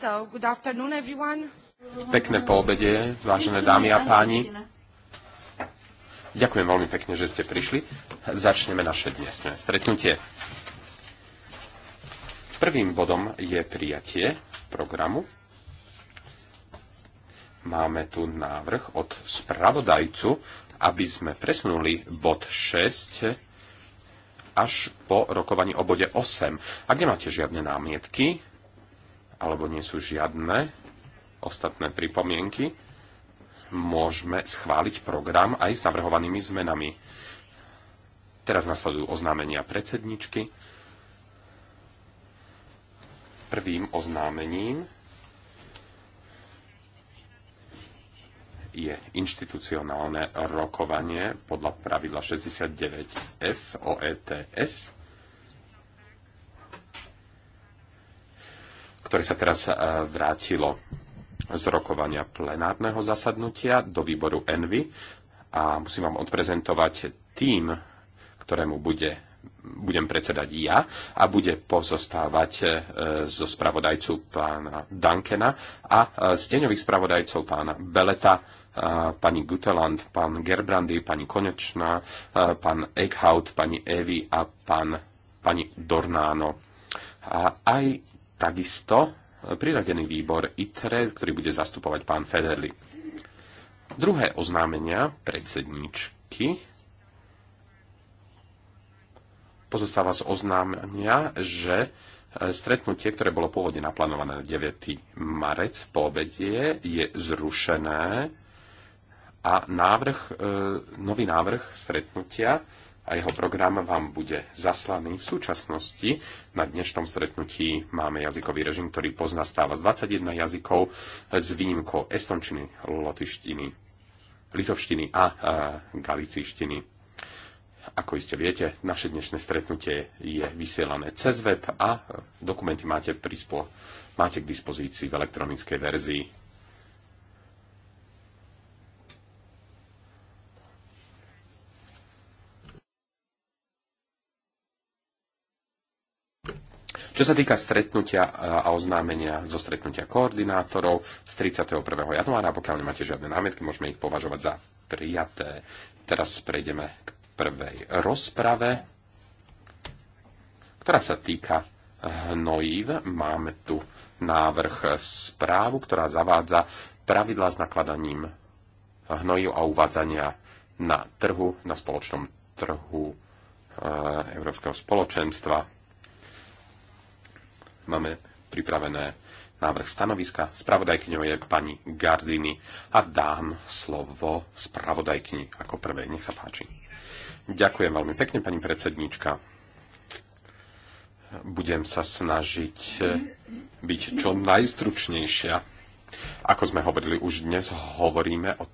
So, good afternoon, everyone. Pekné poobedie, vážené dámy a páni. Ďakujem veľmi pekne, že ste prišli. Začneme naše dnes. stretnutie. Prvým bodom je prijatie programu. Máme tu návrh od spravodajcu, aby sme presunuli bod 6 až po rokovaní o bode 8. Ak nemáte žiadne námietky, alebo nie sú žiadne ostatné pripomienky, môžeme schváliť program aj s navrhovanými zmenami. Teraz nasledujú oznámenia predsedničky. Prvým oznámením je inštitucionálne rokovanie podľa pravidla 69F o ETS ktoré sa teraz e, vrátilo z rokovania plenárneho zasadnutia do výboru Envy a musím vám odprezentovať tým, ktorému bude, budem predsedať ja a bude pozostávať e, zo spravodajcu pána Dankena a e, z deňových spravodajcov pána Beleta, pani Guteland, pán Gerbrandy, pani Konečná, pán Eichhout, pani Evi a pán, pani Dornáno. A aj takisto e, priradený výbor ITRE, ktorý bude zastupovať pán Federli. Druhé oznámenia predsedničky pozostáva z oznámenia, že e, stretnutie, ktoré bolo pôvodne naplánované na 9. marec po obede, je zrušené a návrh, e, nový návrh stretnutia a jeho program vám bude zaslaný. V súčasnosti na dnešnom stretnutí máme jazykový režim, ktorý pozná stáva z 21 jazykov s výnimkou estončiny, lotištiny, litovštiny a, a galicíštiny. Ako iste viete, naše dnešné stretnutie je vysielané cez web a dokumenty máte, prispo, máte k dispozícii v elektronickej verzii Čo sa týka stretnutia e, a oznámenia zo stretnutia koordinátorov z 31. januára, pokiaľ nemáte žiadne námietky, môžeme ich považovať za prijaté. Teraz prejdeme k prvej rozprave, ktorá sa týka hnojív. Máme tu návrh správu, ktorá zavádza pravidlá s nakladaním hnojív a uvádzania na trhu, na spoločnom trhu e, Európskeho spoločenstva máme pripravené návrh stanoviska. Spravodajkňou je pani Gardini a dám slovo spravodajkni ako prvej. Nech sa páči. Ďakujem veľmi pekne, pani predsednička. Budem sa snažiť eh, byť čo najstručnejšia. Ako sme hovorili už dnes, hovoríme o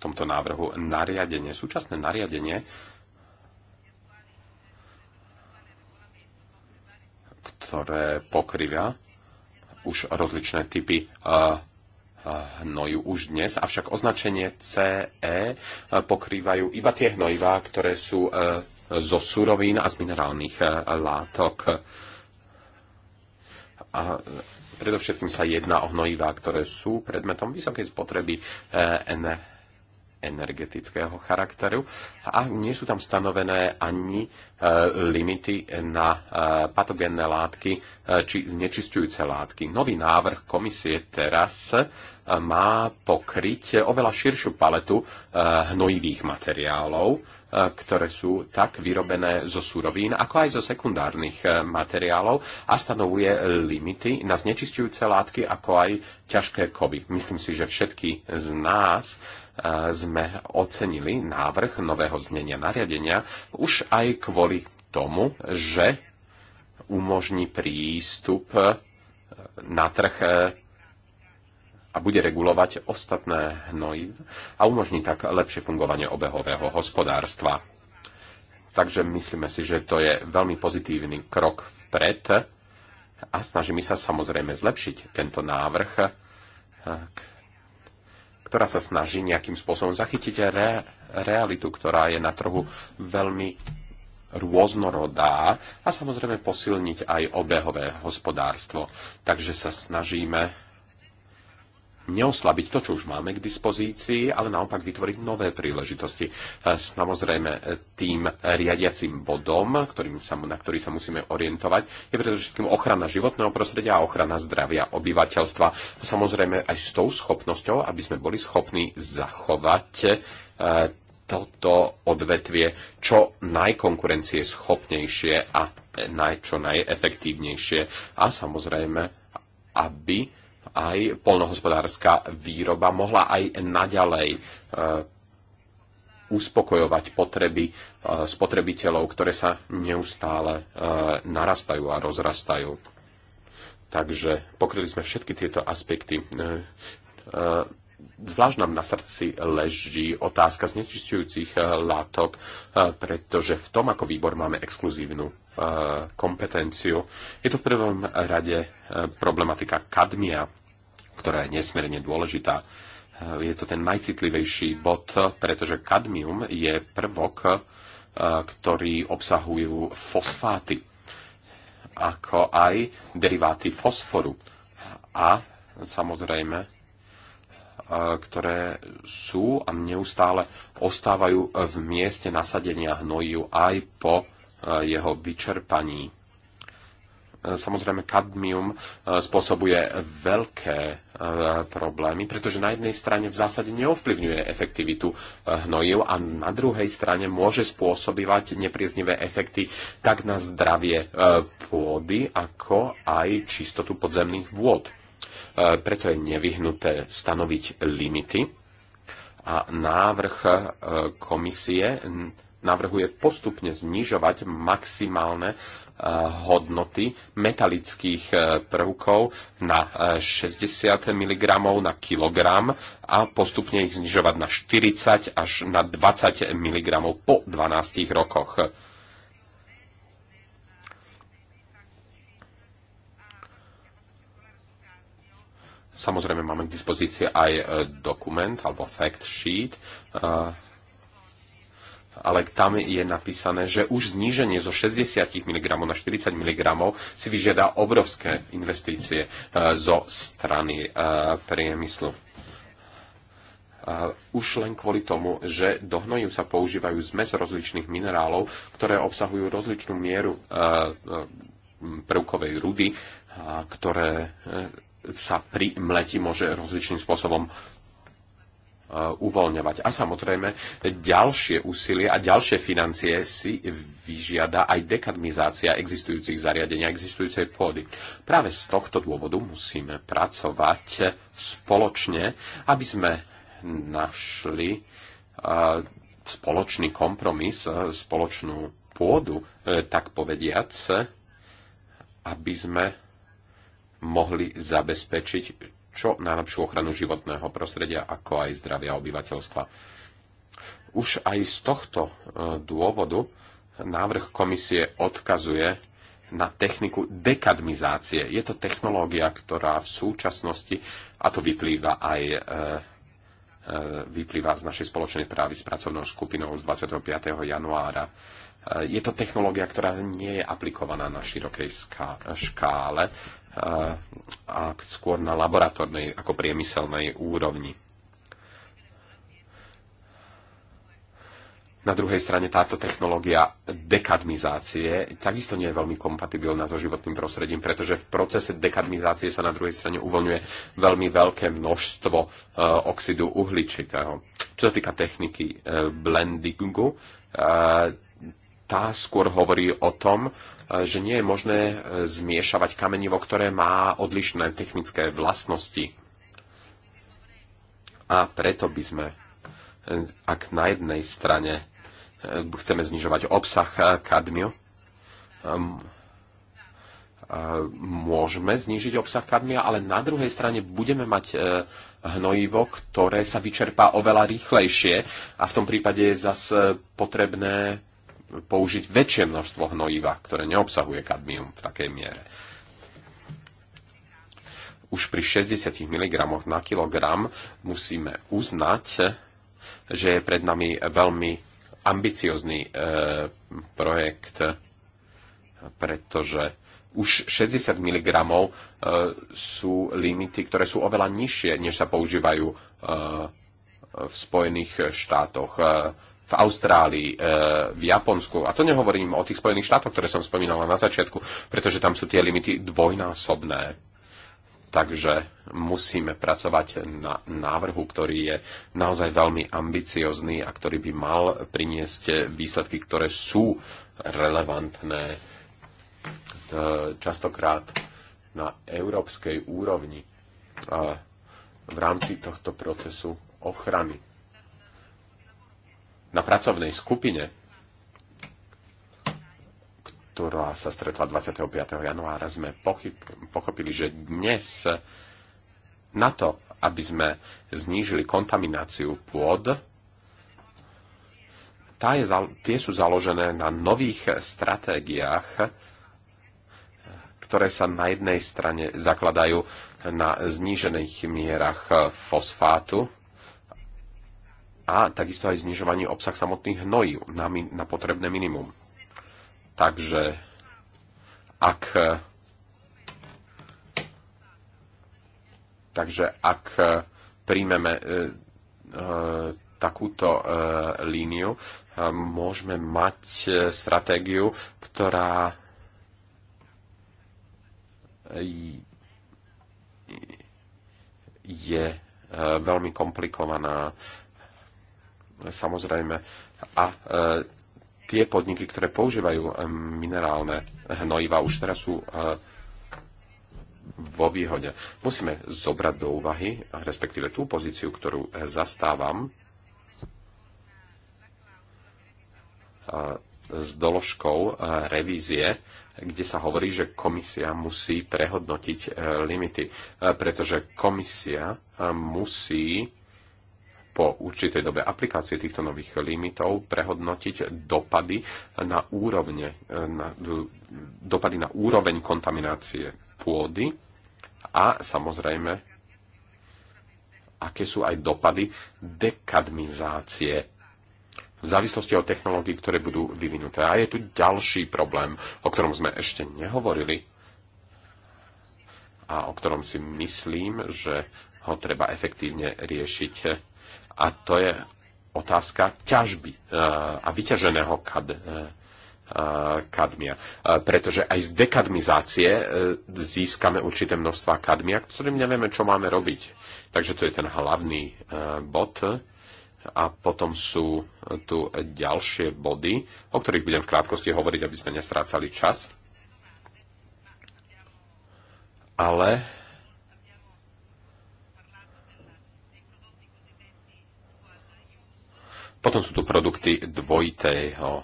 tomto návrhu nariadenie. Súčasné nariadenie ktoré pokrýva už rozličné typy hnoju už dnes, avšak označenie CE pokrývajú iba tie hnojivá, ktoré sú e, zo surovín a z minerálnych e, látok. A predovšetkým sa jedná o hnojivá, ktoré sú predmetom vysokej spotreby e, energetického charakteru a nie sú tam stanovené ani e, limity na e, patogenné látky e, či znečistujúce látky. Nový návrh komisie teraz má pokryť oveľa širšiu paletu hnojivých materiálov, ktoré sú tak vyrobené zo surovín, ako aj zo sekundárnych materiálov a stanovuje limity na znečistujúce látky, ako aj ťažké kovy. Myslím si, že všetky z nás sme ocenili návrh nového znenia nariadenia už aj kvôli tomu, že umožní prístup e, na trh e, a bude regulovať ostatné hnojiv a umožní tak lepšie fungovanie obehového hospodárstva. Takže myslíme si, že to je veľmi pozitívny krok vpred a snažíme sa samozrejme zlepšiť tento návrh, e, ktorá sa snaží nejakým spôsobom zachytiť re, realitu, ktorá je na trhu veľmi rôznorodá a samozrejme posilniť aj obehové hospodárstvo. Takže sa snažíme neoslabiť to, čo už máme k dispozícii, ale naopak vytvoriť nové príležitosti. E, samozrejme, e, tým riadiacim bodom, ktorým sa, na ktorý sa musíme orientovať, je predovšetkým ochrana životného prostredia a ochrana zdravia obyvateľstva. Samozrejme aj s tou schopnosťou, aby sme boli schopní zachovať e, toto odvetvie čo najkonkurencie schopnejšie a naj, čo najefektívnejšie. A samozrejme, aby aj polnohospodárska výroba mohla aj naďalej e, uspokojovať potreby e, spotrebiteľov, ktoré sa neustále e, narastajú a rozrastajú. Takže pokryli sme všetky tieto aspekty. Zvlášť nám na srdci leží otázka znečistujúcich látok, pretože v tom, ako výbor máme exkluzívnu kompetenciu, je to v prvom rade problematika kadmia, ktorá je nesmierne dôležitá. Eh, je to ten najcitlivejší bod, pretože kadmium je prvok, eh, ktorý obsahujú fosfáty, ako aj deriváty fosforu. A samozrejme eh, ktoré sú a neustále ostávajú v mieste nasadenia hnojiv aj po jeho vyčerpaní samozrejme kadmium e, spôsobuje veľké e, problémy, pretože na jednej strane v zásade neovplyvňuje efektivitu e, hnojiv a na druhej strane môže spôsobovať nepriznivé efekty tak na zdravie pôdy, ako aj čistotu podzemných vôd. Preto je nevyhnuté stanoviť limity a návrh komisie navrhuje postupne znižovať maximálne eh, hodnoty metalických eh, prvkov na 60 eh, mg na kilogram a postupne ich znižovať na 40 až na 20 mg po 12 rokoch. Samozrejme máme k dispozícii aj dokument alebo fact sheet, ale tam je napísané, že už zníženie zo 60 mg na 40 mg si vyžiada obrovské investície e, zo strany e, priemyslu. E, už len kvôli tomu, že do hnojiv sa používajú zmes rozličných minerálov, ktoré obsahujú rozličnú mieru prvkovej rudy, ktoré sa pri mleti môže rozličným spôsobom Eh, uvoľňovať. A samozrejme, ďalšie úsilie a ďalšie financie si vyžiada aj dekadmizácia existujúcich zariadení a existujúcej pôdy. Práve z tohto dôvodu musíme pracovať spoločne, aby sme našli eh, spoločný kompromis, eh, spoločnú pôdu, tak povediac, aby sme mohli zabezpečiť čo najlepšiu ochranu životného prostredia, ako aj zdravia obyvateľstva. Už aj z tohto e, dôvodu návrh komisie odkazuje na techniku dekadmizácie. Je to technológia, ktorá v súčasnosti, a to vyplýva aj e, e, vyplýva z našej spoločnej právy s pracovnou skupinou z 25. januára. je to technológia, ktorá nie je aplikovaná na širokej škále a skôr na laboratórnej ako priemyselnej úrovni. Na druhej strane táto technológia dekadmizácie takisto nie je veľmi kompatibilná so životným prostredím, pretože v procese dekadmizácie sa na druhej strane uvoľňuje veľmi veľké množstvo e, oxidu uhličitého. Čo sa týka techniky e, blendingu, e, tá skôr hovorí o tom, že nie je možné e, zmiešavať kamenivo, ktoré má odlišné technické vlastnosti. A preto by sme, e, ak na jednej strane e, chceme znižovať obsah kadmiu, môžeme znižiť obsah kadmia, ale na druhej strane budeme mať hnojivo, ktoré sa vyčerpá oveľa rýchlejšie a v tom prípade je zase potrebné použiť väčšie množstvo hnojiva, ktoré neobsahuje kadmium v takej miere. Už pri 60 mg na kilogram musíme uznať, že je pred nami veľmi ambiciozný e, projekt, pretože už 60 mg e, sú limity, ktoré sú oveľa nižšie, než sa používajú e, v Spojených štátoch. E, v Austrálii, e, v Japonsku. A to nehovorím o tých Spojených štátoch, ktoré som spomínala na začiatku, pretože tam sú tie limity dvojnásobné. Takže musíme pracovať na návrhu, ktorý je naozaj veľmi ambiciozný a ktorý by mal priniesť výsledky, ktoré sú relevantné e, častokrát na európskej úrovni v rámci tohto procesu ochrany na pracovnej skupine, ktorá sa stretla 25. januára, sme pochopili, že dnes na to, aby sme znížili kontamináciu pôd, tá je, tie sú založené na nových stratégiách, ktoré sa na jednej strane zakladajú na znížených mierach fosfátu, a takisto aj znižovanie obsah samotných hnojív na, na potrebné minimum. Takže ak Takže ak e, príjmeme e, e, takúto e, líniu, e, môžeme mať e, stratégiu, ktorá je veľmi komplikovaná samozrejme. A e, tie podniky, ktoré používajú e, minerálne hnojiva, už teraz sú e, vo výhode. Musíme zobrať do úvahy, respektíve tú pozíciu, ktorú zastávam, s doložkou revízie, kde sa hovorí, že komisia musí prehodnotiť limity, pretože komisia musí po určitej dobe aplikácie týchto nových limitov prehodnotiť dopady na úrovne, na, dopady na úroveň kontaminácie pôdy a samozrejme, aké sú aj dopady dekadmizácie v závislosti od technológií, ktoré budú vyvinuté. A je tu ďalší problém, o ktorom sme ešte nehovorili a o ktorom si myslím, že ho treba efektívne riešiť a to je otázka ťažby e, a vyťaženého kad, e, e, kadmia. Pretože aj z dekadmizácie získame určité množstva kadmia, ktorým nevieme, čo máme robiť. Takže to je ten hlavný bod. A potom sú tu ďalšie body, o ktorých budem v krátkosti hovoriť, aby sme nestrácali čas. Ale Potom sú tu produkty dvojitého e,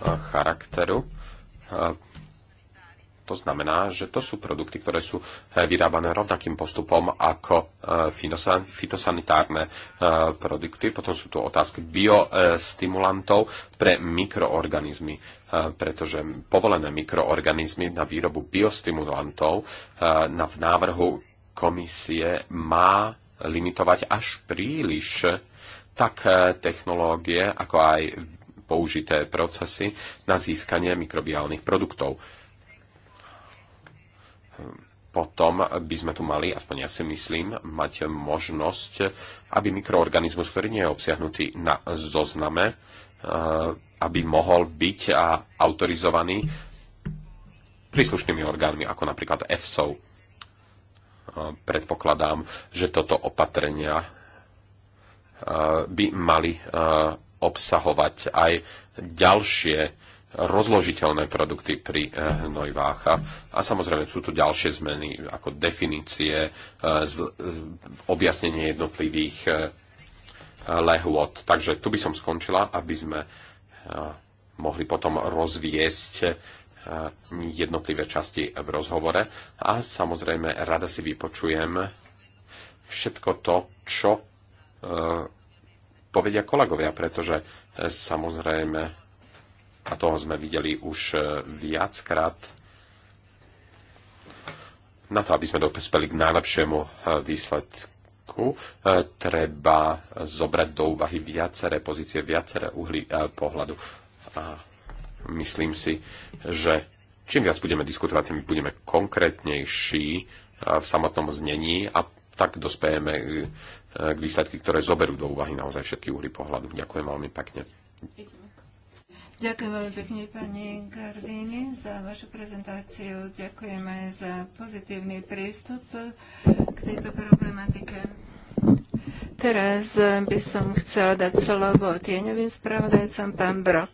charakteru. E, to znamená, že to sú produkty, ktoré sú e, vyrábané rovnakým postupom ako fitosanitárne produkty. Potom sú tu otázky biostimulantov pre mikroorganizmy, pretože povolené mikroorganizmy na výrobu biostimulantov na v návrhu komisie má limitovať až príliš tak e, technológie, ako aj použité procesy na získanie mikrobiálnych produktov. Potom by sme tu mali, aspoň ja si myslím, mať možnosť, aby mikroorganizmus, ktorý nie je obsiahnutý na zozname, e, aby mohol byť autorizovaný príslušnými orgánmi, ako napríklad EFSO. E, predpokladám, že toto opatrenia by mali obsahovať aj ďalšie rozložiteľné produkty pri e, hnojvách. A, a samozrejme sú tu ďalšie zmeny ako definície, e, e, objasnenie jednotlivých lehôd. Takže tu by som skončila, aby sme mohli potom rozviesť jednotlivé časti v rozhovore. A samozrejme rada si vypočujem všetko to, čo E, povedia kolegovia, pretože e, samozrejme, a toho sme videli už e, viackrát, na to, aby sme dopespeli k najlepšiemu výsledku, treba zobrať do úvahy viaceré pozície, viaceré uhly pohľadu. A myslím si, že čím viac budeme diskutovať, tým budeme konkrétnejší v samotnom znení a tak dospejeme E, k výsledky, ktoré zoberú do úvahy naozaj všetky uhly pohľadu. Ďakujem veľmi pekne. Ďakujem veľmi pekne pani Gardini za vašu prezentáciu. Ďakujem aj za pozitívny prístup k tejto problematike. Teraz by som chcela dať slovo tieňovým spravodajcom, pán Brok.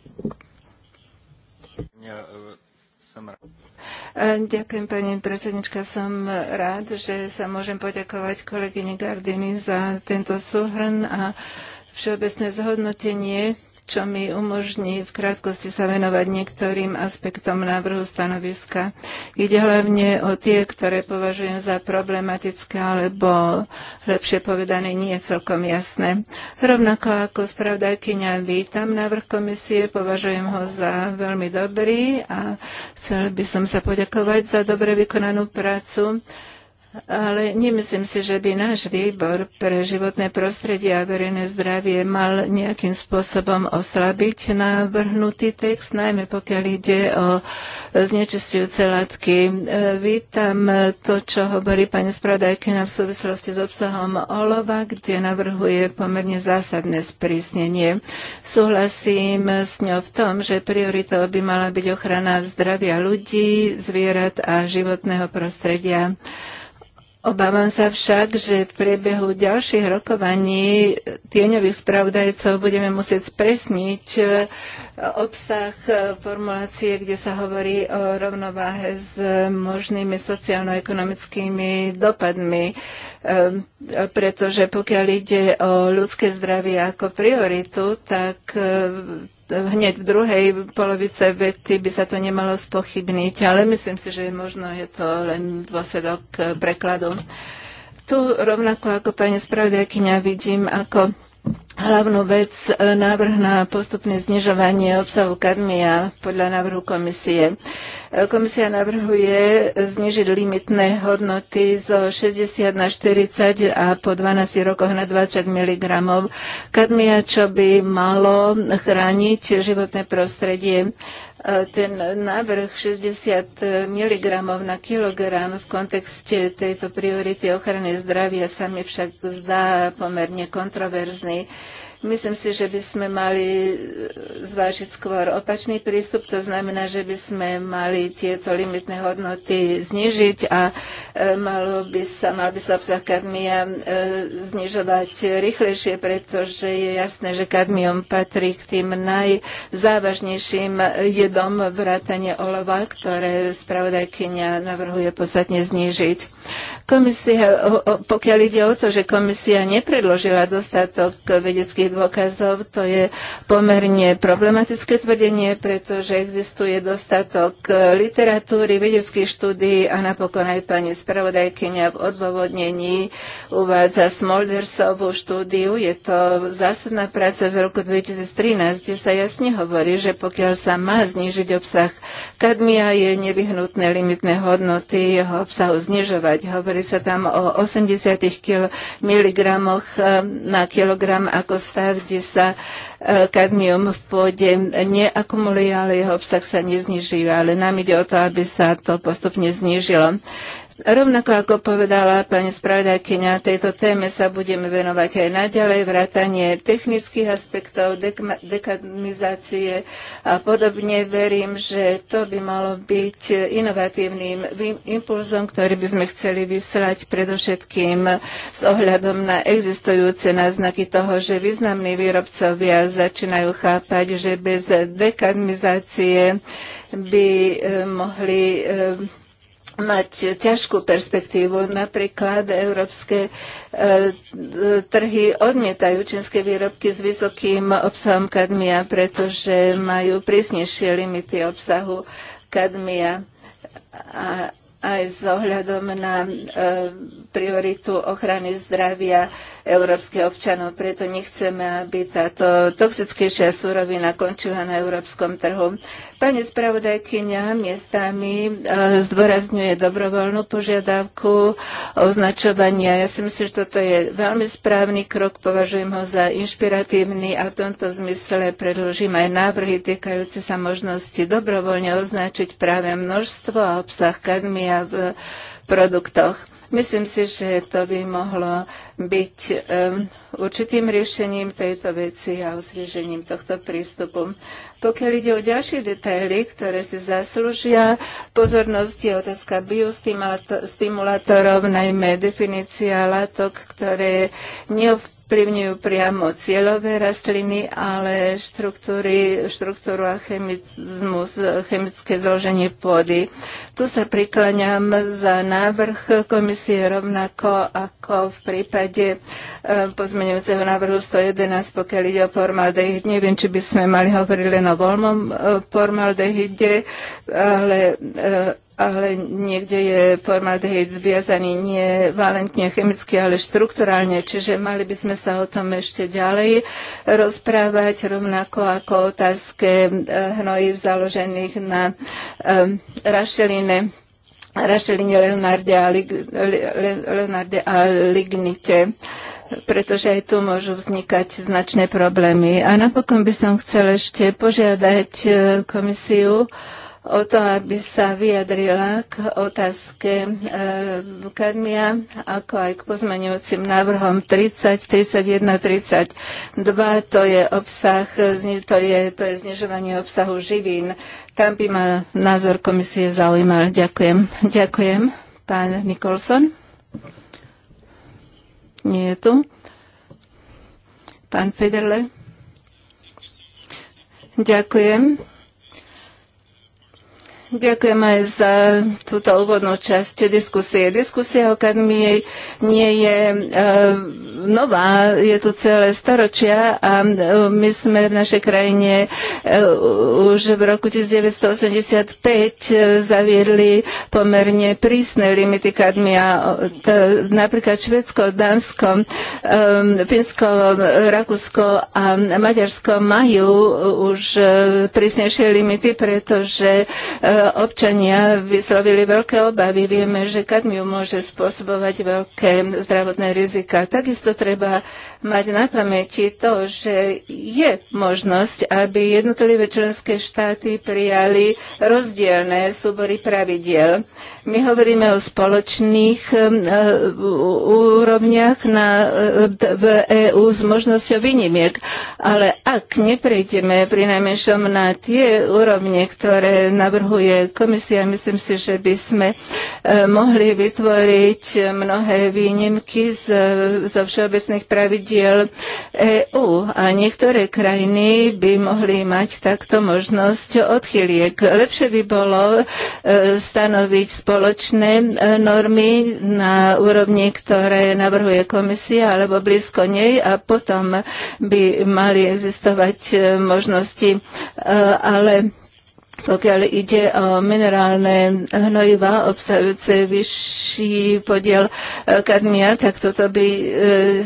Ja, e, som rád. E, ďakujem, pani predsednička. Som rád, že sa môžem poďakovať kolegyne Gardini za tento súhrn a všeobecné zhodnotenie čo mi umožní v krátkosti sa venovať niektorým aspektom návrhu stanoviska. Ide hlavne o tie, ktoré považujem za problematické, alebo lepšie povedané nie je celkom jasné. Rovnako ako spravdajkyňa vítam návrh komisie, považujem ho za veľmi dobrý a chcel by som sa poďakovať za dobre vykonanú prácu ale nemyslím si, že by náš výbor pre životné prostredie a verejné zdravie mal nejakým spôsobom oslabiť navrhnutý text, najmä pokiaľ ide o znečistujúce látky. E, vítam to, čo hovorí pani spravodajkina v súvislosti s obsahom olova, kde navrhuje pomerne zásadné sprísnenie. Súhlasím s ňou v tom, že prioritou by mala byť ochrana zdravia ľudí, zvierat a životného prostredia. Obávam sa však, že v priebehu ďalších rokovaní tieňových spravodajcov budeme musieť spresniť obsah e, formulácie, kde sa hovorí o rovnováhe s možnými sociálno-ekonomickými dopadmi, e, pretože pokiaľ ide o ľudské zdravie ako prioritu, tak e, hneď v druhej polovice vety by sa to nemalo spochybniť, ale myslím si, že možno je to len dôsledok prekladu. Tu rovnako ako pani spravodajkyňa vidím ako hlavnú vec e, návrh na postupné znižovanie obsahu kadmia podľa návrhu komisie. E, komisia navrhuje znižiť limitné hodnoty zo 60 na 40 a po 12 rokoch na 20 mg kadmia, čo by malo chrániť životné prostredie ten návrh 60 mg na kilogram v kontexte tejto priority ochrany zdravia sa mi však zdá pomerne kontroverzný. Myslím si, že by sme mali e, zvážiť skôr opačný prístup, to znamená, že by sme mali tieto limitné hodnoty znižiť a e, malo by sa, mal by sa obsah kadmia e, znižovať rýchlejšie, pretože je jasné, že kadmium patrí k tým najzávažnejším jedom vrátane olova, ktoré spravodajkynia navrhuje podstatne znižiť. Komisia, pokiaľ ide o to, že komisia nepredložila dostatok vedeckých dôkazov, to je pomerne problematické tvrdenie, pretože existuje dostatok eh, literatúry, vedeckých štúdií a napokon aj pani spravodajkynia v odôvodnení uvádza Smoldersovú štúdiu. Je to zásadná práca z roku 2013, kde sa jasne hovorí, že pokiaľ sa má znižiť obsah kadmia, je nevyhnutné limitné hodnoty jeho obsahu znižovať. Hovorí sa tam o 80 mg eh, na kilogram ako stav pôda, kde sa e, kadmium v pôde neakumuluje, ale jeho obsah sa neznižuje. Ale nám ide o to, aby sa to postupne znížilo. Rovnako ako povedala pani spravodajkyňa, tejto téme sa budeme venovať aj naďalej, vrátanie technických aspektov, dekadmizácie a podobne. Verím, že to by malo byť inovatívnym impulzom, ktorý by sme chceli vyslať predovšetkým s ohľadom na existujúce náznaky toho, že významní výrobcovia začínajú chápať, že bez dekadmizácie by eh, mohli eh, mať ťažkú perspektívu. Napríklad európske e, trhy odmietajú čínske výrobky s vysokým obsahom kadmia, pretože majú prísnejšie limity obsahu kadmia. A aj s ohľadom na e, prioritu ochrany zdravia európskych občanov. Preto nechceme, aby táto toxickejšia surovina končila na európskom trhu. Pani spravodajkyňa miestami e, zdôrazňuje dobrovoľnú požiadavku označovania. Ja si myslím, že toto je veľmi správny krok, považujem ho za inšpiratívny a v tomto zmysle predložím aj návrhy týkajúce sa možnosti dobrovoľne označiť práve množstvo a obsah kadmia zariadenia v produktoch. Myslím si, že to by mohlo byť um, určitým riešením tejto veci a osviežením tohto prístupu. Pokiaľ ide o ďalšie detaily, ktoré si zaslúžia, pozornosť je otázka biostimulátorov, najmä definícia látok, ktoré neovplyvňujú vplyvňujú priamo cieľové rastliny, ale štruktúry, štruktúru a chemizmus, chemické zloženie pôdy. Tu sa prikláňam za návrh komisie rovnako ako v prípade e, pozmeňujúceho návrhu 111, pokiaľ ide o formaldehyd. Neviem, či by sme mali hovoriť len o voľnom e, formaldehyde, ale e, ale niekde je formaldehyd viazaný nie valentne chemicky, ale štruktúralne, čiže mali by sme sa o tom ešte ďalej rozprávať, rovnako ako otázke eh, hnojív založených na eh, rašeline rašeline Leonarde a, Lig- Leonarde a lignite pretože aj tu môžu vznikať značné problémy. A napokon by som chcel ešte požiadať eh, komisiu, o to, aby sa vyjadrila k otázke e, kadmia, ako aj k pozmeňujúcim návrhom 30, 31, 32. To je obsah, to je, to je znižovanie obsahu živín. Tam by ma názor komisie zaujímal. Ďakujem. Ďakujem. Pán Nikolson? Nie je tu. Pán Federle? Ďakujem. Ďakujem aj za túto úvodnú časť diskusie. Diskusia o kadmii nie je uh, nová, je tu celé storočia a e, my sme v našej krajine uh, už v roku 1985 zaviedli pomerne prísne limity kadmia. To, napríklad Švedsko, Dánsko, um, Finsko, Rakúsko a Maďarsko majú už prísnejšie limity, pretože uh, občania vyslovili veľké obavy. Vieme, že kadmium môže spôsobovať veľké zdravotné rizika. Takisto treba mať na pamäti to, že je možnosť, aby jednotlivé členské štáty prijali rozdielne súbory pravidiel. My hovoríme o spoločných e, úrovniach na, e, v EÚ s možnosťou výnimiek, ale ak neprejdeme pri najmenšom na tie úrovne, ktoré navrhuje je komisia. Myslím si, že by sme e, mohli vytvoriť mnohé výnimky z, zo všeobecných pravidiel EÚ a niektoré krajiny by mohli mať takto možnosť odchyliek. Lepšie by bolo e, stanoviť spoločné e, normy na úrovni, ktoré navrhuje komisia alebo blízko nej a potom by mali existovať možnosti, ale pokiaľ ide o minerálne hnojiva obsahujúce vyšší podiel e, kadmia, tak toto by e,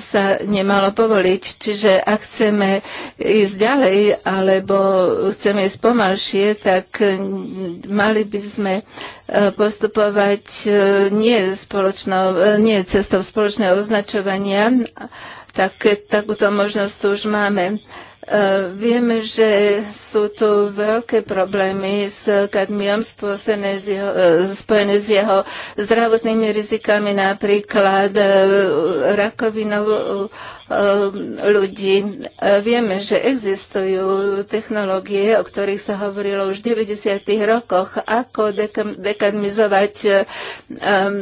sa nemalo povoliť. Čiže ak chceme ísť ďalej, alebo chceme ísť pomalšie, tak e, mali by sme postupovať nie, spoločnou, nie cestou spoločného označovania, tak takúto možnosť už máme E, vieme, že sú tu veľké problémy s kadmiom spojené s jeho, e, spojené s jeho zdravotnými rizikami, napríklad e, rakovinou ľudí. Vieme, že existujú technológie, o ktorých sa hovorilo už v 90. rokoch, ako dekadmizovať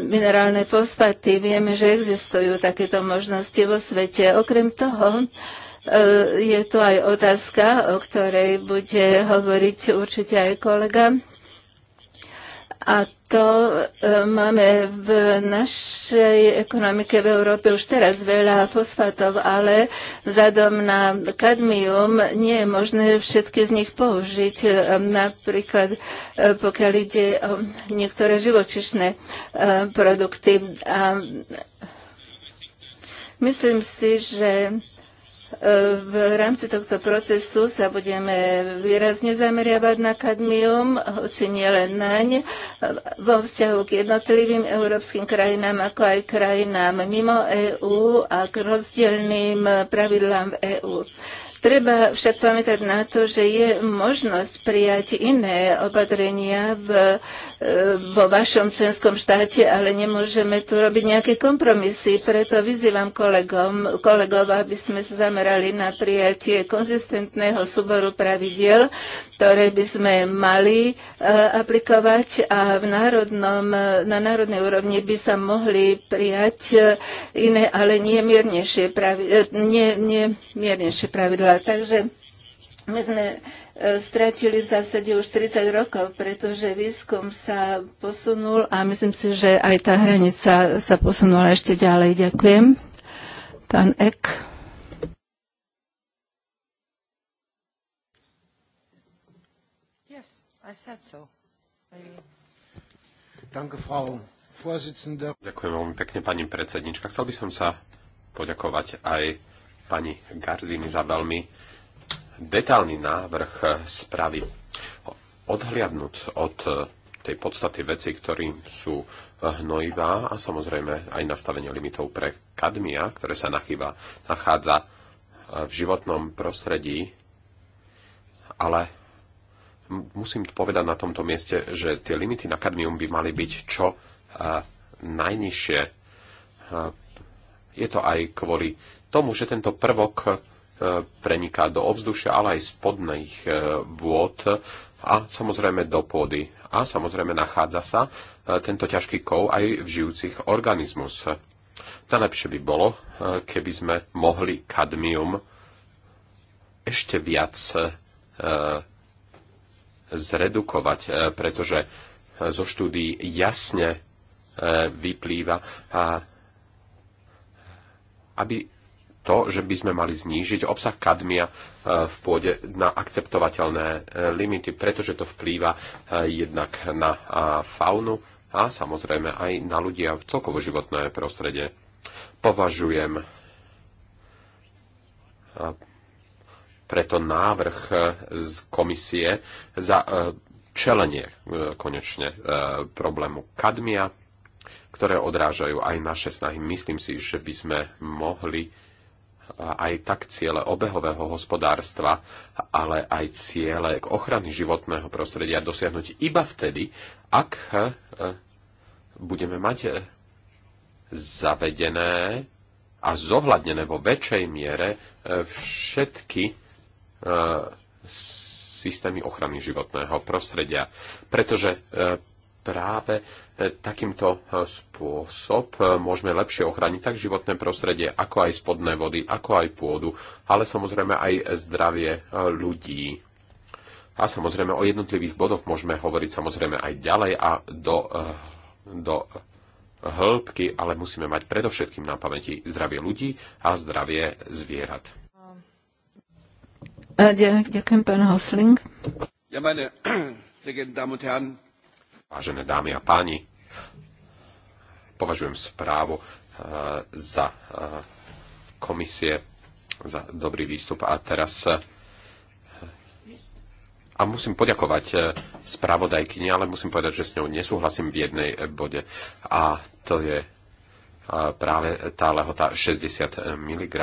minerálne fosfaty. Vieme, že existujú takéto možnosti vo svete. Okrem toho, E, je tu aj otázka, o ktorej bude hovoriť určite aj kolega. A to e, máme v našej ekonomike v Európe už teraz veľa fosfátov, ale vzhľadom na kadmium nie je možné všetky z nich použiť. E, napríklad pokiaľ ide o niektoré živočišné produkty. A myslím si, že v rámci tohto procesu sa budeme výrazne zameriavať na kadmium, hoci nie len naň, vo vzťahu k jednotlivým európskym krajinám, ako aj krajinám mimo EÚ a k rozdielným pravidlám v EÚ. Treba však pamätať na to, že je možnosť prijať iné opatrenia v vo vašom členskom štáte, ale nemôžeme tu robiť nejaké kompromisy. Preto vyzývam kolegom, kolegov, aby sme sa zamerali na prijatie konzistentného súboru pravidiel, ktoré by sme mali e, aplikovať a v národnom, na národnej úrovni by sa mohli prijať e, iné, ale nie miernejšie pravidlá. E, nie, nie miernejšie pravidla. Takže my sme E, stratili v zásade už 30 rokov, pretože výskum sa posunul a myslím si, že aj tá hranica sa posunula ešte ďalej. Ďakujem. Pán Ek. Ďakujem veľmi pekne, pani predsednička. Chcel by som sa poďakovať aj pani Gardini za veľmi detálny návrh spravy odhliadnúť od tej podstaty veci, ktorým sú eh, hnojivá a samozrejme aj nastavenie limitov pre kadmia, ktoré sa nachýba, nachádza eh, v životnom prostredí, ale musím povedať na tomto mieste, že tie limity na kadmium by mali byť čo eh, najnižšie. Je to aj kvôli tomu, že tento prvok preniká do ovzdušia, ale aj spodných e, vôd a samozrejme do pôdy. A samozrejme nachádza sa e, tento ťažký kov aj v žijúcich organizmus. Najlepšie by bolo, e, keby sme mohli kadmium ešte viac zredukovať, pretože zo štúdií jasne vyplýva, aby to, že by sme mali znížiť obsah kadmia e, v pôde na akceptovateľné e, limity, pretože to vplýva e, jednak na faunu a samozrejme aj na ľudia v celkovo životné prostredie. Považujem preto návrh z komisie za čelenie konečne problému kadmia, ktoré odrážajú aj naše snahy. Myslím si, že by sme mohli aj tak ciele obehového hospodárstva, ale aj ciele k ochrany životného prostredia dosiahnuť iba vtedy, ak eh, eh, budeme mať eh, zavedené a zohľadnené vo väčšej miere všetky systémy ochrany životného prostredia. Pretože práve e, takýmto e, spôsob e, môžeme lepšie ochrániť tak životné prostredie, ako aj spodné vody, ako aj pôdu, ale samozrejme aj zdravie ľudí. A samozrejme o jednotlivých bodoch môžeme hovoriť samozrejme aj ďalej a do, do hĺbky, ale musíme mať predovšetkým na pamäti zdravie ľudí a zdravie zvierat. Ďakujem, pán Hosling. Ja, meine sehr Damen und Herren, Vážené dámy a páni, považujem správu eh, za eh, komisie za dobrý výstup a teraz eh, a musím poďakovať spravodajkyni, ale musím povedať, že s ňou nesúhlasím v jednej bode a to je práve tá lehota 60 mg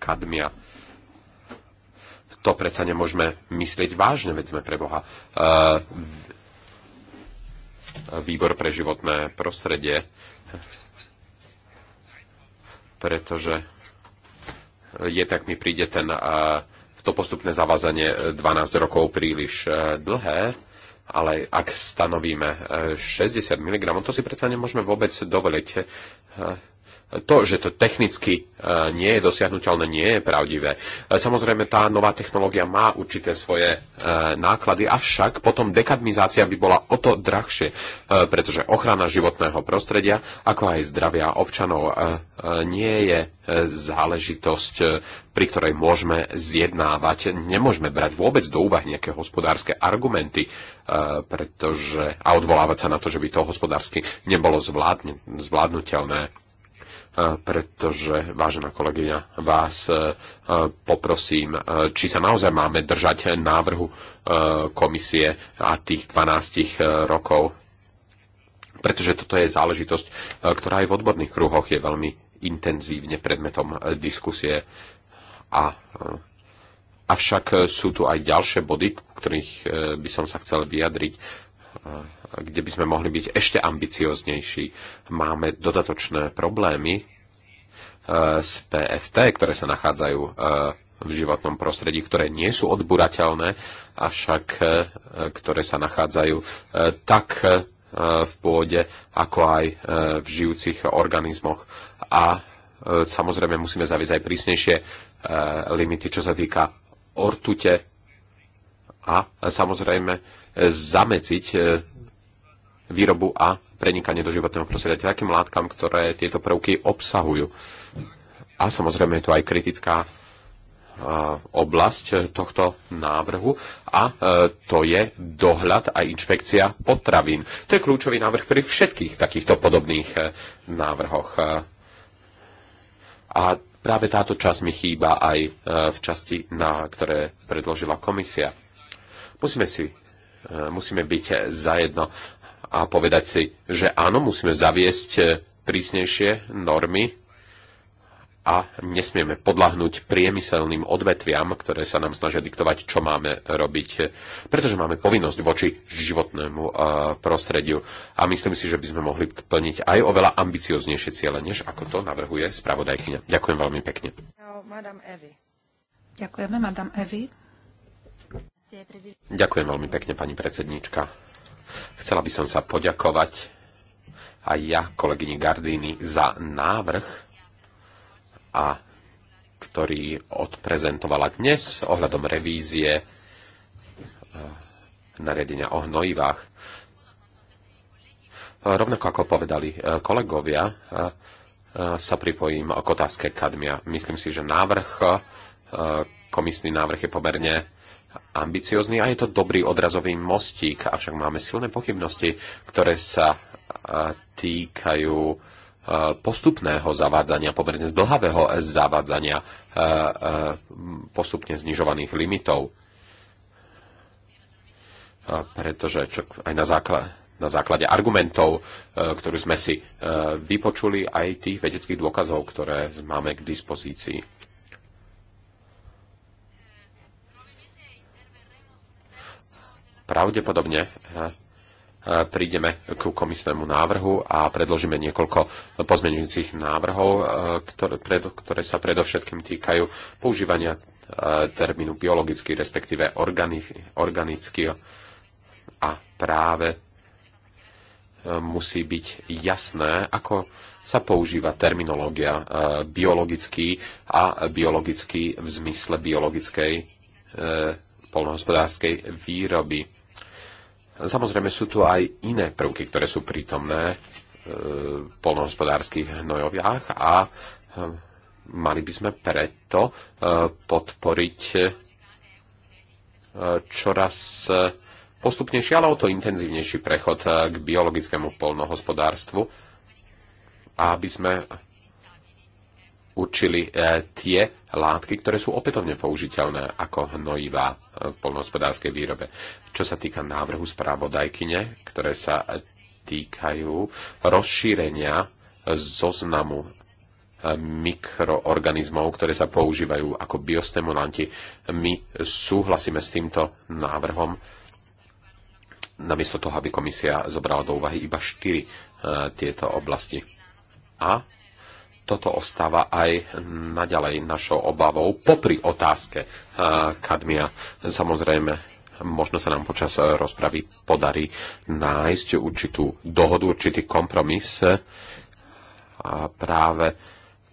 kadmia. To predsa nemôžeme myslieť vážne, veď sme pre Boha výbor pre životné prostredie, pretože je tak mi príde ten, to postupné zavazanie 12 e, rokov príliš e, dlhé, ale ak stanovíme 60 e, mg, to si predsa nemôžeme vôbec dovoliť to, že to technicky e, nie je dosiahnuteľné, nie je pravdivé. E, samozrejme, tá nová technológia má určité svoje e, náklady, avšak potom dekadmizácia by bola o to drahšie, pretože ochrana životného prostredia, ako aj zdravia občanov, nie je záležitosť, pri ktorej môžeme zjednávať. Nemôžeme brať vôbec do úvahy nejaké hospodárske argumenty pretože, a odvolávať sa na to, že by to hospodársky nebolo zvládnutelné pretože, vážená kolegyňa, vás e, e, poprosím, e, či sa naozaj máme držať návrhu komisie a tých 12 rokov, pretože toto je záležitosť, ktorá aj v odborných kruhoch je veľmi intenzívne predmetom diskusie. A, avšak sú tu aj ďalšie body, ktorých by som sa chcel vyjadriť kde by sme mohli byť ešte ambicioznejší. Máme dodatočné problémy e, z PFT, ktoré sa nachádzajú e, v životnom prostredí, ktoré nie sú odburateľné, avšak e, ktoré sa nachádzajú tak v pôde, ako aj v žijúcich organizmoch. A samozrejme musíme zaviesť aj prísnejšie limity, čo sa týka ortute a samozrejme e, zamedziť e, výrobu a prenikanie do životného prostredia takým látkam, ktoré tieto prvky obsahujú. A samozrejme je tu aj kritická e, oblasť tohto návrhu a to je dohľad a inšpekcia potravín. To je kľúčový návrh pri všetkých takýchto podobných návrhoch. A práve táto časť mi chýba aj v časti, na ktoré predložila komisia. Musíme si e, musíme byť zajedno a povedať si, že áno, musíme zaviesť e, prísnejšie normy a nesmieme podľahnúť priemyselným odvetviam, ktoré sa nám snažia diktovať, čo máme robiť, e, pretože máme povinnosť voči životnému prostrediu a myslím si, že by sme mohli plniť aj oveľa ambicioznejšie ciele, než ako to navrhuje spravodajkyňa. Ďakujem veľmi pekne. Ďakujeme, madam Evi. Ďakujem veľmi pekne, pani predsedníčka. Chcela by som sa poďakovať aj ja, kolegyni Gardini, za návrh, a ktorý odprezentovala dnes ohľadom revízie e, nariadenia o hnojivách. E, rovnako ako povedali e, kolegovia, sa pripojím k otázke kadmia. Myslím si, že návrh, komisný návrh je pomerne ambiciozný a je to dobrý odrazový mostík, avšak máme silné pochybnosti, ktoré sa týkajú postupného zavádzania, pomerne zdlhavého zavádzania postupne znižovaných limitov. Pretože čo, aj na základe, na základe argumentov, ktorú sme si vypočuli, aj tých vedeckých dôkazov, ktoré máme k dispozícii. pravdepodobne eh, eh, prídeme ku komisnému návrhu a predložíme niekoľko pozmeňujúcich návrhov, eh, ktoré, sa predovšetkým týkajú používania termínu biologický, respektíve organický a práve musí byť jasné, ako sa používa terminológia biologický a biologický v zmysle biologickej polnohospodárskej výroby Samozrejme sú tu aj iné prvky, ktoré sú prítomné e, v polnohospodárských hnojoviach a e, mali by sme preto e, podporiť čoraz postupnejší, ale o to intenzívnejší prechod k biologickému polnohospodárstvu, aby sme určili e, tie látky, ktoré sú opätovne použiteľné ako hnojivá e, v polnohospodárskej výrobe. Čo sa týka návrhu správodajkyne, ktoré sa týkajú rozšírenia zoznamu e, mikroorganizmov, ktoré sa používajú ako biostimulanti. My súhlasíme s týmto návrhom, namiesto toho, aby komisia zobrala do úvahy iba štyri tieto oblasti. A toto ostáva aj naďalej našou obavou popri otázke eh, kadmia. Samozrejme, možno sa nám počas eh, rozpravy podarí nájsť určitú dohodu, určitý kompromis, eh, a práve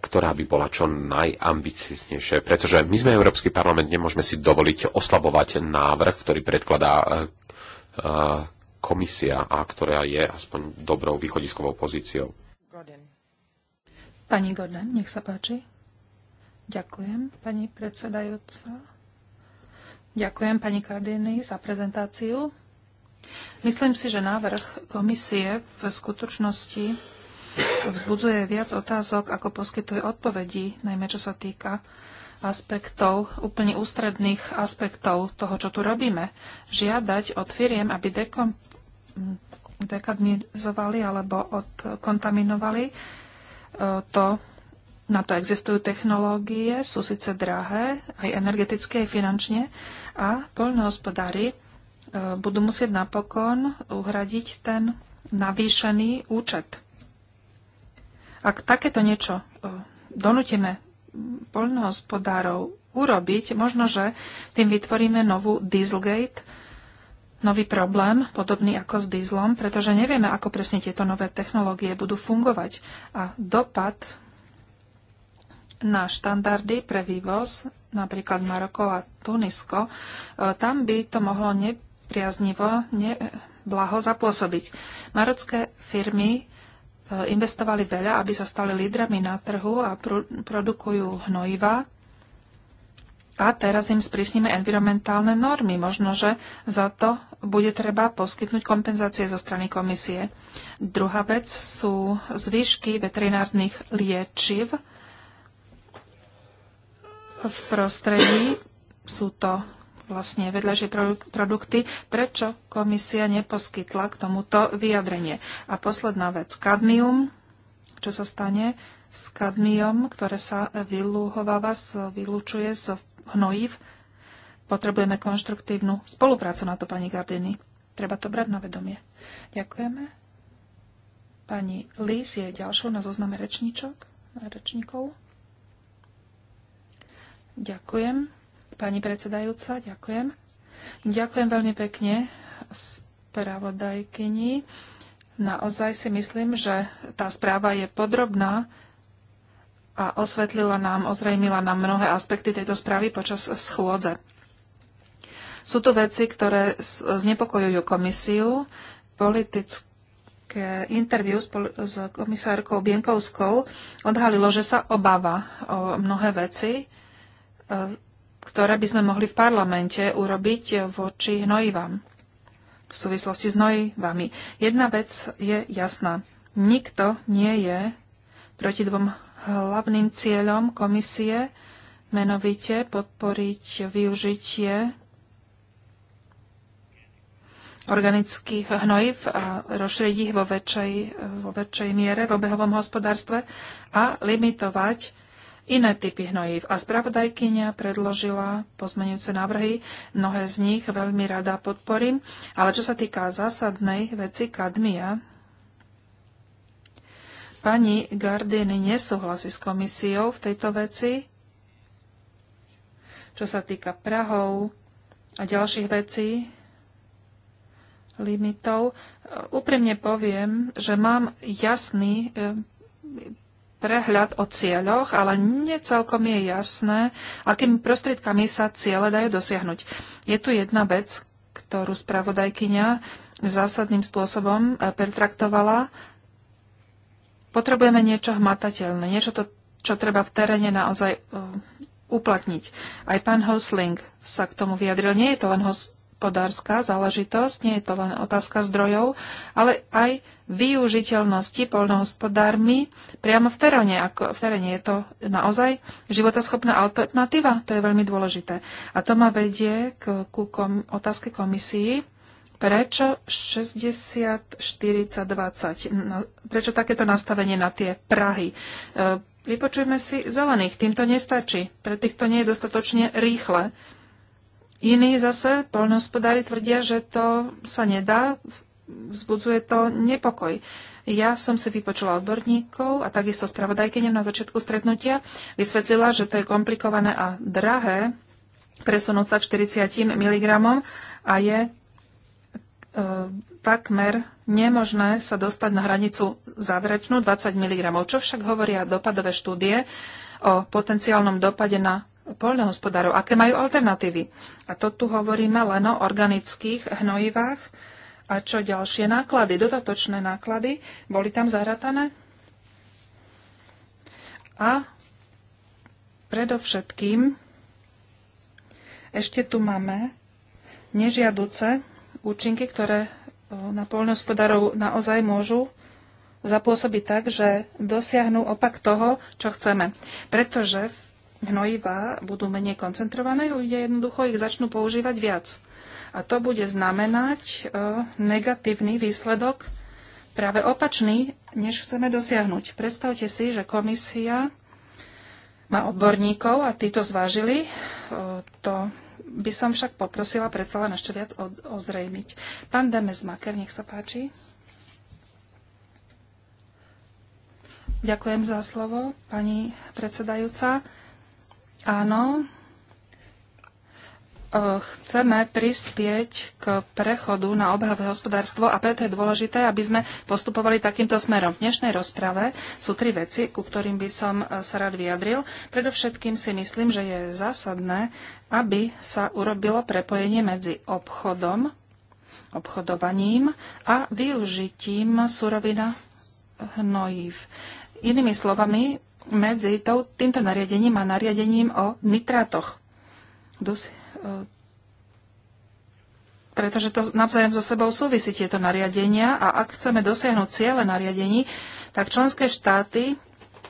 ktorá by bola čo najambicioznejšie. Pretože my sme Európsky parlament, nemôžeme si dovoliť oslabovať návrh, ktorý predkladá komisia a ktorá je aspoň dobrou východiskovou pozíciou. Pani Gordon, nech sa páči. Ďakujem, pani predsedajúca. Ďakujem, pani Kardiny, za prezentáciu. Myslím si, že návrh komisie v skutočnosti vzbudzuje viac otázok, ako poskytuje odpovedí, najmä čo sa týka aspektov, úplne ústredných aspektov toho, čo tu robíme. Žiadať od firiem, aby dekom, dekadmizovali alebo odkontaminovali E, to, na to existujú technológie, sú síce drahé, aj energeticky, aj finančne, a poľnohospodári e, budú musieť napokon uhradiť ten navýšený účet. Ak takéto niečo e, donútime poľnohospodárov urobiť, možno, že tým vytvoríme novú Dieselgate, nový problém, podobný ako s dýzlom, pretože nevieme, ako presne tieto nové technológie budú fungovať. A dopad na štandardy pre vývoz, napríklad Maroko a Tunisko, e, tam by to mohlo nepriaznivo, neblaho zapôsobiť. Marocké firmy e, investovali veľa, aby sa stali lídrami na trhu a produkujú hnojiva, a teraz im sprísnime environmentálne normy. Možno, že za to bude treba poskytnúť kompenzácie zo strany komisie. Druhá vec sú zvýšky veterinárnych liečiv v prostredí. Sú to vlastne vedľajšie produkty. Prečo komisia neposkytla k tomuto vyjadrenie? A posledná vec, kadmium. Čo sa stane s kadmium, ktoré sa vylúhováva, vylúčuje z hnojív? Potrebujeme konštruktívnu spoluprácu na to, pani Gardini. Treba to brať na vedomie. Ďakujeme. Pani Lís je ďalšou na zozname rečníčok, rečníkov. Ďakujem. Pani predsedajúca, ďakujem. Ďakujem veľmi pekne spravodajkyni. Naozaj si myslím, že tá správa je podrobná a osvetlila nám, ozrejmila nám mnohé aspekty tejto správy počas schôdze. Sú to veci, ktoré znepokojujú komisiu. Politické interviu s komisárkou Bienkovskou odhalilo, že sa obáva o mnohé veci, e, ktoré by sme mohli v parlamente urobiť voči hnojivám v súvislosti s hnojivami. Jedna vec je jasná. Nikto nie je proti dvom hlavným cieľom komisie, menovite podporiť využitie organických hnojív a rozšíriť ich vo väčšej, vo väčšej miere v obehovom hospodárstve a limitovať iné typy hnojív. A spravodajkynia predložila pozmenujúce návrhy, mnohé z nich veľmi rada podporím, ale čo sa týka zásadnej veci kadmia, pani Gardiny nesúhlasí s komisiou v tejto veci, čo sa týka Prahov a ďalších vecí, limitov. Úprimne poviem, že mám jasný eh, prehľad o cieľoch, ale necelkom je jasné, akými prostriedkami sa ciele dajú dosiahnuť. Je tu jedna vec, ktorú spravodajkyňa zásadným spôsobom eh, pertraktovala. Potrebujeme niečo hmatateľné, niečo, to, čo treba v teréne naozaj eh, uplatniť. Aj pán Hosling sa k tomu vyjadril. Nie je to len hos- hospodárska záležitosť, nie je to len otázka zdrojov, ale aj využiteľnosti polnohospodármi priamo v teréne. Ako v teréne je to naozaj životaschopná alternatíva, to je veľmi dôležité. A to ma vedie k, ku kom, otázke komisii, prečo 60, 40, 20, prečo takéto nastavenie na tie Prahy. E, Vypočujme si zelených, týmto nestačí, pre týchto nie je dostatočne rýchle. Iní zase, poľnohospodári, tvrdia, že to sa nedá, vzbudzuje to nepokoj. Ja som si vypočula odborníkov a takisto spravodajkyňa na začiatku stretnutia vysvetlila, že to je komplikované a drahé presunúť sa 40 mg a je e, takmer nemožné sa dostať na hranicu záverečnú 20 mg. Čo však hovoria dopadové štúdie o potenciálnom dopade na poľnohospodárov, aké majú alternatívy. A to tu hovoríme len o organických hnojivách. A čo ďalšie náklady, dodatočné náklady, boli tam zahratané. A predovšetkým ešte tu máme nežiaduce účinky, ktoré e, na poľnohospodárov naozaj môžu zapôsobiť tak, že dosiahnu opak toho, čo chceme. Pretože v hnojivá budú menej koncentrované, ľudia jednoducho ich začnú používať viac. A to bude znamenať e, negatívny výsledok, práve opačný, než chceme dosiahnuť. Predstavte si, že komisia má odborníkov a títo zvážili. E, to by som však poprosila predsa len ešte viac ozrejmiť. Pán Maker, nech sa páči. Ďakujem za slovo, pani predsedajúca. Áno, chceme prispieť k prechodu na obehové hospodárstvo a preto je dôležité, aby sme postupovali takýmto smerom. V dnešnej rozprave sú tri veci, ku ktorým by som e, sa rád vyjadril. Predovšetkým si myslím, že je zásadné, aby sa urobilo prepojenie medzi obchodom, obchodovaním a využitím surovina hnojív. Inými slovami, medzi týmto nariadením a nariadením o nitratoch. E, pretože to navzájom so sebou súvisí tieto nariadenia a ak chceme dosiahnuť ciele nariadení, tak členské štáty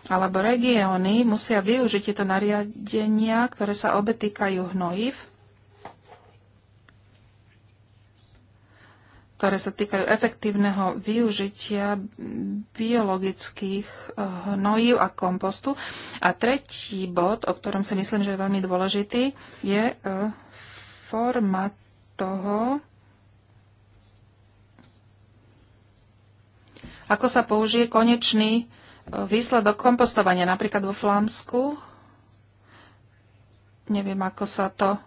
alebo regióny musia využiť tieto nariadenia, ktoré sa obe týkajú hnojív ktoré sa týkajú efektívneho využitia biologických eh, hnojív a kompostu. A tretí bod, o ktorom si myslím, že je veľmi dôležitý, je eh, forma toho, ako sa použije konečný eh, výsledok kompostovania, napríklad vo Flámsku. Neviem, ako sa to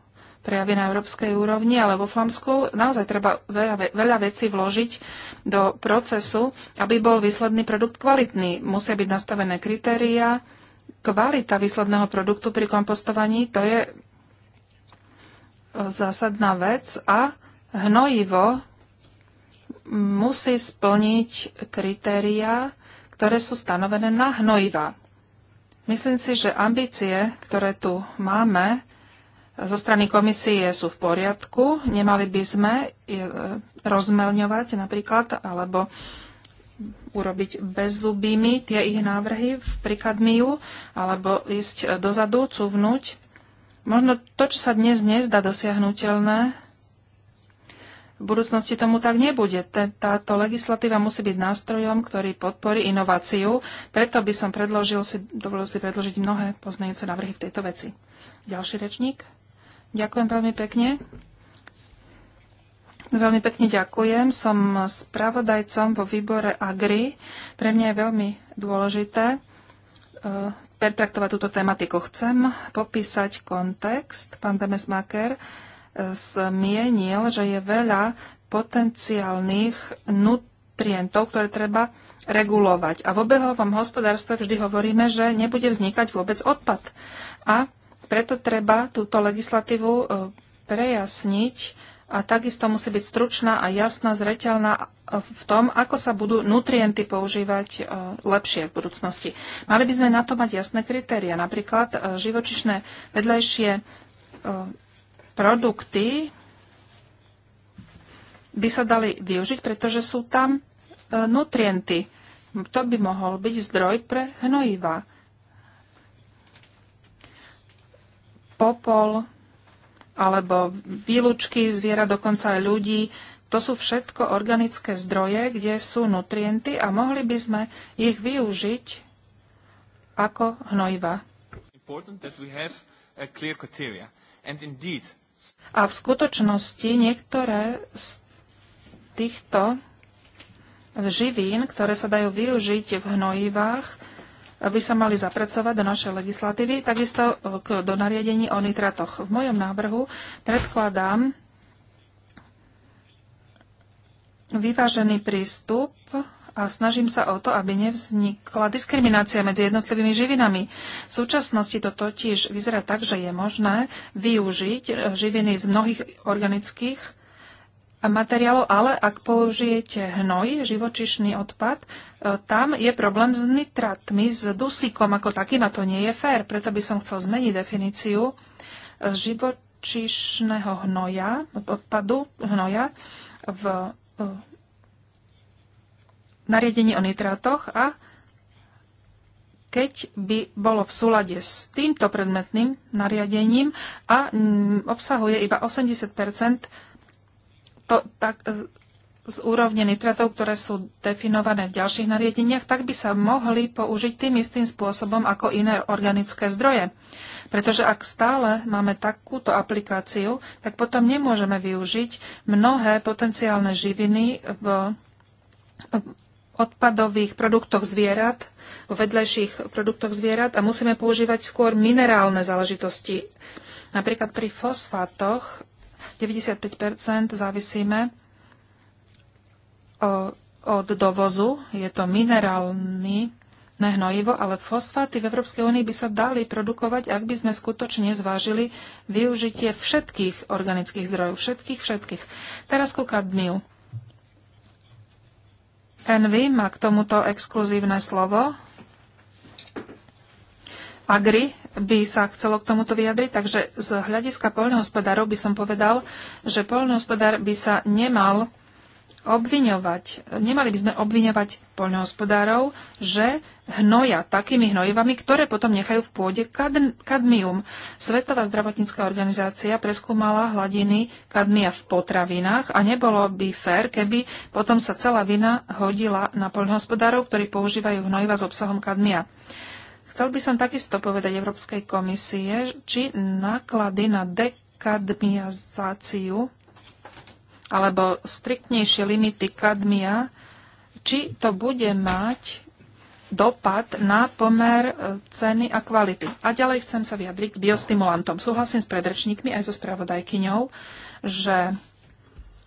prejavy na európskej úrovni, ale vo Flamsku naozaj treba veľa, veľa vecí vložiť do procesu, aby bol výsledný produkt kvalitný. Musia byť nastavené kritéria, kvalita výsledného produktu pri kompostovaní, to je e, zásadná vec a hnojivo musí splniť kritéria, ktoré sú stanovené na hnojiva. Myslím si, že ambície, ktoré tu máme, zo strany komisie sú v poriadku. Nemali by sme e, rozmelňovať napríklad, alebo urobiť bezzubými tie ich návrhy v prikadmiu, alebo ísť dozadu, cuvnúť. Možno to, čo sa dnes nezdá dosiahnutelné, v budúcnosti tomu tak nebude. Táto legislatíva musí byť nástrojom, ktorý podporí inováciu, preto by som predložil si, dovolil si predložiť mnohé pozmeňujúce návrhy v tejto veci. Ďalší rečník. Ďakujem veľmi pekne. Veľmi pekne ďakujem. Som spravodajcom vo výbore Agri. Pre mňa je veľmi dôležité e, pertraktovať túto tematiku. Chcem popísať kontext. Pán Demesmaker e, zmienil, že je veľa potenciálnych nutrientov, ktoré treba regulovať. A v obehovom hospodárstve vždy hovoríme, že nebude vznikať vôbec odpad. A preto treba túto legislatívu e, prejasniť a takisto musí byť stručná a jasná, zreteľná e, v tom, ako sa budú nutrienty používať e, lepšie v budúcnosti. Mali by sme na to mať jasné kritéria, napríklad živočišné vedľajšie produkty by sa dali využiť, pretože sú tam nutrienty. To by mohol byť zdroj pre hnojiva. popol alebo výlučky zviera, dokonca aj ľudí. To sú všetko organické zdroje, kde sú nutrienty a mohli by sme ich využiť ako hnojiva. A v skutočnosti niektoré z týchto živín, ktoré sa dajú využiť v hnojivách, by sa mali zapracovať do našej legislatívy, takisto e, do nariadení o nitratoch. V mojom návrhu predkladám vyvážený prístup a snažím sa o to, aby nevznikla diskriminácia medzi jednotlivými živinami. V súčasnosti to totiž vyzerá tak, že je možné využiť e, živiny z mnohých organických materiálov, ale ak použijete hnoj, živočišný odpad, e, tam je problém s nitratmi, s dusíkom ako takým a to nie je fér. Preto by som chcel zmeniť definíciu e, živočišného hnoja, odpadu hnoja v e, nariadení o nitrátoch a keď by bolo v súlade s týmto predmetným nariadením a obsahuje iba 80 to, tak, e, z úrovne nitratov, ktoré sú definované v ďalších nariadeniach, tak by sa mohli použiť tým istým spôsobom ako iné organické zdroje. Pretože ak stále máme takúto aplikáciu, tak potom nemôžeme využiť mnohé potenciálne živiny v odpadových produktoch zvierat, vo vedlejších produktoch zvierat a musíme používať skôr minerálne záležitosti. Napríklad pri fosfátoch 95 závisíme od dovozu. Je to minerálny hnojivo, ale fosfáty v Európskej únii by sa dali produkovať, ak by sme skutočne zvážili využitie všetkých organických zdrojov. Všetkých, všetkých. Teraz ku kadmiu. Envy má k tomuto exkluzívne slovo. Agri by sa chcelo k tomuto vyjadriť, takže z hľadiska poľnohospodárov by som povedal, že poľnohospodár by sa nemal obviňovať, nemali by sme obviňovať poľnohospodárov, že hnoja takými hnojivami, ktoré potom nechajú v pôde kad- kadmium. Svetová zdravotnícká organizácia preskúmala hladiny kadmia v potravinách a nebolo by fér, keby potom sa celá vina hodila na poľnohospodárov, ktorí používajú hnojiva s obsahom kadmia. Chcel by som takisto povedať Európskej komisie, či náklady na dekadmiazáciu alebo striktnejšie limity kadmia, či to bude mať dopad na pomer e, ceny a kvality. A ďalej chcem sa vyjadriť k biostimulantom. Súhlasím s predrečníkmi aj so spravodajkyňou, že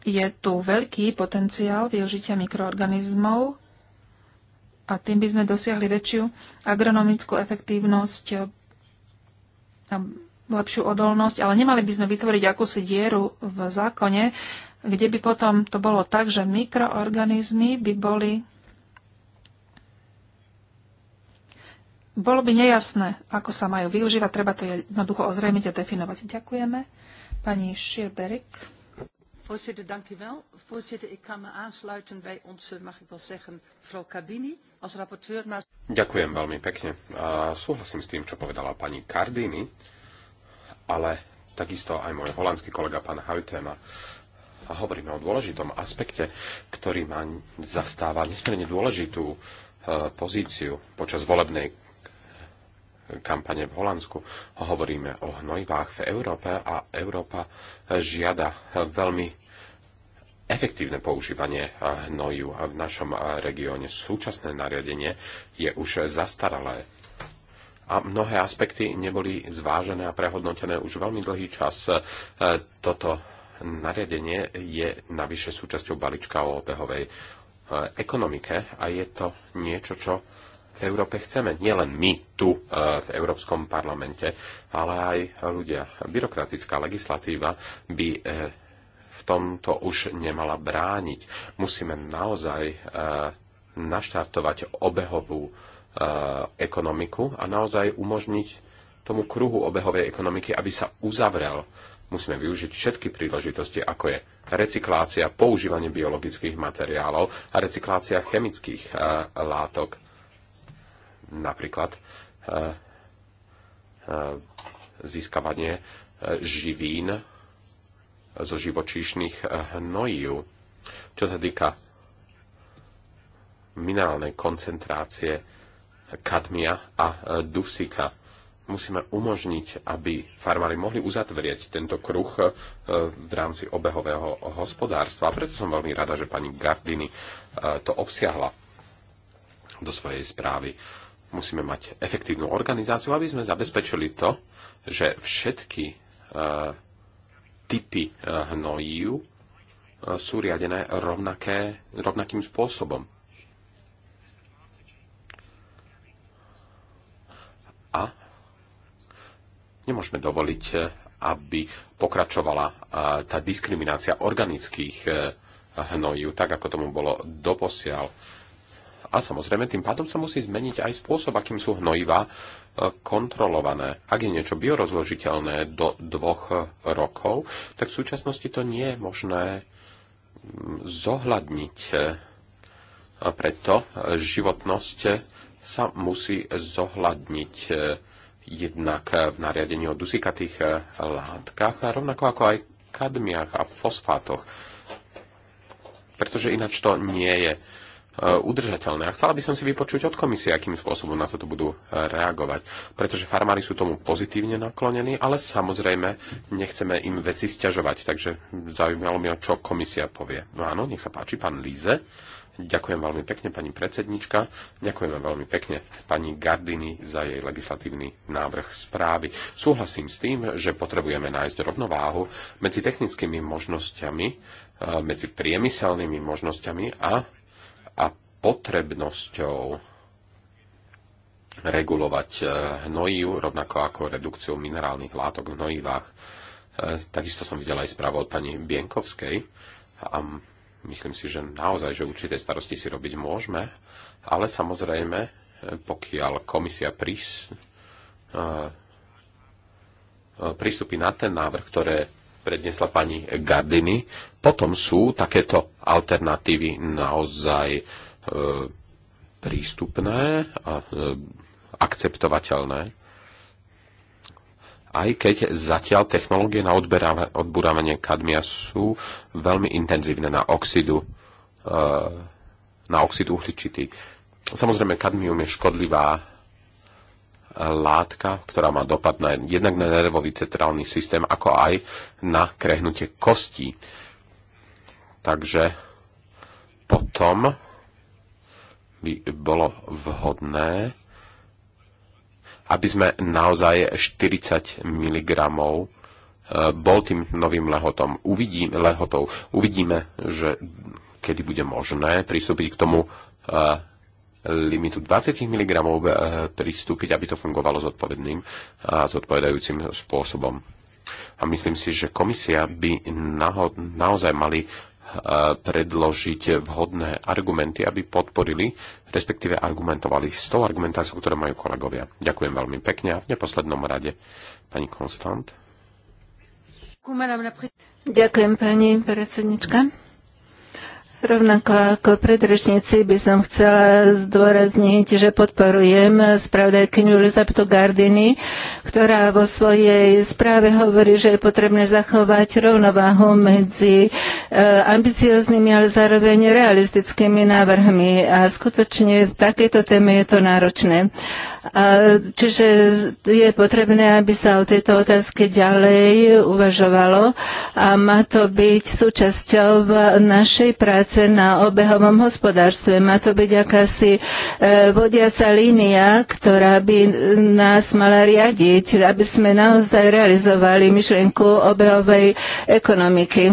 je tu veľký potenciál využitia mikroorganizmov a tým by sme dosiahli väčšiu agronomickú efektívnosť a lepšiu odolnosť, ale nemali by sme vytvoriť akúsi dieru v zákone, kde by potom to bolo tak, že mikroorganizmy by boli. Bolo by nejasné, ako sa majú využívať, treba to jednoducho ozrejmiť a definovať. Ďakujeme. Pani Širberik. Voorzitter, dank u wel. Voorzitter, ik kan me aansluiten bij onze, mag ik wel zeggen, mevrouw Cardini als rapporteur. Maar... Ďakujem veľmi pekne. A súhlasím s tým, čo povedala pani Cardini, ale takisto aj môj holandský kolega pán Hautema. A hovoríme o dôležitom aspekte, ktorý ma zastáva nesmierne dôležitú e, pozíciu počas volebnej kampane v Holandsku. Hovoríme o hnojivách v Európe a Európa žiada veľmi efektívne používanie hnoju v našom regióne. Súčasné nariadenie je už zastaralé a mnohé aspekty neboli zvážené a prehodnotené už veľmi dlhý čas. Toto nariadenie je navyše súčasťou balíčka o obehovej ekonomike a je to niečo, čo v Európe chceme. Nielen my tu e, v Európskom parlamente, ale aj ľudia. Byrokratická legislatíva by e, v tomto už nemala brániť. Musíme naozaj e, naštartovať obehovú ekonomiku a naozaj umožniť tomu kruhu obehovej ekonomiky, aby sa uzavrel. Musíme využiť všetky príležitosti, ako je recyklácia, používanie biologických materiálov a recyklácia chemických látok napríklad e, e, získavanie e, živín zo živočíšnych hnojív. Čo sa týka minerálnej koncentrácie kadmia a dusika, musíme umožniť, aby farmári mohli uzatvrieť tento kruh v rámci obehového hospodárstva. A preto som veľmi rada, že pani Gardini to obsiahla do svojej správy Musíme mať efektívnu organizáciu, aby sme zabezpečili to, že všetky e, typy e, hnojív e, sú riadené rovnaké, rovnakým spôsobom. A nemôžeme dovoliť, aby pokračovala tá diskriminácia organických hnojív, tak ako tomu bolo doposiaľ a samozrejme, tým pádom sa musí zmeniť aj spôsob, akým sú hnojiva e, kontrolované. Ak je niečo biorozložiteľné do dvoch rokov, tak v súčasnosti to nie je možné mm, zohľadniť. E, a preto e, životnosť sa musí zohľadniť jednak v nariadení o dusikatých látkach, rovnako ako aj kadmiach a fosfátoch. Pretože ináč to nie je E, udržateľné. A chcela by som si vypočuť od komisie, akým spôsobom na toto budú e, reagovať. Pretože farmári sú tomu pozitívne naklonení, ale samozrejme nechceme im veci stiažovať. Takže zaujímalo mi, čo komisia povie. No áno, nech sa páči, pán Líze. Ďakujem veľmi pekne, pani predsednička. Ďakujeme veľmi pekne pani Gardini za jej legislatívny návrh správy. Súhlasím s tým, že potrebujeme nájsť rovnováhu medzi technickými možnosťami, e, medzi priemyselnými možnosťami a a potrebnosťou regulovať eh, hnojiv, rovnako ako redukciu minerálnych látok v hnojivách. Eh, takisto som videl aj správu od pani Bienkovskej a myslím si, že naozaj, že určité starosti si robiť môžeme, ale samozrejme, eh, pokiaľ komisia prís, prístupí na ten návrh, ktoré predniesla pani Gardiny. Potom sú takéto alternatívy naozaj e, prístupné a e, akceptovateľné, aj keď zatiaľ technológie na odburávanie kadmia sú veľmi intenzívne na oxidu, e, na oxid uhličitý. Samozrejme, kadmium je škodlivá látka, ktorá má dopad na, jednak na nervový centrálny systém, ako aj na krehnutie kostí. Takže potom by bolo vhodné, aby sme naozaj 40 mg e, bol tým novým lehotom. Uvidím, lehotou. Uvidíme, že kedy bude možné pristúpiť k tomu e, limitu 20 mg pristúpiť, aby to fungovalo zodpovedným a zodpovedajúcim spôsobom. A myslím si, že komisia by naho- naozaj mali e, predložiť vhodné argumenty, aby podporili, respektíve argumentovali s tou argumentáciou, ktoré majú kolegovia. Ďakujem veľmi pekne a v neposlednom rade pani Konstant. Ďakujem pani predsednička. Rovnako ako predrečníci by som chcela zdôrazniť, že podporujem spravodajkyňu Elizabetu Gardini, ktorá vo svojej správe hovorí, že je potrebné zachovať rovnováhu medzi e, ambicioznými, ale zároveň realistickými návrhmi. A skutočne v takejto téme je to náročné. Čiže je potrebné, aby sa o tejto otázke ďalej uvažovalo a má to byť súčasťou našej práce na obehovom hospodárstve. Má to byť akási e, vodiaca línia, ktorá by nás mala riadiť, aby sme naozaj realizovali myšlienku obehovej ekonomiky. E,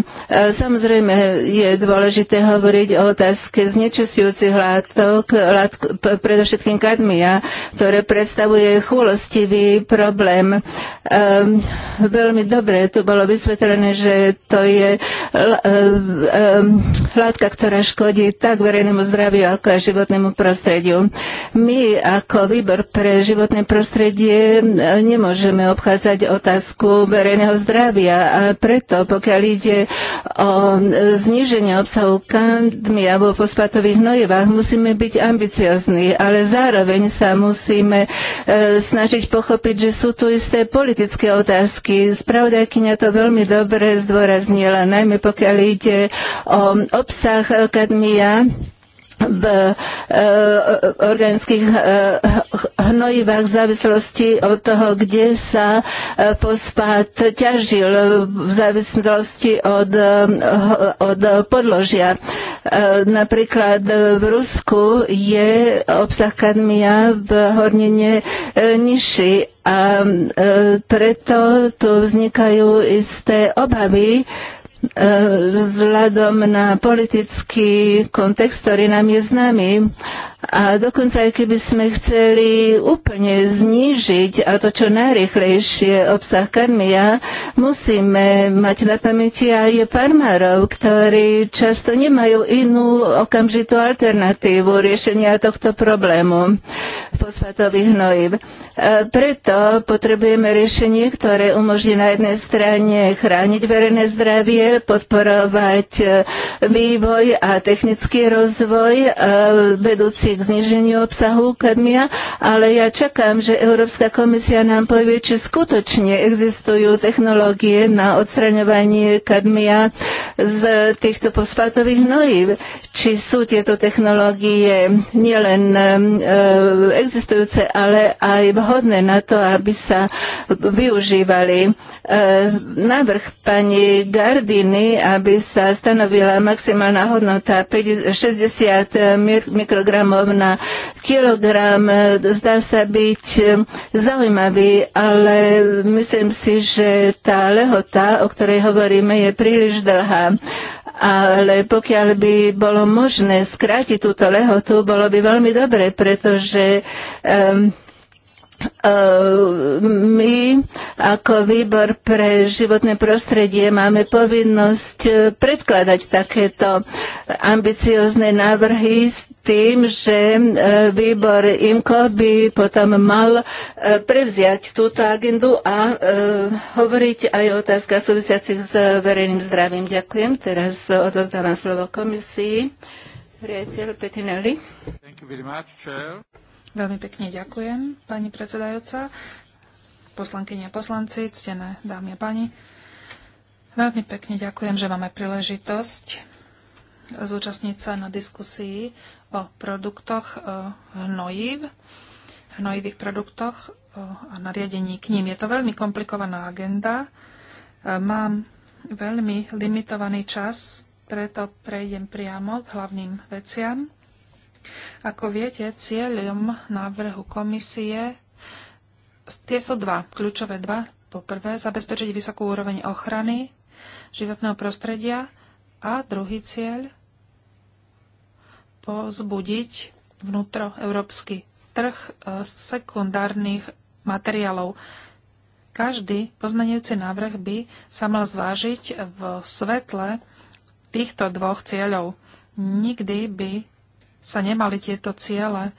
samozrejme je dôležité hovoriť o otázke znečistujúcich látok, látk, predovšetkým kadmia, ktoré predstavuje chulostivý problém. Um, veľmi dobre tu bolo vysvetlené, že to je um, látka, ktorá škodí tak verejnému zdraviu, ako aj životnému prostrediu. My ako výbor pre životné prostredie nemôžeme obchádzať otázku verejného zdravia a preto, pokiaľ ide o zníženie obsahu kandmia vo fosfatových hnojivách, musíme byť ambiciozní, ale zároveň sa musíme e, snažiť pochopiť, že sú tu isté politické otázky. Spravodajkyňa to veľmi dobre zdôraznila, najmä pokiaľ ide o obsah kadmia v e, e, organických e, hnojivách v závislosti od toho, kde sa fosfát ťažil, v závislosti od, od podložia. Napríklad v Rusku je obsah kadmia v hornine nižší a preto tu vznikajú isté obavy, E, vzhľadom na politický kontext, ktorý nám je známy. A dokonca aj keby sme chceli úplne znížiť, a to čo najrychlejšie, obsah kadmia, musíme mať na pamäti aj farmárov, ktorí často nemajú inú okamžitú alternatívu riešenia tohto problému fosfatových hnojív. E, preto potrebujeme riešenie, ktoré umožní na jednej strane chrániť verejné zdravie, podporovať e, vývoj a technický rozvoj e, vedúci k zniženiu obsahu kadmia, ale ja čakám, že Európska komisia nám povie, či skutočne existujú technológie na odstraňovanie kadmia z týchto fosfátových hnojív. Či sú tieto technológie nielen e, existujúce, ale aj vhodné na to, aby sa využívali. Návrh pani Gardy hodiny, aby sa stanovila maximálna hodnota 60 mikrogramov na kilogram. Zdá sa byť um, zaujímavý, ale myslím si, že tá lehota, o ktorej hovoríme, je príliš dlhá ale pokiaľ by bolo možné skrátiť túto lehotu, bolo by veľmi dobre, pretože um, Ehm, my ako výbor pre životné prostredie máme povinnosť e, predkladať takéto ambiciozne návrhy s tým, že e, výbor IMCO by potom mal e, prevziať túto agendu a hovoriť aj o otázkach súvisiacich s verejným zdravím. Ďakujem. Teraz odozdávam slovo komisii. Priateľ Petinelli. Veľmi pekne ďakujem, pani predsedajúca, poslankyne a poslanci, ctené dámy a pani. Veľmi pekne ďakujem, že máme príležitosť zúčastniť sa na diskusii o produktoch e, hnojív, hnojivých produktoch e, a nariadení k ním. Je to veľmi komplikovaná agenda. E, mám veľmi limitovaný čas, preto prejdem priamo k hlavným veciam. Ako viete, cieľom návrhu komisie tie sú dva, kľúčové dva. Po prvé, zabezpečiť vysokú úroveň ochrany životného prostredia a druhý cieľ pozbudiť vnútroeurópsky trh e, sekundárnych materiálov. Každý pozmenujúci návrh by sa mal zvážiť v svetle týchto dvoch cieľov. Nikdy by sa nemali tieto ciele e,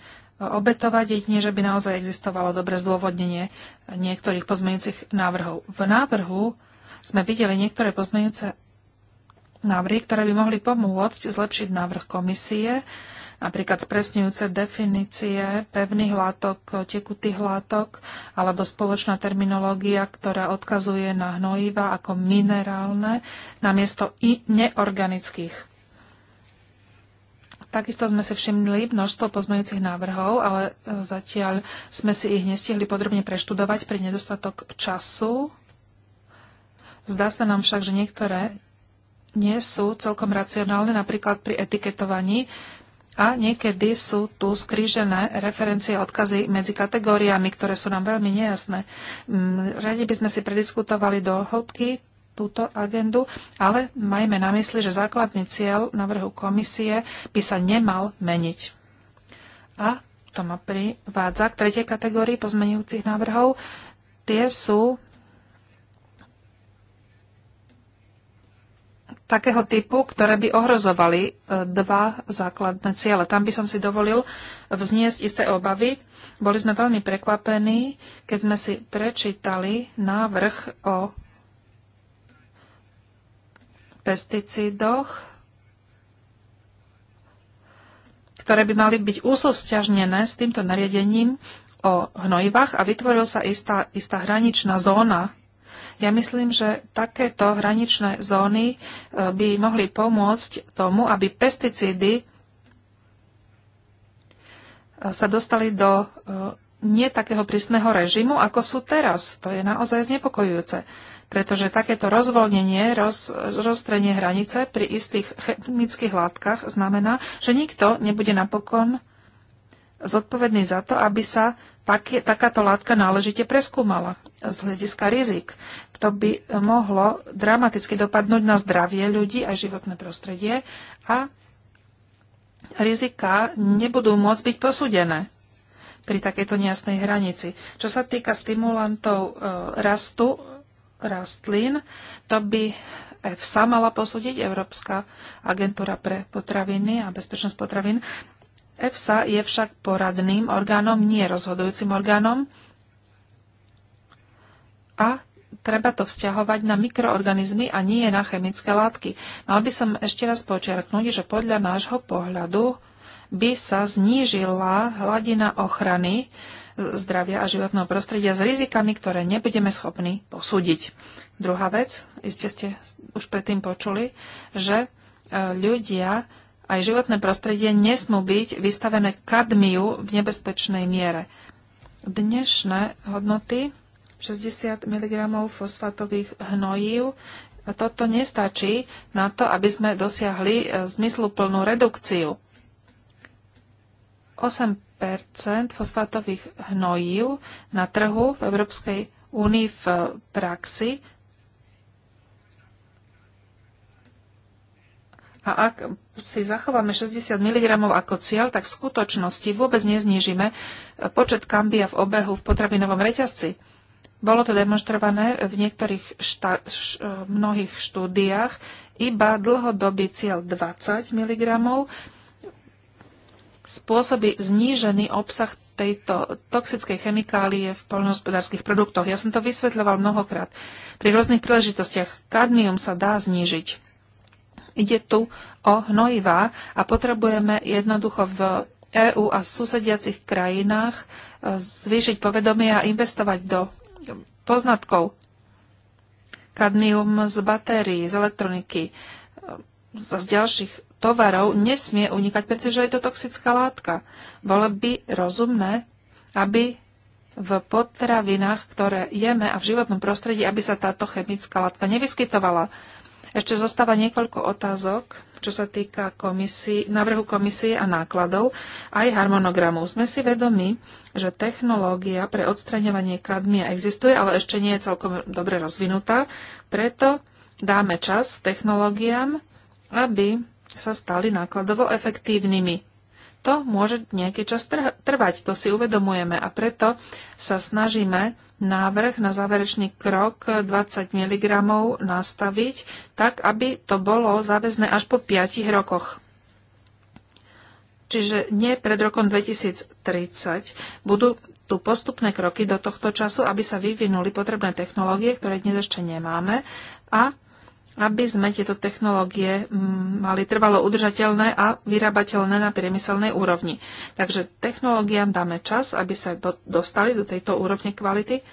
obetovať, jedine, že by naozaj existovalo dobre zdôvodnenie niektorých pozmeňujúcich návrhov. V návrhu sme videli niektoré pozmeňujúce návrhy, ktoré by mohli pomôcť zlepšiť návrh komisie, napríklad spresňujúce definície pevných látok, tekutých látok, alebo spoločná terminológia, ktorá odkazuje na hnojiva ako minerálne namiesto i neorganických. Takisto sme si všimli množstvo pozmeňujúcich návrhov, ale e, zatiaľ sme si ich nestihli podrobne preštudovať pre nedostatok času. Zdá sa nám však, že niektoré nie sú celkom racionálne, napríklad pri etiketovaní a niekedy sú tu skrížené referencie a odkazy medzi kategóriami, ktoré sú nám veľmi nejasné. Mm, radi by sme si prediskutovali do hĺbky túto agendu, ale majme na mysli, že základný cieľ navrhu komisie by sa nemal meniť. A to ma privádza k tretej kategórii pozmenujúcich návrhov. Tie sú takého typu, ktoré by ohrozovali e, dva základné ciele. Tam by som si dovolil vzniesť isté obavy. Boli sme veľmi prekvapení, keď sme si prečítali návrh o pesticídoch, ktoré by mali byť úsovzťažnené s týmto nariadením o hnojivách a vytvoril sa istá, istá hraničná zóna. Ja myslím, že takéto hraničné zóny e, by mohli pomôcť tomu, aby pesticídy e, sa dostali do e, nie takého prísneho režimu, ako sú teraz. To je naozaj znepokojujúce pretože takéto rozvoľnenie, roz, rozstrenie hranice pri istých chemických látkach znamená, že nikto nebude napokon zodpovedný za to, aby sa také, takáto látka náležite preskúmala z hľadiska rizik. To by mohlo dramaticky dopadnúť na zdravie ľudí aj životné prostredie a rizika nebudú môcť byť posúdené pri takejto nejasnej hranici. Čo sa týka stimulantov e, rastu, rastlín. To by EFSA mala posúdiť, Európska agentúra pre potraviny a bezpečnosť potravín. EFSA je však poradným orgánom, nie rozhodujúcim orgánom. A treba to vzťahovať na mikroorganizmy a nie na chemické látky. Mal by som ešte raz počiarknúť, že podľa nášho pohľadu by sa znížila hladina ochrany zdravia a životného prostredia s rizikami, ktoré nebudeme schopní posúdiť. Druhá vec, iste ste už predtým počuli, že e, ľudia aj životné prostredie nesmú byť vystavené kadmiu v nebezpečnej miere. Dnešné hodnoty 60 mg fosfátových hnojív toto nestačí na to, aby sme dosiahli e, zmysluplnú redukciu. 8 percent fosfátových hnojív na trhu v Európskej únii v praxi. A ak si zachováme 60 mg ako cieľ, tak v skutočnosti vôbec neznižíme počet kambia v obehu v potravinovom reťazci. Bolo to demonstrované v niektorých šta- š- mnohých štúdiách, iba dlhodobý cieľ 20 mg spôsobí znížený obsah tejto toxickej chemikálie v poľnohospodárskych produktoch. Ja som to vysvetľoval mnohokrát. Pri rôznych príležitostiach kadmium sa dá znížiť. Ide tu o hnojivá a potrebujeme jednoducho v EÚ a susediacich krajinách e, zvýšiť povedomie a investovať do poznatkov. Kadmium z batérií, z elektroniky, e, z ďalších tovarov nesmie unikať, pretože je to toxická látka. Bolo by rozumné, aby v potravinách, ktoré jeme a v životnom prostredí, aby sa táto chemická látka nevyskytovala. Ešte zostáva niekoľko otázok, čo sa týka komisí, návrhu komisie a nákladov, aj harmonogramu. Sme si vedomi, že technológia pre odstraňovanie kadmia existuje, ale ešte nie je celkom dobre rozvinutá, preto dáme čas technológiám, aby sa stali nákladovo efektívnymi. To môže nejaký čas trvať, to si uvedomujeme a preto sa snažíme návrh na záverečný krok 20 mg nastaviť tak, aby to bolo záväzné až po 5 rokoch. Čiže nie pred rokom 2030 budú tu postupné kroky do tohto času, aby sa vyvinuli potrebné technológie, ktoré dnes ešte nemáme a aby sme tieto technológie mm, mali trvalo udržateľné a vyrábateľné na priemyselnej úrovni. Takže technológiám dáme čas, aby sa do, dostali do tejto úrovne kvality,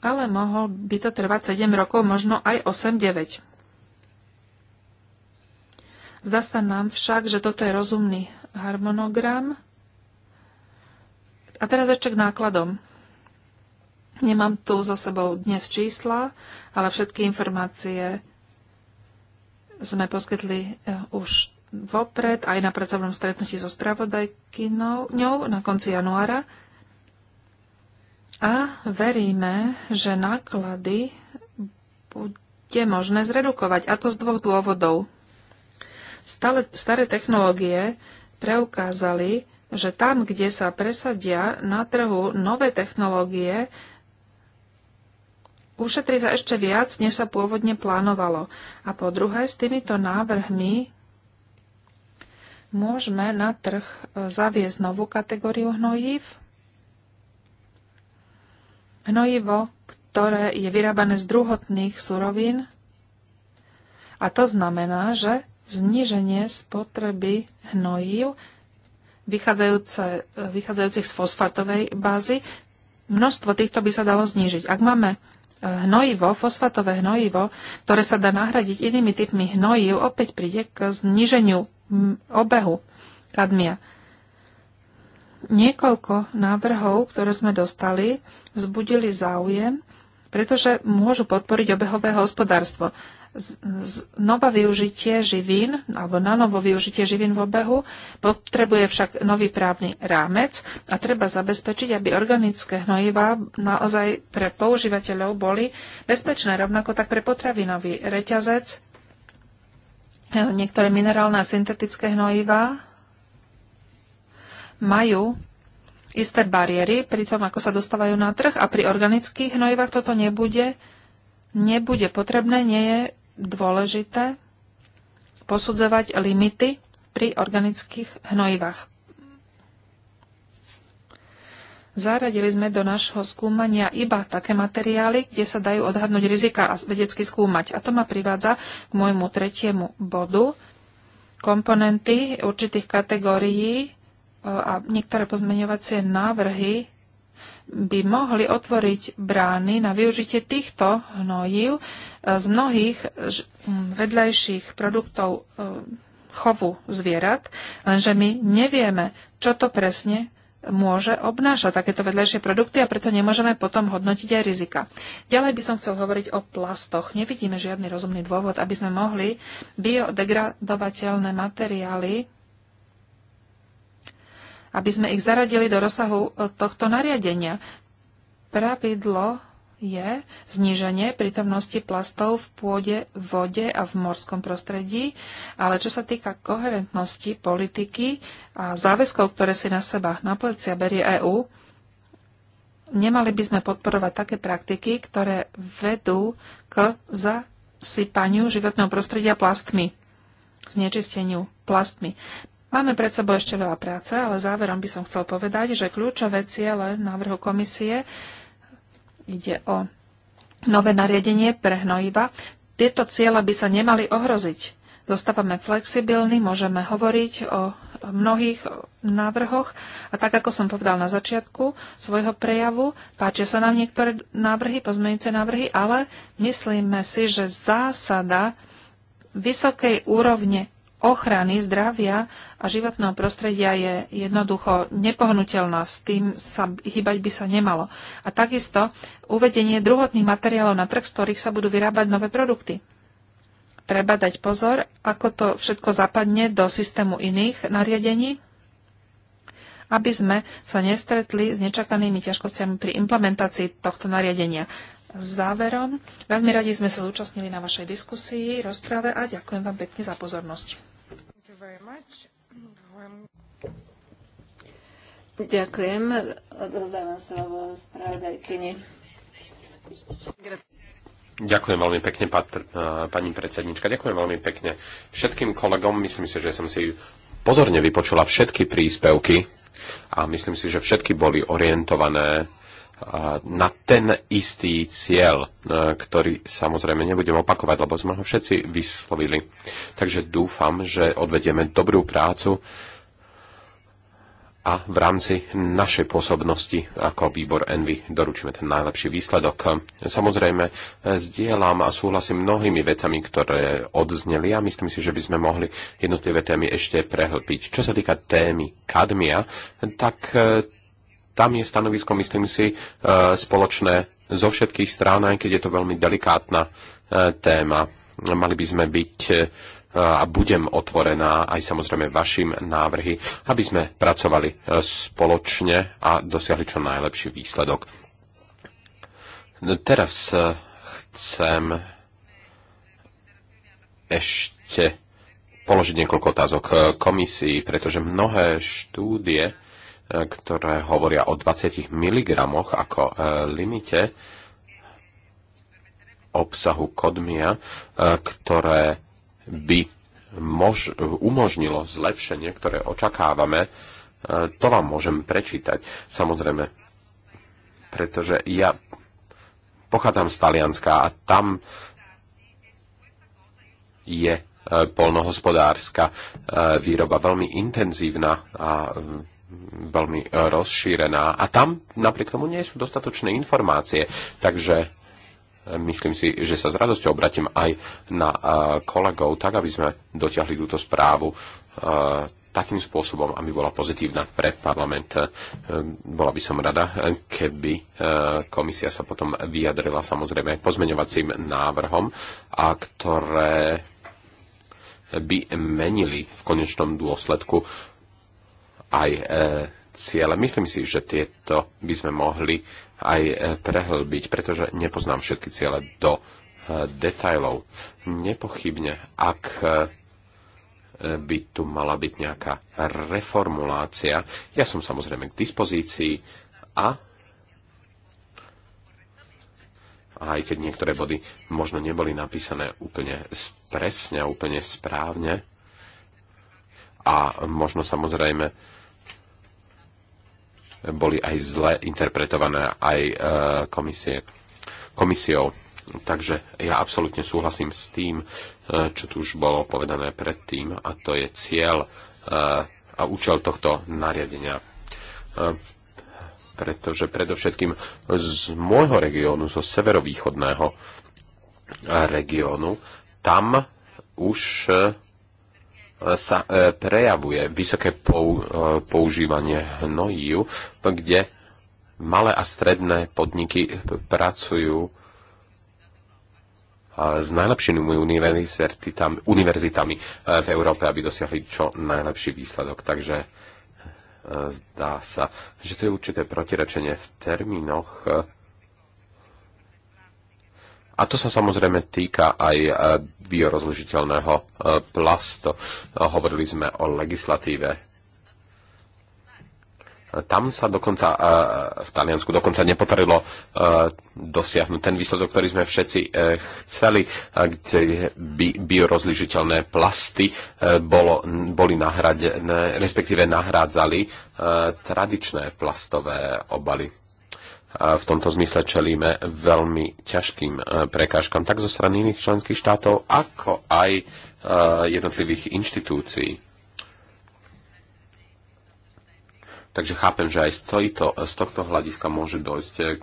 ale mohol by to trvať 7 rokov, možno aj 8-9. Zdá sa nám však, že toto je rozumný harmonogram. A teraz ešte k nákladom. Nemám tu za sebou dnes čísla, ale všetky informácie sme poskytli eh, už vopred, aj na pracovnom stretnutí so spravodajkynou ňou na konci januára. A veríme, že náklady bude možné zredukovať, a to z dvoch dôvodov. Stále, staré technológie preukázali, že tam, kde sa presadia na trhu nové technológie, ušetrí sa ešte viac, než sa pôvodne plánovalo. A po druhé, s týmito návrhmi môžeme na trh e, zaviesť novú kategóriu hnojív. Hnojivo, ktoré je vyrábané z druhotných surovín. A to znamená, že zníženie spotreby hnojív e, vychádzajúcich z fosfatovej bázy, množstvo týchto by sa dalo znížiť. Ak máme hnojivo, fosfatové hnojivo, ktoré sa dá nahradiť inými typmi hnojiv, opäť príde k zniženiu obehu kadmia. Niekoľko návrhov, ktoré sme dostali, zbudili záujem, pretože môžu podporiť obehové hospodárstvo znova využitie živín alebo na novo využitie živín v obehu potrebuje však nový právny rámec a treba zabezpečiť, aby organické hnojivá naozaj pre používateľov boli bezpečné, rovnako tak pre potravinový reťazec, e, niektoré minerálne a syntetické hnojivá majú isté bariéry pri tom, ako sa dostávajú na trh a pri organických hnojivách toto nebude, nebude potrebné, nie je dôležité posudzovať limity pri organických hnojivách. Zaradili sme do nášho skúmania iba také materiály, kde sa dajú odhadnúť rizika a vedecky skúmať. A to ma privádza k môjmu tretiemu bodu. Komponenty určitých kategórií e, a niektoré pozmeňovacie návrhy by mohli otvoriť brány na využitie týchto hnojív e, z mnohých vedľajších produktov e, chovu zvierat, lenže my nevieme, čo to presne môže obnášať takéto vedľajšie produkty a preto nemôžeme potom hodnotiť aj rizika. Ďalej by som chcel hovoriť o plastoch. Nevidíme žiadny rozumný dôvod, aby sme mohli biodegradovateľné materiály aby sme ich zaradili do rozsahu e, tohto nariadenia. Pravidlo je zníženie prítomnosti plastov v pôde, v vode a v morskom prostredí, ale čo sa týka koherentnosti politiky a záväzkov, ktoré si na seba na plecia berie EÚ, nemali by sme podporovať také praktiky, ktoré vedú k zasypaniu životného prostredia plastmi, znečisteniu plastmi. Máme pred sebou ešte veľa práce, ale záverom by som chcel povedať, že kľúčové ciele návrhu komisie ide o nové nariadenie pre hnojiva. Tieto ciele by sa nemali ohroziť. Zostávame flexibilní, môžeme hovoriť o mnohých návrhoch a tak, ako som povedal na začiatku svojho prejavu, páčia sa nám niektoré návrhy, pozmeňujúce návrhy, ale myslíme si, že zásada vysokej úrovne ochrany zdravia a životného prostredia je jednoducho nepohnutelná. S tým sa hýbať by sa nemalo. A takisto uvedenie druhotných materiálov na trh, z ktorých sa budú vyrábať nové produkty. Treba dať pozor, ako to všetko zapadne do systému iných nariadení, aby sme sa nestretli s nečakanými ťažkosťami pri implementácii tohto nariadenia. Záverom, veľmi radi sme sa zúčastnili na vašej diskusii, rozprave a ďakujem vám pekne za pozornosť. Um, Ďakujem. Odozdávam slovo spravodajkyni. Ďakujem veľmi pekne, patr, eh, pani predsednička. Ďakujem veľmi pekne všetkým kolegom. Myslím si, že som si pozorne vypočula všetky príspevky a myslím si, že všetky boli orientované na ten istý cieľ, e, ktorý samozrejme nebudem opakovať, lebo sme ho všetci vyslovili. Takže dúfam, že odvedieme dobrú prácu a v rámci našej pôsobnosti ako výbor Envy doručíme ten najlepší výsledok. Samozrejme, zdieľam a súhlasím mnohými vecami, ktoré odzneli a myslím si, že by sme mohli jednotlivé témy ešte prehlpiť. Čo sa týka témy kadmia, tak e, tam je stanovisko, myslím si, e, spoločné zo všetkých strán, aj keď je to veľmi delikátna e, téma. Mali by sme byť e, a budem otvorená aj samozrejme vašim návrhy, aby sme pracovali spoločne a dosiahli čo najlepší výsledok. Teraz chcem ešte položiť niekoľko otázok komisii, pretože mnohé štúdie E, ktoré hovoria o 20 mg ako e, limite obsahu kodmia, e, ktoré by mož- umožnilo zlepšenie, ktoré očakávame, to vám môžem prečítať. Samozrejme, pretože ja pochádzam z Talianska a tam je polnohospodárska výroba veľmi intenzívna a veľmi rozšírená a tam napriek tomu nie sú dostatočné informácie. Takže e, myslím si, že sa s radosťou obratím aj na e, kolegov, tak aby sme dotiahli túto správu e, takým spôsobom, aby bola pozitívna pre parlament. Bola by som rada, keby komisia sa potom vyjadrila samozrejme pozmeňovacím návrhom, a ktoré by menili v konečnom dôsledku aj e, ciele. Myslím si, že tieto by sme mohli aj e, prehlbiť, pretože nepoznám všetky ciele do e, detajlov. Nepochybne, ak by tu mala byť nejaká reformulácia, ja som samozrejme k dispozícii a aj keď niektoré body možno neboli napísané úplne presne, úplne správne a možno samozrejme boli aj zle interpretované aj e, komisie, komisiou. Takže ja absolútne súhlasím s tým, e, čo tu už bolo povedané predtým, a to je cieľ e, a účel tohto nariadenia. Pretože predovšetkým z môjho regiónu, zo severovýchodného regiónu, tam už sa e, prejavuje vysoké e, používanie hnojív, kde malé a stredné podniky pracujú e, s najlepšími univerzitami, univerzitami v Európe, aby dosiahli čo najlepší výsledok. Takže zdá sa, že to je určité protirečenie v termínoch, a to sa samozrejme týka aj e, biorozložiteľného e, plastu. Hovorili sme o legislatíve. Tam sa dokonca e, v Taliansku dokonca nepotarilo dosiahnuť ten výsledok, ktorý sme všetci chceli, kde by biorozližiteľné plasty bolo, boli nahradené, respektíve nahrádzali tradičné plastové obaly v tomto zmysle čelíme veľmi ťažkým eh, prekážkam tak zo strany iných členských štátov, ako aj eh, jednotlivých inštitúcií. Takže chápem, že aj z, tohto, z tohto hľadiska môže dojsť eh, k,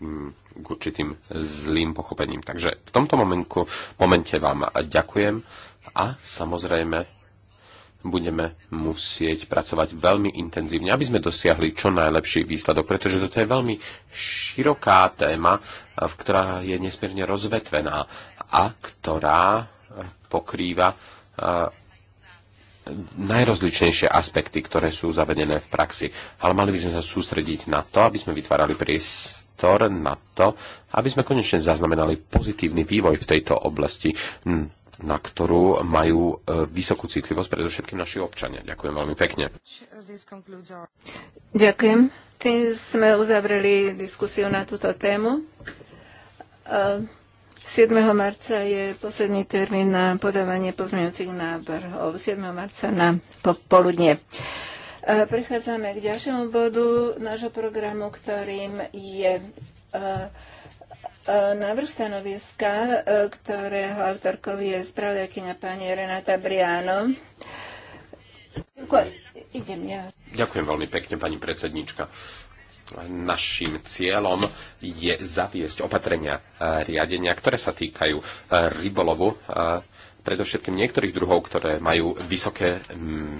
mm, k určitým zlým pochopením. Takže v tomto momenku, momente vám ďakujem a samozrejme budeme musieť pracovať veľmi intenzívne, aby sme dosiahli čo najlepší výsledok, pretože toto je veľmi široká téma, ktorá je nesmierne rozvetvená a ktorá eh, pokrýva eh, najrozličnejšie aspekty, ktoré sú zavedené v praxi. Ale mali by sme sa sústrediť na to, aby sme vytvárali priestor na to, aby sme konečne zaznamenali pozitívny vývoj v tejto oblasti hm, na ktorú majú e, vysokú citlivosť predovšetkým naši občania. Ďakujem veľmi pekne. Ďakujem. Tým sme uzavreli diskusiu na túto tému. 7. E, marca je posledný termín na podávanie pozmeňujúcich návrhov. 7. marca na popoludne. E, prechádzame k ďalšiemu bodu nášho programu, ktorým je uh, E, návrh stanoviska, e, ktorého autorkou je spravodajkyňa pani Renata Briano. Idem ja. Ďakujem veľmi pekne, pani predsednička. Našim cieľom je zaviesť opatrenia riadenia, ktoré sa týkajú rybolovu predovšetkým niektorých druhov, ktoré majú vysoké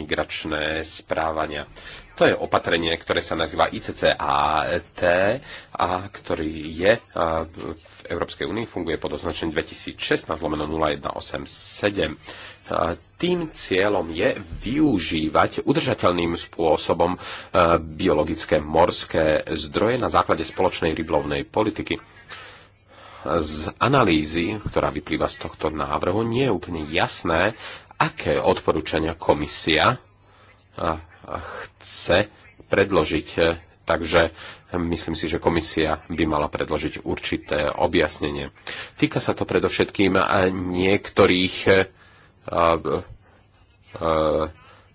migračné správania. To je opatrenie, ktoré sa nazýva ICCAT a ktorý je v Európskej únii, funguje pod označením 2016 lomeno 0187. Tým cieľom je využívať udržateľným spôsobom biologické morské zdroje na základe spoločnej ryblovnej politiky z analýzy, ktorá vyplýva z tohto návrhu, nie je úplne jasné, aké odporúčania komisia chce predložiť. Takže myslím si, že komisia by mala predložiť určité objasnenie. Týka sa to predovšetkým niektorých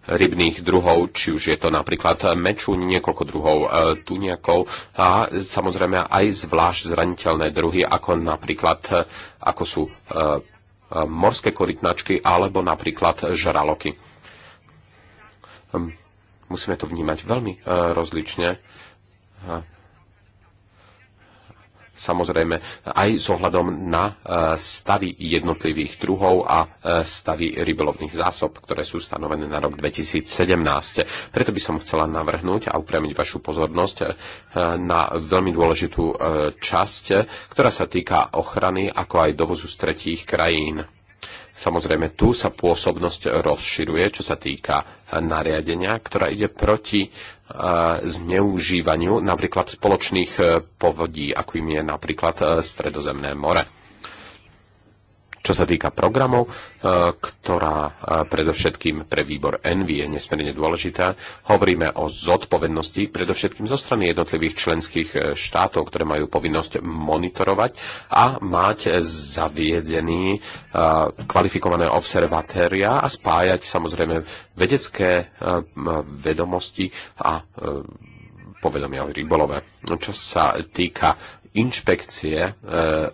rybných druhov, či už je to napríklad meču, niekoľko druhov e, tuniakov a samozrejme aj zvlášť zraniteľné druhy, ako napríklad e, ako sú e, morské korytnačky alebo napríklad žraloky. Hm, musíme to vnímať veľmi rozlične samozrejme aj s ohľadom na e, stavy jednotlivých druhov a e, stavy rybolovných zásob, ktoré sú stanovené na rok 2017. Preto by som chcela navrhnúť a upriamiť vašu pozornosť e, na veľmi dôležitú časť, ktorá sa týka ochrany ako aj dovozu z tretích krajín. Samozrejme, tu sa pôsobnosť rozširuje, čo sa týka nariadenia, ktorá ide proti zneužívaniu napríklad spoločných eh, povodí, akým je napríklad eh, Stredozemné more čo sa týka programov, e, ktorá e, predovšetkým pre výbor Envy je nesmierne dôležitá. Hovoríme o zodpovednosti predovšetkým zo strany jednotlivých členských e, štátov, ktoré majú povinnosť monitorovať a mať zaviedený kvalifikované observatéria a spájať samozrejme vedecké vedomosti a povedomia o rybolove. Čo sa týka inšpekcie e,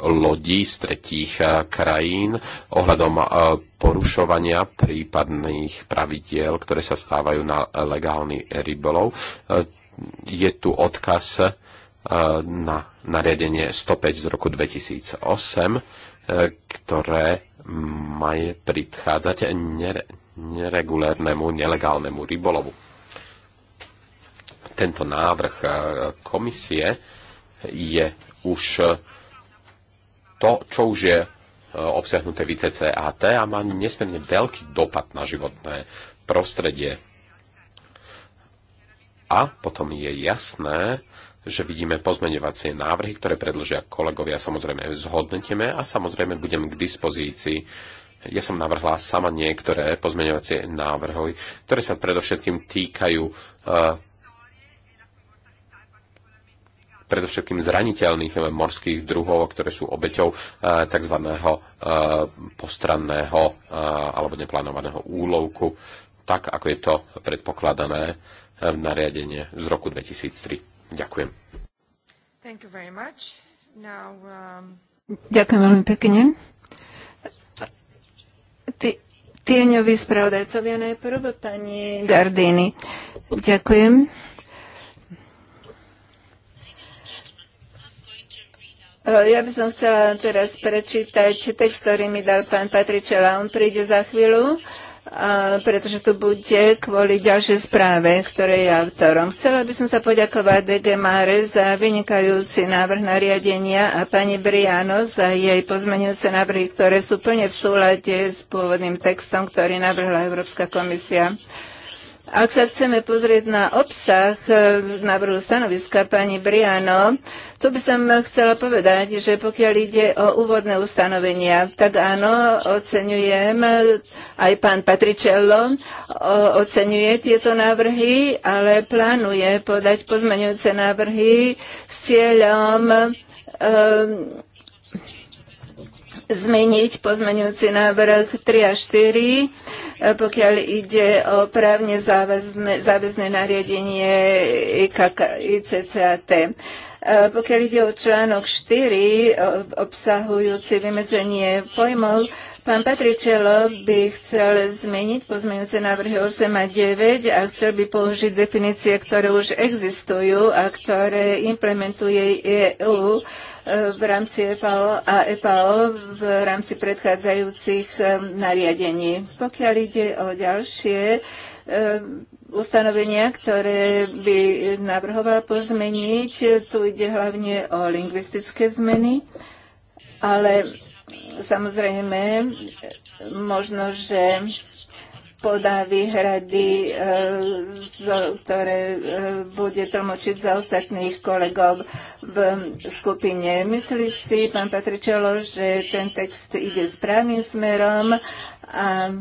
lodí z tretích e, krajín ohľadom e, porušovania prípadných pravidiel, ktoré sa stávajú na legálny rybolov. Je tu odkaz na nariadenie 105 z roku 2008, ktoré má prichádzať neregulérnemu, nelegálnemu rybolovu. Tento návrh komisie je už e, to, čo už je e, obsiahnuté v ICCAT a má nesmierne veľký dopad na životné prostredie. A potom je jasné, že vidíme pozmeňovacie návrhy, ktoré predložia kolegovia, samozrejme zhodnotíme a samozrejme budem k dispozícii. Ja som navrhla sama niektoré pozmeňovacie návrhy, ktoré sa predovšetkým týkajú e, predovšetkým zraniteľných morských druhov, ktoré sú obeťou e, tzv. E, postranného e, alebo neplánovaného úlovku, tak ako je to predpokladané v nariadenie z roku 2003. Ďakujem. Thank you very much. Now, um... Ďakujem veľmi pekne. Ty, tieňoví spravodajcovia najprv, pani Gardini. Ďakujem. Eh, ja by som chcela teraz prečítať text, ktorý mi dal pán Patričela. On príde za chvíľu, pretože tu bude kvôli ďalšej správe, ktoré je autorom. Chcela by som sa poďakovať DG Mare za vynikajúci návrh nariadenia a pani Briano za jej pozmenujúce návrhy, ktoré sú plne v súlade s pôvodným textom, ktorý navrhla Európska komisia. Ak sa chceme pozrieť na obsah e, návrhu stanoviska pani Briano, tu by som chcela povedať, že pokiaľ ide o úvodné ustanovenia, tak áno, oceňujem, e, aj pán Patričello oceňuje tieto návrhy, ale plánuje podať pozmeňujúce návrhy s cieľom um, zmeniť pozmeňujúci návrh 3 a 4 E, pokiaľ ide o právne záväzné, záväzne nariadenie ICCAT. E, pokiaľ ide o článok 4, e, obsahujúci vymedzenie pojmov, Pán Patričelo by chcel zmeniť pozmeňujúce návrhy 8 a 9 a chcel by použiť definície, ktoré už existujú a ktoré implementuje EU v rámci e FAO a FAO e v rámci predchádzajúcich e, nariadení. Pokiaľ ide o ďalšie ustanovenia, ktoré by navrhoval pozmeniť, tu ide hlavne o lingvistické zmeny, ale samozrejme možno, že podá výhrady, e, ktoré e, bude tlmočiť za ostatných kolegov v skupine. Myslí si pán Patričelo, že ten text ide správnym smerom a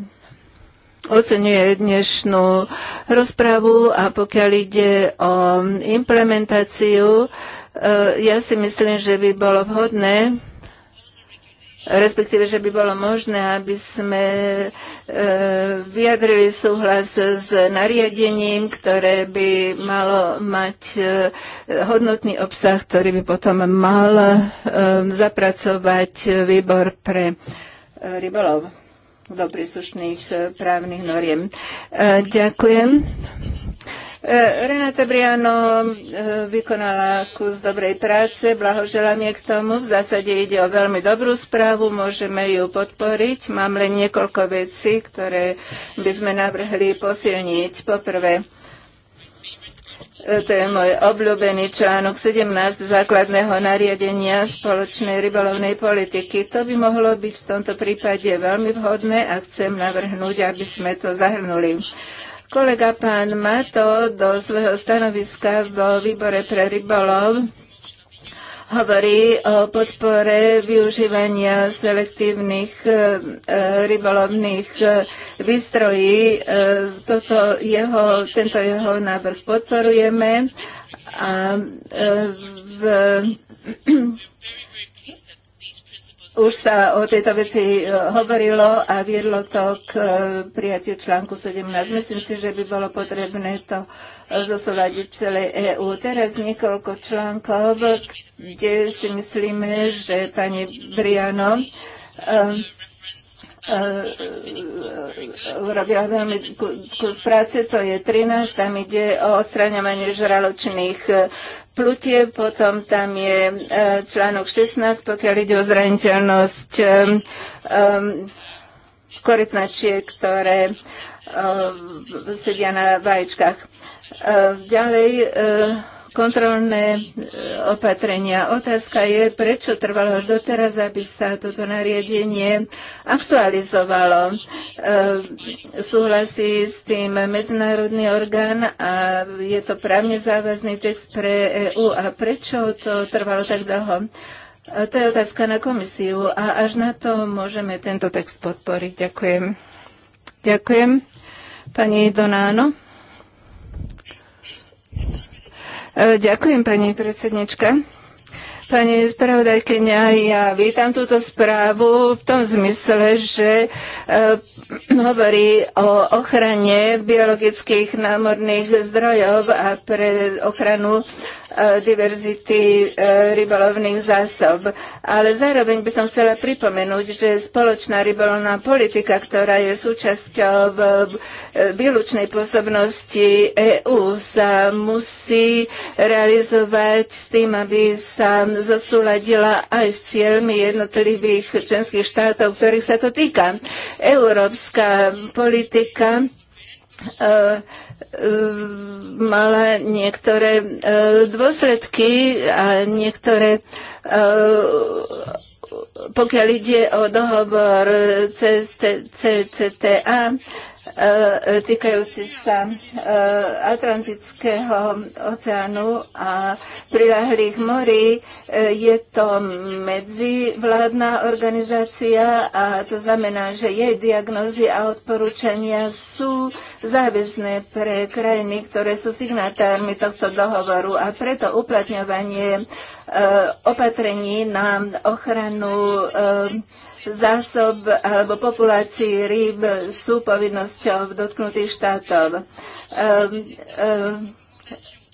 oceňuje dnešnú rozpravu a pokiaľ ide o implementáciu, e, ja si myslím, že by bolo vhodné, respektíve, že by bolo možné, aby sme e, vyjadrili súhlas s nariadením, ktoré by malo mať e, hodnotný obsah, ktorý by potom mal e, zapracovať výbor pre rybolov do príslušných právnych noriem. Ďakujem. Eh, Renata Briano eh, vykonala kus dobrej práce, blahoželanie k tomu. V zásade ide o veľmi dobrú správu, môžeme ju podporiť. Mám len niekoľko vecí, ktoré by sme navrhli posilniť. Poprvé, eh, to je môj obľúbený článok 17 základného nariadenia spoločnej rybolovnej politiky. To by mohlo byť v tomto prípade veľmi vhodné a chcem navrhnúť, aby sme to zahrnuli. Kolega pán Mato do svojho stanoviska vo výbore pre rybolov hovorí o podpore využívania selektívnych e, e, rybolovných e, výstrojí. Toto jeho, tento jeho návrh podporujeme a v už sa o tejto veci e, hovorilo a viedlo to k e, prijatiu článku 17. Myslím si, že by bolo potrebné to e, zosúľadiť celej EÚ. Teraz niekoľko článkov, kde si myslíme, že pani Briano um, urobila e, e, veľmi kus práce, to je 13, tam ide o odstraňovanie žraločných e, plutie, potom tam je článok 16, pokiaľ ide o zraniteľnosť korytnačie, ktoré sedia na vajíčkach. Ďalej kontrolné e, opatrenia. Otázka je, prečo trvalo až doteraz, aby sa toto nariadenie aktualizovalo. E, súhlasí s tým medzinárodný orgán a je to právne záväzný text pre EU. A prečo to trvalo tak dlho? To je otázka na komisiu a až na to môžeme tento text podporiť. Ďakujem. Ďakujem. Pani Donáno. Ďakujem, pani predsednička. Pani spravodajkyňa, ja vítam túto správu v tom zmysle, že eh, hovorí o ochrane biologických námorných zdrojov a pre ochranu eh, diverzity eh, rybolovných zásob. Ale zároveň by som chcela pripomenúť, že spoločná rybolovná politika, ktorá je súčasťou výlučnej pôsobnosti EÚ, sa musí realizovať s tým, aby sa zosúladila aj s cieľmi jednotlivých členských štátov, ktorých sa to týka. Európska politika e, e, mala niektoré e, dôsledky a niektoré pokiaľ ide o dohovor CCTA e, e, týkajúci sa e, Atlantického oceánu a priláhlých morí, je to medzivládna organizácia a to znamená, že jej diagnózy a odporúčania sú záväzné pre krajiny, ktoré sú signatármi tohto dohovoru a preto uplatňovanie Eh, opatrení na ochranu eh, zásob alebo populácií rýb sú povinnosťou dotknutých štátov. Ehm, ehm,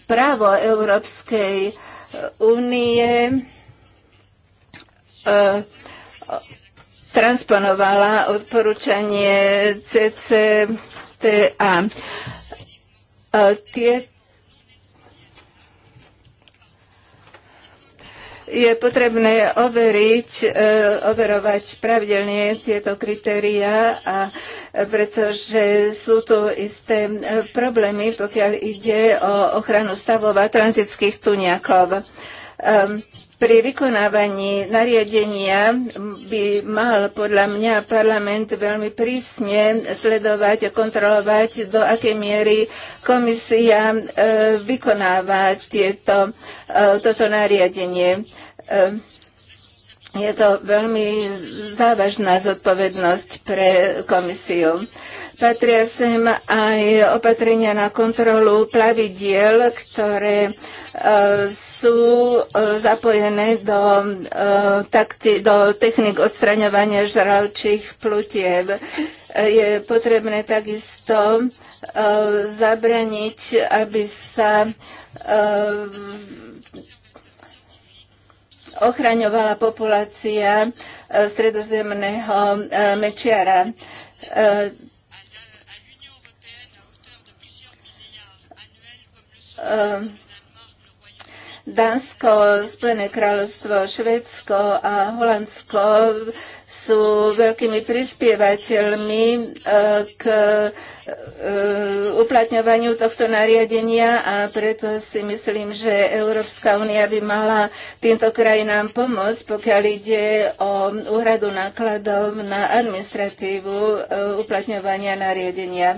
právo Európskej únie eh, transponovala odporúčanie CCTA. Tieto je potrebné overiť, e, overovať pravidelne tieto kritéria a pretože sú tu isté problémy, pokiaľ ide o ochranu stavov atlantických tuniakov. Pri vykonávaní nariadenia by mal podľa mňa parlament veľmi prísne sledovať a kontrolovať, do akej miery komisia vykonáva tieto, e, toto nariadenie. Je to veľmi závažná zodpovednosť pre komisiu. Patria sem aj opatrenia na kontrolu plavidiel, ktoré e, sú e, zapojené do, e, takti- do technik odstraňovania žralčích plutiev. Je potrebné takisto zabraniť, aby sa ochraňovala populácia stredozemného mečiara. Ehm, Dánsko, Spojené kráľovstvo, Švedsko a Holandsko sú veľkými prispievateľmi ehm, k ehm, uplatňovaniu tohto nariadenia a preto si myslím, že Európska únia by mala týmto krajinám pomôcť, pokiaľ ide o úhradu nákladov na administratívu uplatňovania nariadenia.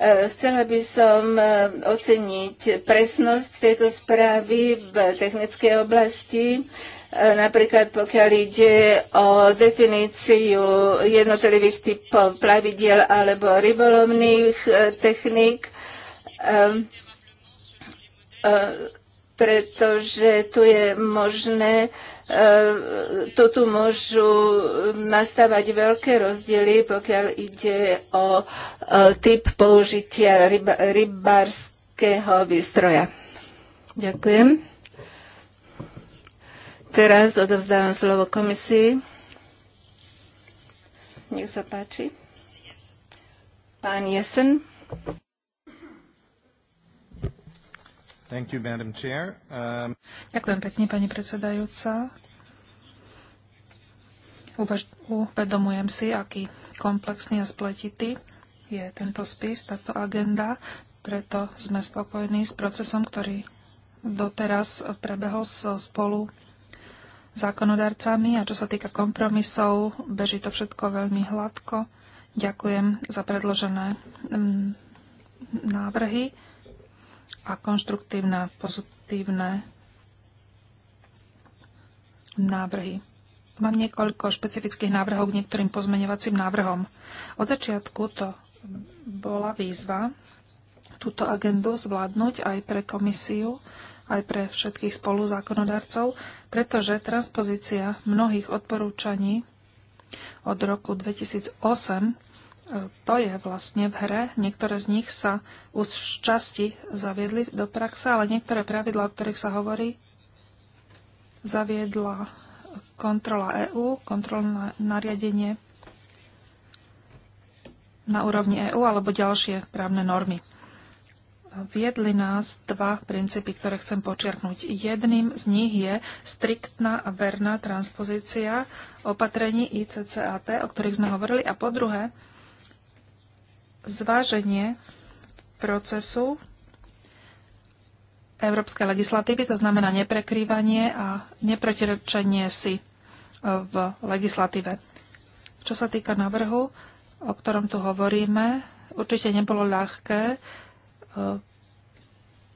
Eh, chcela by som eh, oceniť presnosť tejto správy v technickej oblasti eh, napríklad pokiaľ ide o definíciu jednotlivých typov plavidiel alebo rybolovných techník, pretože tu je možné E, tu, tu môžu nastávať veľké rozdiely, pokiaľ ide o e, typ použitia ryba, rybárskeho výstroja. Ďakujem. Teraz odovzdávam slovo komisii. Nech sa páči. Pán Jesen. Thank you, Madam Chair. Um... Ďakujem pekne, pani predsedajúca. Uvaž- uvedomujem si, aký komplexný a spletitý je tento spis, táto agenda, preto sme spokojní s procesom, ktorý doteraz prebehol so spolu zákonodarcami a čo sa týka kompromisov, beží to všetko veľmi hladko. Ďakujem za predložené návrhy a konštruktívne, pozitívne návrhy. Mám niekoľko špecifických návrhov k niektorým pozmeňovacím návrhom. Od začiatku to bola výzva túto agendu zvládnuť aj pre komisiu, aj pre všetkých spoluzákonodarcov, pretože transpozícia mnohých odporúčaní od roku 2008 to je vlastne v hre. Niektoré z nich sa už v časti zaviedli do praxe, ale niektoré pravidlá, o ktorých sa hovorí, zaviedla kontrola EÚ, kontrolné nariadenie na úrovni EÚ alebo ďalšie právne normy. Viedli nás dva princípy, ktoré chcem počiarknúť. Jedným z nich je striktná a verná transpozícia opatrení ICCAT, o ktorých sme hovorili, a po druhé, zváženie procesu európskej legislatívy, to znamená neprekrývanie a neprotirečenie si e, v legislatíve. Čo sa týka navrhu, o ktorom tu hovoríme, určite nebolo ľahké e,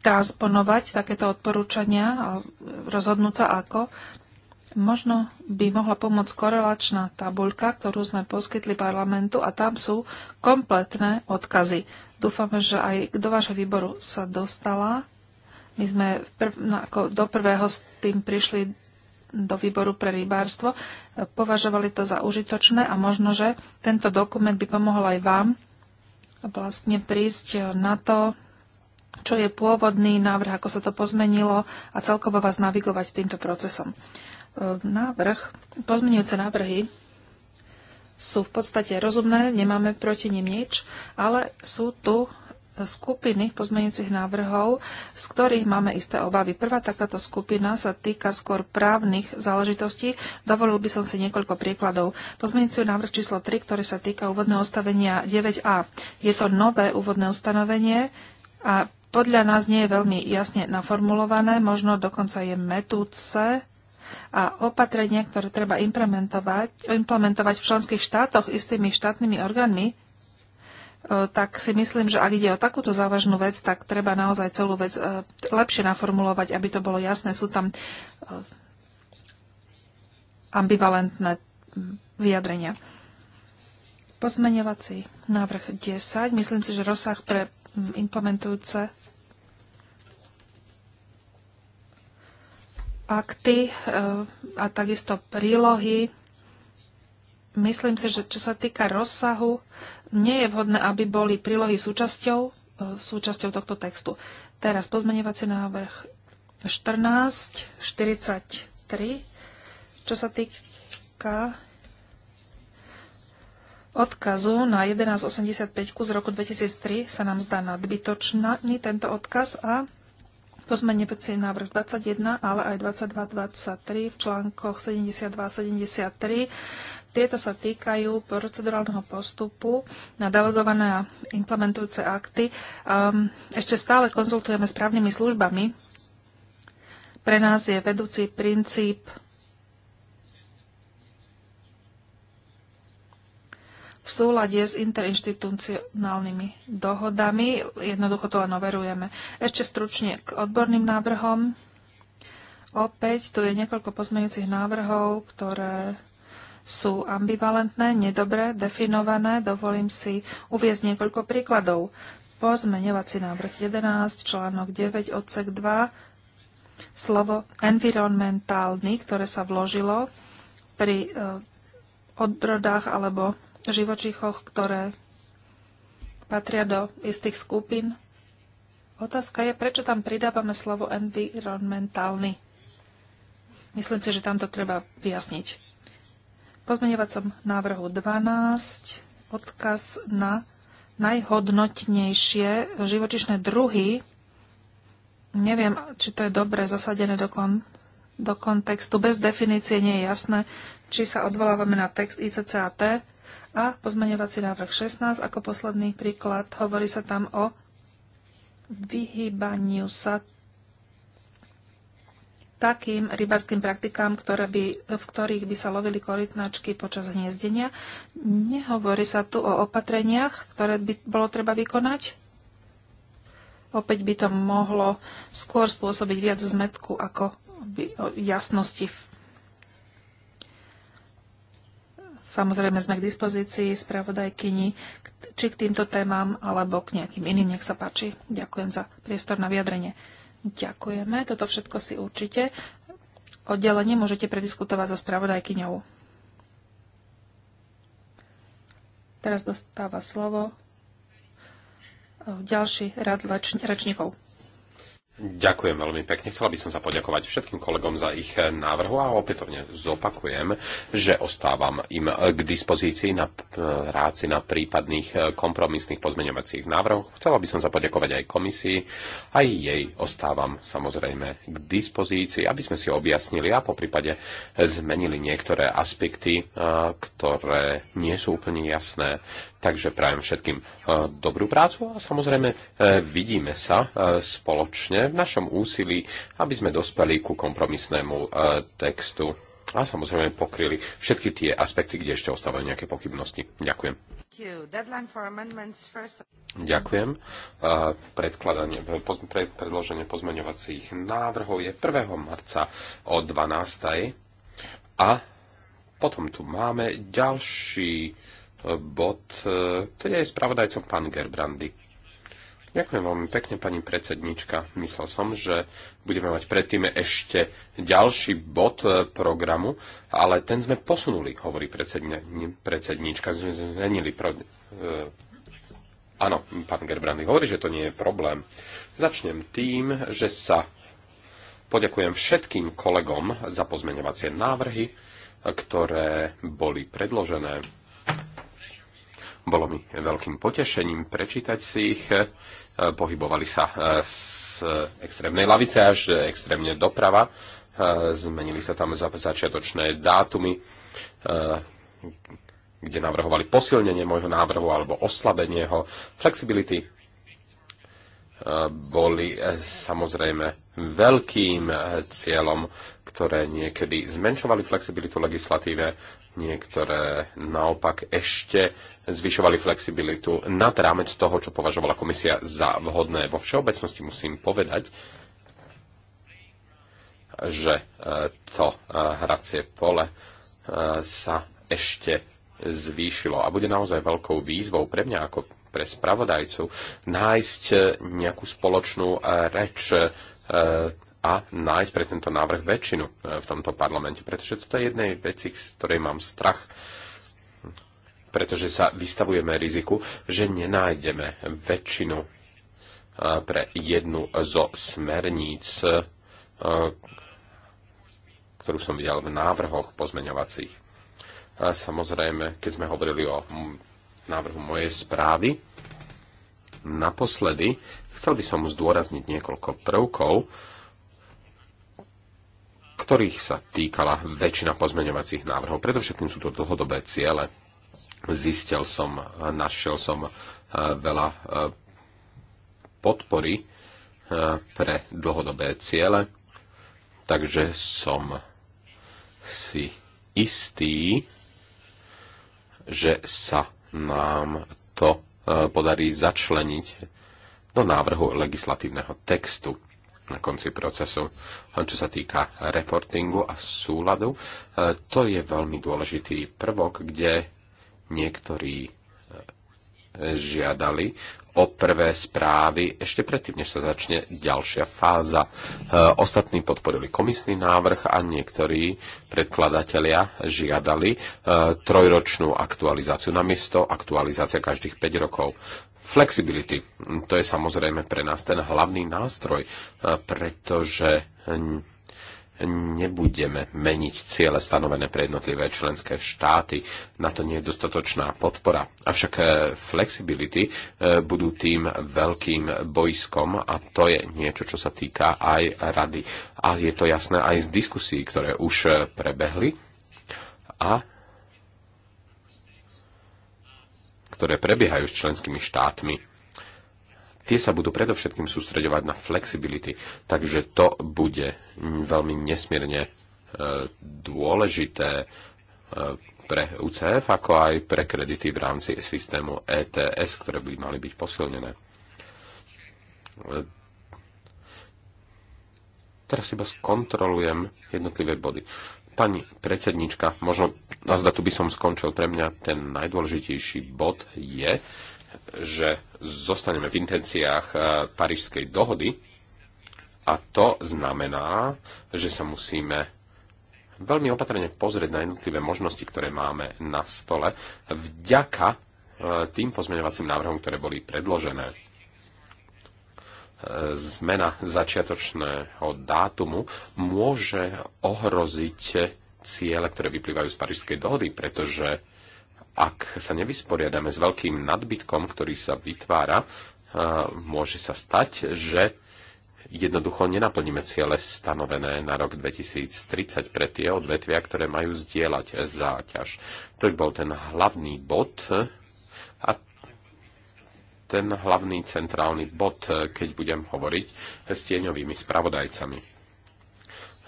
transponovať takéto odporúčania a rozhodnúť sa ako. Možno by mohla pomôcť korelačná tabuľka, ktorú sme poskytli parlamentu a tam sú kompletné odkazy. Dúfame, že aj do vášho výboru sa dostala. My sme v prv, no, ako do prvého s tým prišli do výboru pre rybárstvo. Považovali to za užitočné a možno, že tento dokument by pomohol aj vám vlastne prísť na to, čo je pôvodný návrh, ako sa to pozmenilo a celkovo vás navigovať týmto procesom. Návrh, pozmenujúce návrhy sú v podstate rozumné, nemáme proti nim nič, ale sú tu skupiny pozmeňujúcich návrhov, z ktorých máme isté obavy. Prvá takáto skupina sa týka skôr právnych záležitostí. Dovolil by som si niekoľko príkladov. Pozmeňujúci návrh číslo 3, ktorý sa týka úvodného ostavenia 9a. Je to nové úvodné ustanovenie a podľa nás nie je veľmi jasne naformulované, možno dokonca je metúce a opatrenia, ktoré treba implementovať, implementovať v členských štátoch istými štátnymi orgánmi, e, tak si myslím, že ak ide o takúto závažnú vec, tak treba naozaj celú vec e, lepšie naformulovať, aby to bolo jasné. Sú tam e, ambivalentné vyjadrenia. Pozmeňovací návrh 10. Myslím si, že rozsah pre implementujúce akty eh, a takisto prílohy. Myslím si, že čo sa týka rozsahu, nie je vhodné, aby boli prílohy súčasťou, eh, súčasťou tohto textu. Teraz pozmeňovací návrh 14, 43, čo sa týka odkazu na 1185 z roku 2003 sa nám zdá nadbytočný tento odkaz a Pozmeňujúci návrh 21, ale aj 22, 23 v článkoch 72 a 73. Tieto sa týkajú procedurálneho postupu na delegované a implementujúce akty. Um, ešte stále konzultujeme s právnymi službami. Pre nás je vedúci princíp súlade s interinstitucionálnymi dohodami. Jednoducho to len overujeme. Ešte stručne k odborným návrhom. Opäť tu je niekoľko pozmeňujúcich návrhov, ktoré sú ambivalentné, nedobre definované. Dovolím si uviezť niekoľko príkladov. Pozmeňovací návrh 11, článok 9, odsek 2, slovo environmentálny, ktoré sa vložilo pri e, odrodách alebo živočichoch, ktoré patria do istých skupín. Otázka je, prečo tam pridávame slovo environmentálny. Myslím si, že tam to treba vyjasniť. V pozmeňovacom návrhu 12 odkaz na najhodnotnejšie živočišné druhy. Neviem, či to je dobre zasadené do do kontextu. Bez definície nie je jasné, či sa odvolávame na text ICCAT a pozmeňovací návrh 16 ako posledný príklad. Hovorí sa tam o vyhýbaniu sa takým rybarským praktikám, ktoré by, v ktorých by sa lovili korytnačky počas hniezdenia. Nehovorí sa tu o opatreniach, ktoré by bolo treba vykonať. Opäť by to mohlo skôr spôsobiť viac zmetku ako jasnosti. Samozrejme sme k dispozícii spravodajkyni či k týmto témam, alebo k nejakým iným. Nech sa páči. Ďakujem za priestor na vyjadrenie. Ďakujeme. Toto všetko si určite oddelenie môžete prediskutovať so spravodajkyňou. Teraz dostáva slovo eh, ďalší rad rečníkov. Ďakujem veľmi pekne. Chcela by som sa poďakovať všetkým kolegom za ich návrhu a opätovne zopakujem, že ostávam im k dispozícii na práci na prípadných e, kompromisných pozmeňovacích návrhoch. Chcela by som sa poďakovať aj komisii, aj jej ostávam samozrejme k dispozícii, aby sme si objasnili a po prípade zmenili niektoré aspekty, e, ktoré nie sú úplne jasné. Takže prajem všetkým e, dobrú prácu a samozrejme vidíme sa spoločne v našom úsilí, aby sme dospeli ku kompromisnému e, textu a samozrejme pokryli všetky tie aspekty, kde ešte ostávajú nejaké pochybnosti. Ďakujem. Ďakujem. E, predkladanie, predloženie pozmeňovacích návrhov je 1. marca o 12. A potom tu máme ďalší e, bod, ktorý je spravodajcom pán Gerbrandy. Ďakujem veľmi pekne, pani predsednička. Myslel som, že budeme mať predtým ešte ďalší bod e, programu, ale ten sme posunuli, hovorí predsednička. Sme zmenili pro... E, Áno, pán Gerbrandy hovorí, že to nie je problém. Začnem tým, že sa poďakujem všetkým kolegom za pozmeňovacie návrhy, ktoré boli predložené. Bolo mi veľkým potešením prečítať si ich E, pohybovali sa e, z e, extrémnej lavice až extrémne doprava. Zmenili sa tam začiatočné dátumy, kde navrhovali posilnenie môjho návrhu alebo oslabenie ho. Flexibility boli samozrejme veľkým cieľom, ktoré niekedy zmenšovali flexibilitu legislatíve niektoré naopak ešte zvyšovali flexibilitu nad rámec toho, čo považovala komisia za vhodné. Vo všeobecnosti musím povedať, že e, to e, hracie pole e, sa ešte zvýšilo a bude naozaj veľkou výzvou pre mňa ako pre spravodajcu nájsť nejakú spoločnú reč a nájsť pre tento návrh väčšinu e, v tomto parlamente. Pretože toto je jednej veci, z ktorej mám strach pretože sa vystavujeme riziku, že nenájdeme väčšinu e, pre jednu zo smerníc, e, ktorú som videl v návrhoch pozmeňovacích. A samozrejme, keď sme hovorili o návrhu mojej správy, naposledy chcel by som zdôrazniť niekoľko prvkov, ktorých sa týkala väčšina pozmeňovacích návrhov. Predovšetkým sú to dlhodobé ciele. Zistil som, našiel som e, veľa e, podpory e, pre dlhodobé ciele, takže som si istý, že sa nám to podarí začleniť do návrhu legislatívneho textu na konci procesu. Čo sa týka reportingu a súladu, e, to je veľmi dôležitý prvok, kde niektorí e, žiadali o prvé správy ešte predtým, než sa začne ďalšia fáza. E, ostatní podporili komisný návrh a niektorí predkladatelia žiadali e, trojročnú aktualizáciu na miesto, aktualizácia každých 5 rokov. Flexibility, to je samozrejme pre nás ten hlavný nástroj, e, pretože nebudeme meniť ciele stanovené pre jednotlivé členské štáty. Na to nie je dostatočná podpora. Avšak eh, flexibility eh, budú tým veľkým bojskom a to je niečo, čo sa týka aj rady. A je to jasné aj z diskusí, ktoré už eh, prebehli a ktoré prebiehajú s členskými štátmi tie sa budú predovšetkým sústredovať na flexibility. Takže to bude veľmi nesmierne e, dôležité e, pre UCF, ako aj pre kredity v rámci systému ETS, ktoré by mali byť posilnené. E, teraz iba skontrolujem jednotlivé body. Pani predsednička, možno nazda tu by som skončil. Pre mňa ten najdôležitejší bod je, že zostaneme v intenciách e, Parížskej dohody a to znamená, že sa musíme veľmi opatrne pozrieť na jednotlivé možnosti, ktoré máme na stole vďaka e, tým pozmeňovacím návrhom, ktoré boli predložené. E, zmena začiatočného dátumu môže ohroziť ciele, ktoré vyplývajú z Parížskej dohody, pretože ak sa nevysporiadame s veľkým nadbytkom, ktorý sa vytvára, eh, môže sa stať, že jednoducho nenaplníme ciele stanovené na rok 2030 pre tie odvetvia, ktoré majú zdieľať záťaž. To by bol ten hlavný bod eh, a ten hlavný centrálny bod, eh, keď budem hovoriť s tieňovými spravodajcami.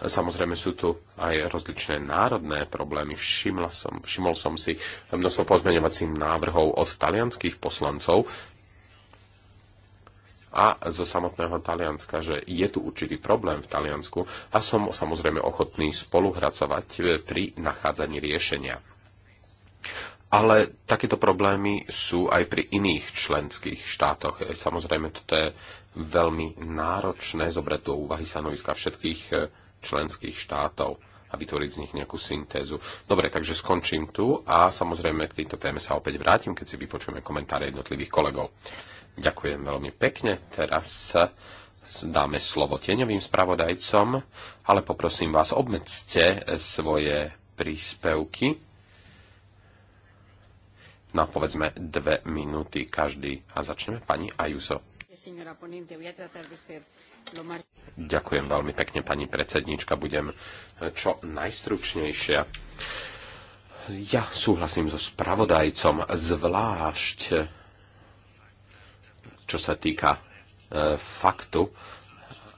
Samozrejme sú tu aj rozličné národné problémy. Všimla som, všimol som si množstvo pozmeňovacích návrhov od talianských poslancov a zo samotného Talianska, že je tu určitý problém v Taliansku a som samozrejme ochotný spoluhracovať pri nachádzaní riešenia. Ale takéto problémy sú aj pri iných členských štátoch. Samozrejme, toto je veľmi náročné zobrať do úvahy stanoviska všetkých členských štátov a vytvoriť z nich nejakú syntézu. Dobre, takže skončím tu a samozrejme k tejto téme sa opäť vrátim, keď si vypočujeme komentáre jednotlivých kolegov. Ďakujem veľmi pekne. Teraz dáme slovo tieňovým spravodajcom, ale poprosím vás, obmedzte svoje príspevky na povedzme dve minúty každý. A začneme pani Ajuso. Ďakujem veľmi pekne, pani predsednička. Budem čo najstručnejšia. Ja súhlasím so spravodajcom, zvlášť čo sa týka e, faktu,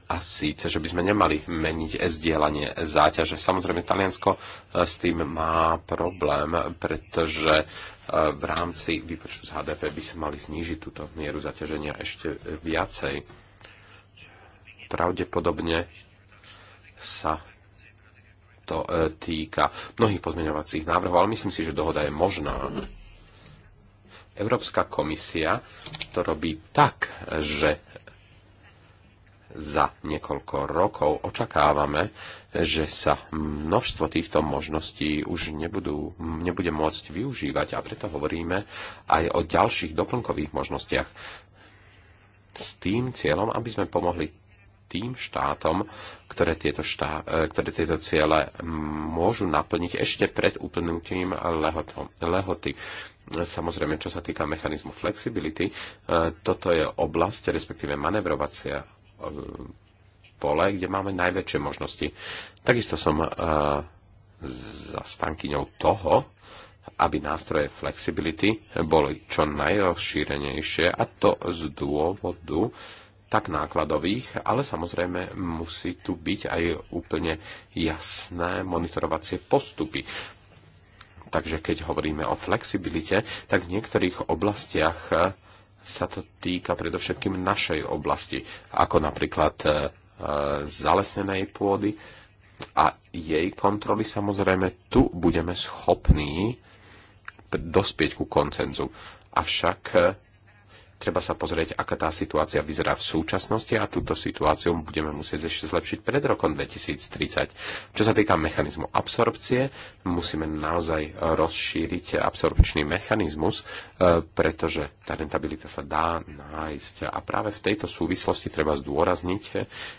a síce, že by sme nemali meniť zdieľanie záťaže. Samozrejme, Taliansko e, s tým má problém, pretože e, v rámci výpočtu z HDP by sa mali znížiť túto mieru zaťaženia ešte viacej pravdepodobne sa to e, týka mnohých pozmeňovacích návrhov, ale myslím si, že dohoda je možná. Európska komisia to robí tak, že za niekoľko rokov očakávame, že sa množstvo týchto možností už nebudú, nebude môcť využívať a preto hovoríme aj o ďalších doplnkových možnostiach s tým cieľom, aby sme pomohli tým štátom, ktoré tieto, štá, e, ktoré tieto ciele môžu naplniť ešte pred uplnutím lehoty. Samozrejme, čo sa týka mechanizmu flexibility, e, toto je oblasť, respektíve manevrovacia e, pole, kde máme najväčšie možnosti. Takisto som zastankyňou toho, aby nástroje flexibility boli čo najrozšírenejšie a to z dôvodu, tak nákladových, ale samozrejme musí tu byť aj úplne jasné monitorovacie postupy. Takže keď hovoríme o flexibilite, tak v niektorých oblastiach e, sa to týka predovšetkým našej oblasti, ako napríklad e, zalesnenej pôdy a jej kontroly. Samozrejme, tu budeme schopní dospieť ku koncenzu. Avšak e, treba sa pozrieť, aká tá situácia vyzerá v súčasnosti a túto situáciu budeme musieť ešte zlepšiť pred rokom 2030. Čo sa týka mechanizmu absorpcie, musíme naozaj rozšíriť absorpčný mechanizmus, e, pretože tá rentabilita sa dá nájsť. A práve v tejto súvislosti treba zdôrazniť e,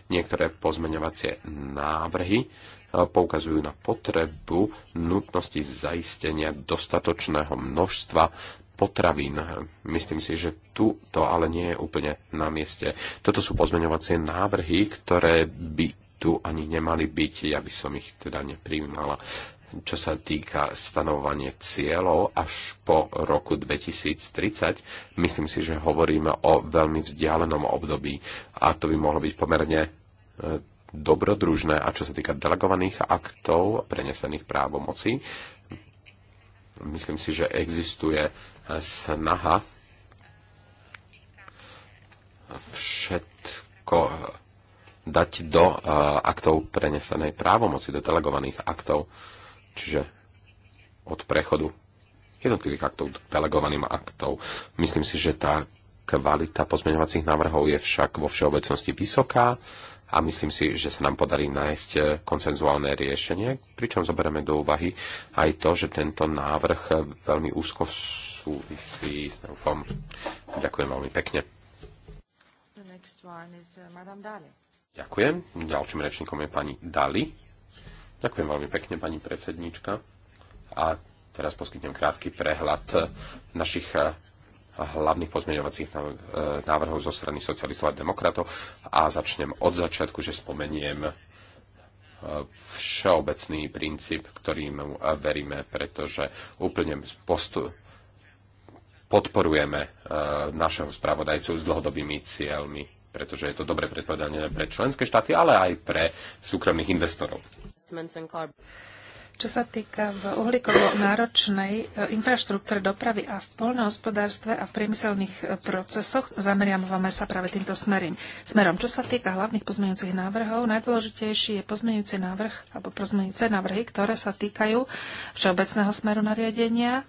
niektoré pozmeňovacie návrhy, e, poukazujú na potrebu nutnosti zaistenia dostatočného množstva potravín. Myslím si, že tu to ale nie je úplne na mieste. Toto sú pozmeňovacie návrhy, ktoré by tu ani nemali byť. Ja by som ich teda neprijímala čo sa týka stanovanie cieľov až po roku 2030. Myslím si, že hovoríme o veľmi vzdialenom období a to by mohlo byť pomerne e, dobrodružné. A čo sa týka delegovaných aktov, prenesených právomocí, myslím si, že existuje snaha všetko dať do eh, aktov prenesenej právomoci, do delegovaných aktov, čiže od prechodu jednotlivých aktov k delegovaným aktov. Myslím si, že tá kvalita pozmeňovacích návrhov je však vo všeobecnosti vysoká a myslím si, že sa nám podarí nájsť e, koncenzuálne riešenie, pričom zoberieme do úvahy aj to, že tento návrh e, veľmi úzko súvisí s NUFOM. Ďakujem veľmi pekne. E, Ďakujem. Ďalším rečníkom je pani Dali. Ďakujem veľmi pekne, pani predsednička. A teraz poskytnem krátky prehľad našich hlavných pozmeňovacích e, návrhov zo strany socialistov a demokratov a začnem od začiatku, že spomeniem e, všeobecný princíp, ktorým veríme, pretože úplne postu- podporujeme e, našeho spravodajcu s dlhodobými cieľmi, pretože je to dobre predpovedané pre členské štáty, ale aj pre súkromných investorov. Čo sa týka v uhlíkovo náročnej e, infraštruktúre dopravy a v poľnohospodárstve a v priemyselných e, procesoch, zameriavame sa práve týmto smerom. smerom. Čo sa týka hlavných pozmeňujúcich návrhov, najdôležitejší je pozmeňujúci návrh alebo pozmeňujúce návrhy, ktoré sa týkajú všeobecného smeru nariadenia,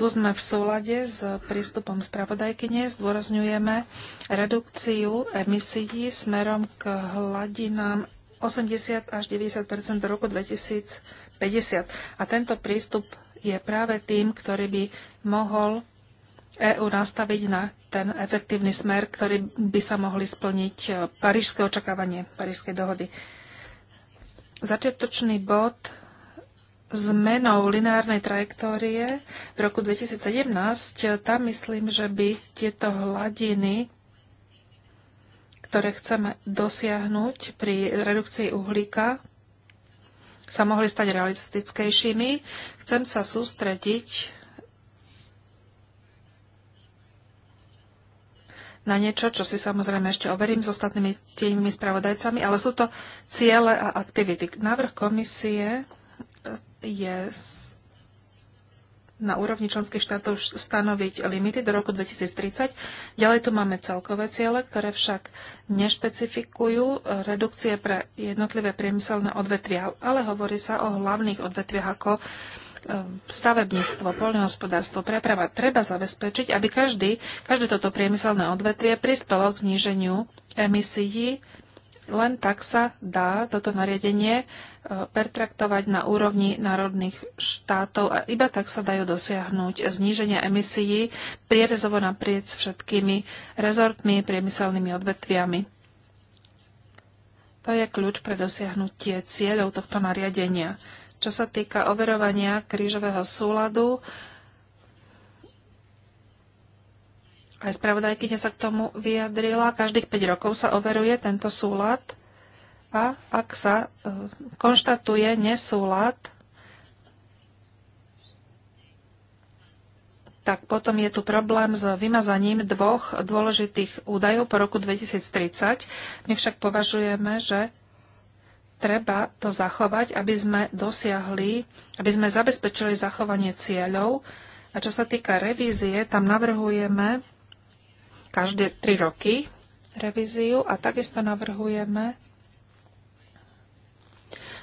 tu sme v súlade s prístupom spravodajkyne, zdôrazňujeme redukciu emisií smerom k hladinám 80 až 90 do roku 2000 50. A tento prístup je práve tým, ktorý by mohol EÚ nastaviť na ten efektívny smer, ktorý by sa mohli splniť e, parížské očakávanie, parížskej dohody. Začiatočný bod zmenou lineárnej trajektórie v roku 2017, e, tam myslím, že by tieto hladiny, ktoré chceme dosiahnuť pri redukcii uhlíka, sa mohli stať realistickejšími. Chcem sa sústrediť na niečo, čo si samozrejme ešte overím s ostatnými tieňmi spravodajcami, ale sú to ciele a aktivity. Návrh komisie je na úrovni členských štátov stanoviť limity do roku 2030. Ďalej tu máme celkové ciele, ktoré však nešpecifikujú e, redukcie pre jednotlivé priemyselné odvetvia, ale hovorí sa o hlavných odvetviach ako e, stavebníctvo, poľnohospodárstvo, preprava. Treba zabezpečiť, aby každý, každé toto priemyselné odvetvie prispelo k zníženiu emisií len tak sa dá toto nariadenie e, pertraktovať na úrovni národných štátov a iba tak sa dajú dosiahnuť zníženia emisií prierezovo naprieč s všetkými rezortmi, priemyselnými odvetviami. To je kľúč pre dosiahnutie cieľov tohto nariadenia. Čo sa týka overovania krížového súladu, Aj spravodajkyňa sa k tomu vyjadrila. Každých 5 rokov sa overuje tento súlad a ak sa e, konštatuje nesúlad, tak potom je tu problém s vymazaním dvoch dôležitých údajov po roku 2030. My však považujeme, že treba to zachovať, aby sme dosiahli, aby sme zabezpečili zachovanie cieľov. A čo sa týka revízie, tam navrhujeme každé tri roky revíziu a takisto navrhujeme,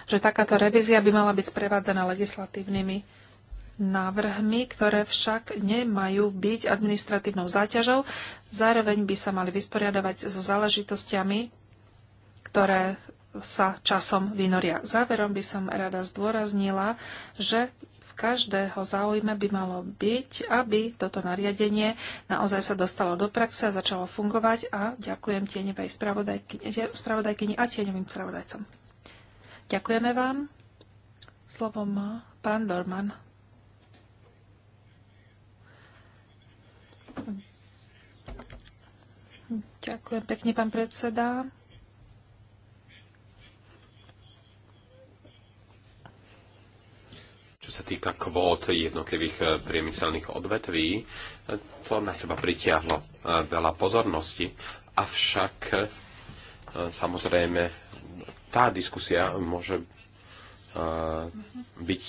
že takáto revízia by mala byť sprevádzana legislatívnymi návrhmi, ktoré však nemajú byť administratívnou záťažou. Zároveň by sa mali vysporiadavať so záležitostiami, ktoré sa časom vynoria. Záverom by som rada zdôraznila, že každého záujme by malo byť, aby toto nariadenie naozaj sa dostalo do praxe a začalo fungovať a ďakujem tieňovej spravodajkyni a tieňovým spravodajcom. Ďakujeme vám. Slovo má pán Dorman. Ďakujem pekne, pán predseda. Čo sa týka kvót jednotlivých eh, priemyselných odvetví, eh, to na seba pritiahlo eh, veľa pozornosti. Avšak samozrejme tá diskusia môže byť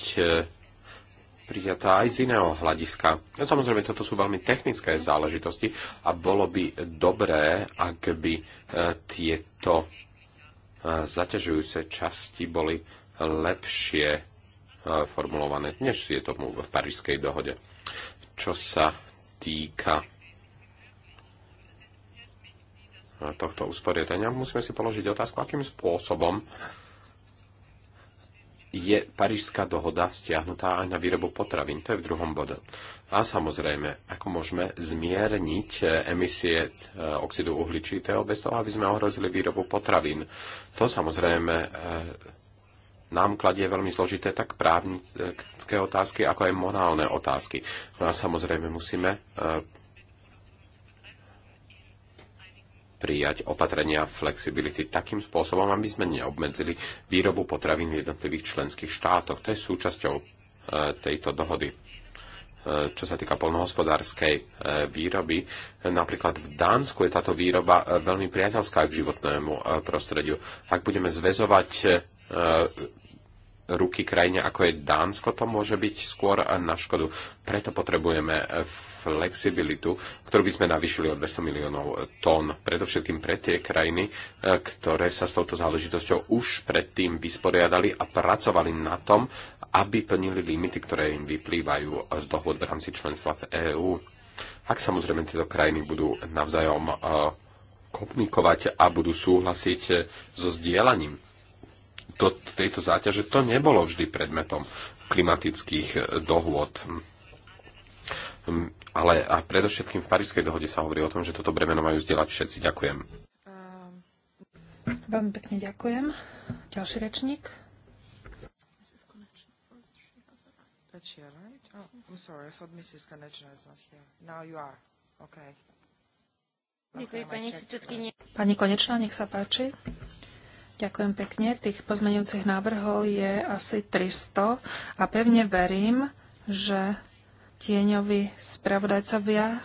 prijatá aj z iného hľadiska. No, samozrejme, toto sú veľmi technické záležitosti a bolo by dobré, ak by tieto zaťažujúce časti boli lepšie formulované, než je tomu v Parížskej dohode. Čo sa týka tohto usporiadania, musíme si položiť otázku, akým spôsobom je Parížská dohoda stiahnutá aj na výrobu potravín. To je v druhom bode. A samozrejme, ako môžeme zmierniť emisie e, oxidu uhličitého bez toho, aby sme ohrozili výrobu potravín. To samozrejme e, nám kladie veľmi zložité tak právnické otázky, ako aj morálne otázky. No a samozrejme musíme e, prijať opatrenia flexibility takým spôsobom, aby sme neobmedzili výrobu potravín v jednotlivých členských štátoch. To je súčasťou e, tejto dohody. E, čo sa týka polnohospodárskej výroby, napríklad v Dánsku je táto výroba veľmi priateľská k životnému prostrediu. Ak budeme zväzovať E, ruky krajine ako je Dánsko, to môže byť skôr na škodu. Preto potrebujeme flexibilitu, ktorú by sme navýšili o 200 miliónov tón, predovšetkým pre tie krajiny, e, ktoré sa s touto záležitosťou už predtým vysporiadali a pracovali na tom, aby plnili limity, ktoré im vyplývajú z dohod v rámci členstva v EÚ. Ak samozrejme tieto krajiny budú navzájom e, komunikovať a budú súhlasiť so sdielaním do tejto záťaže, to nebolo vždy predmetom klimatických eh, dohôd. Mm, ale a predovšetkým v Parískej dohode sa hovorí o tom, že toto bremeno majú zdieľať všetci. Ďakujem. Ehm, veľmi pekne ďakujem. Ďalší rečník. Pani Konečná, nech sa páči. Ďakujem pekne. Tých pozmeňujúcich návrhov je asi 300 a pevne verím, že tieňovi spravodajcovia, e,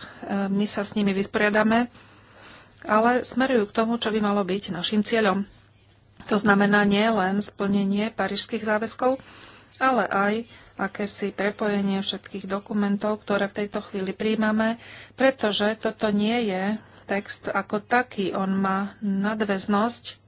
my sa s nimi vysporiadame, ale smerujú k tomu, čo by malo byť našim cieľom. To znamená nie len splnenie parížských záväzkov, ale aj akési prepojenie všetkých dokumentov, ktoré v tejto chvíli príjmame, pretože toto nie je text ako taký. On má nadväznosť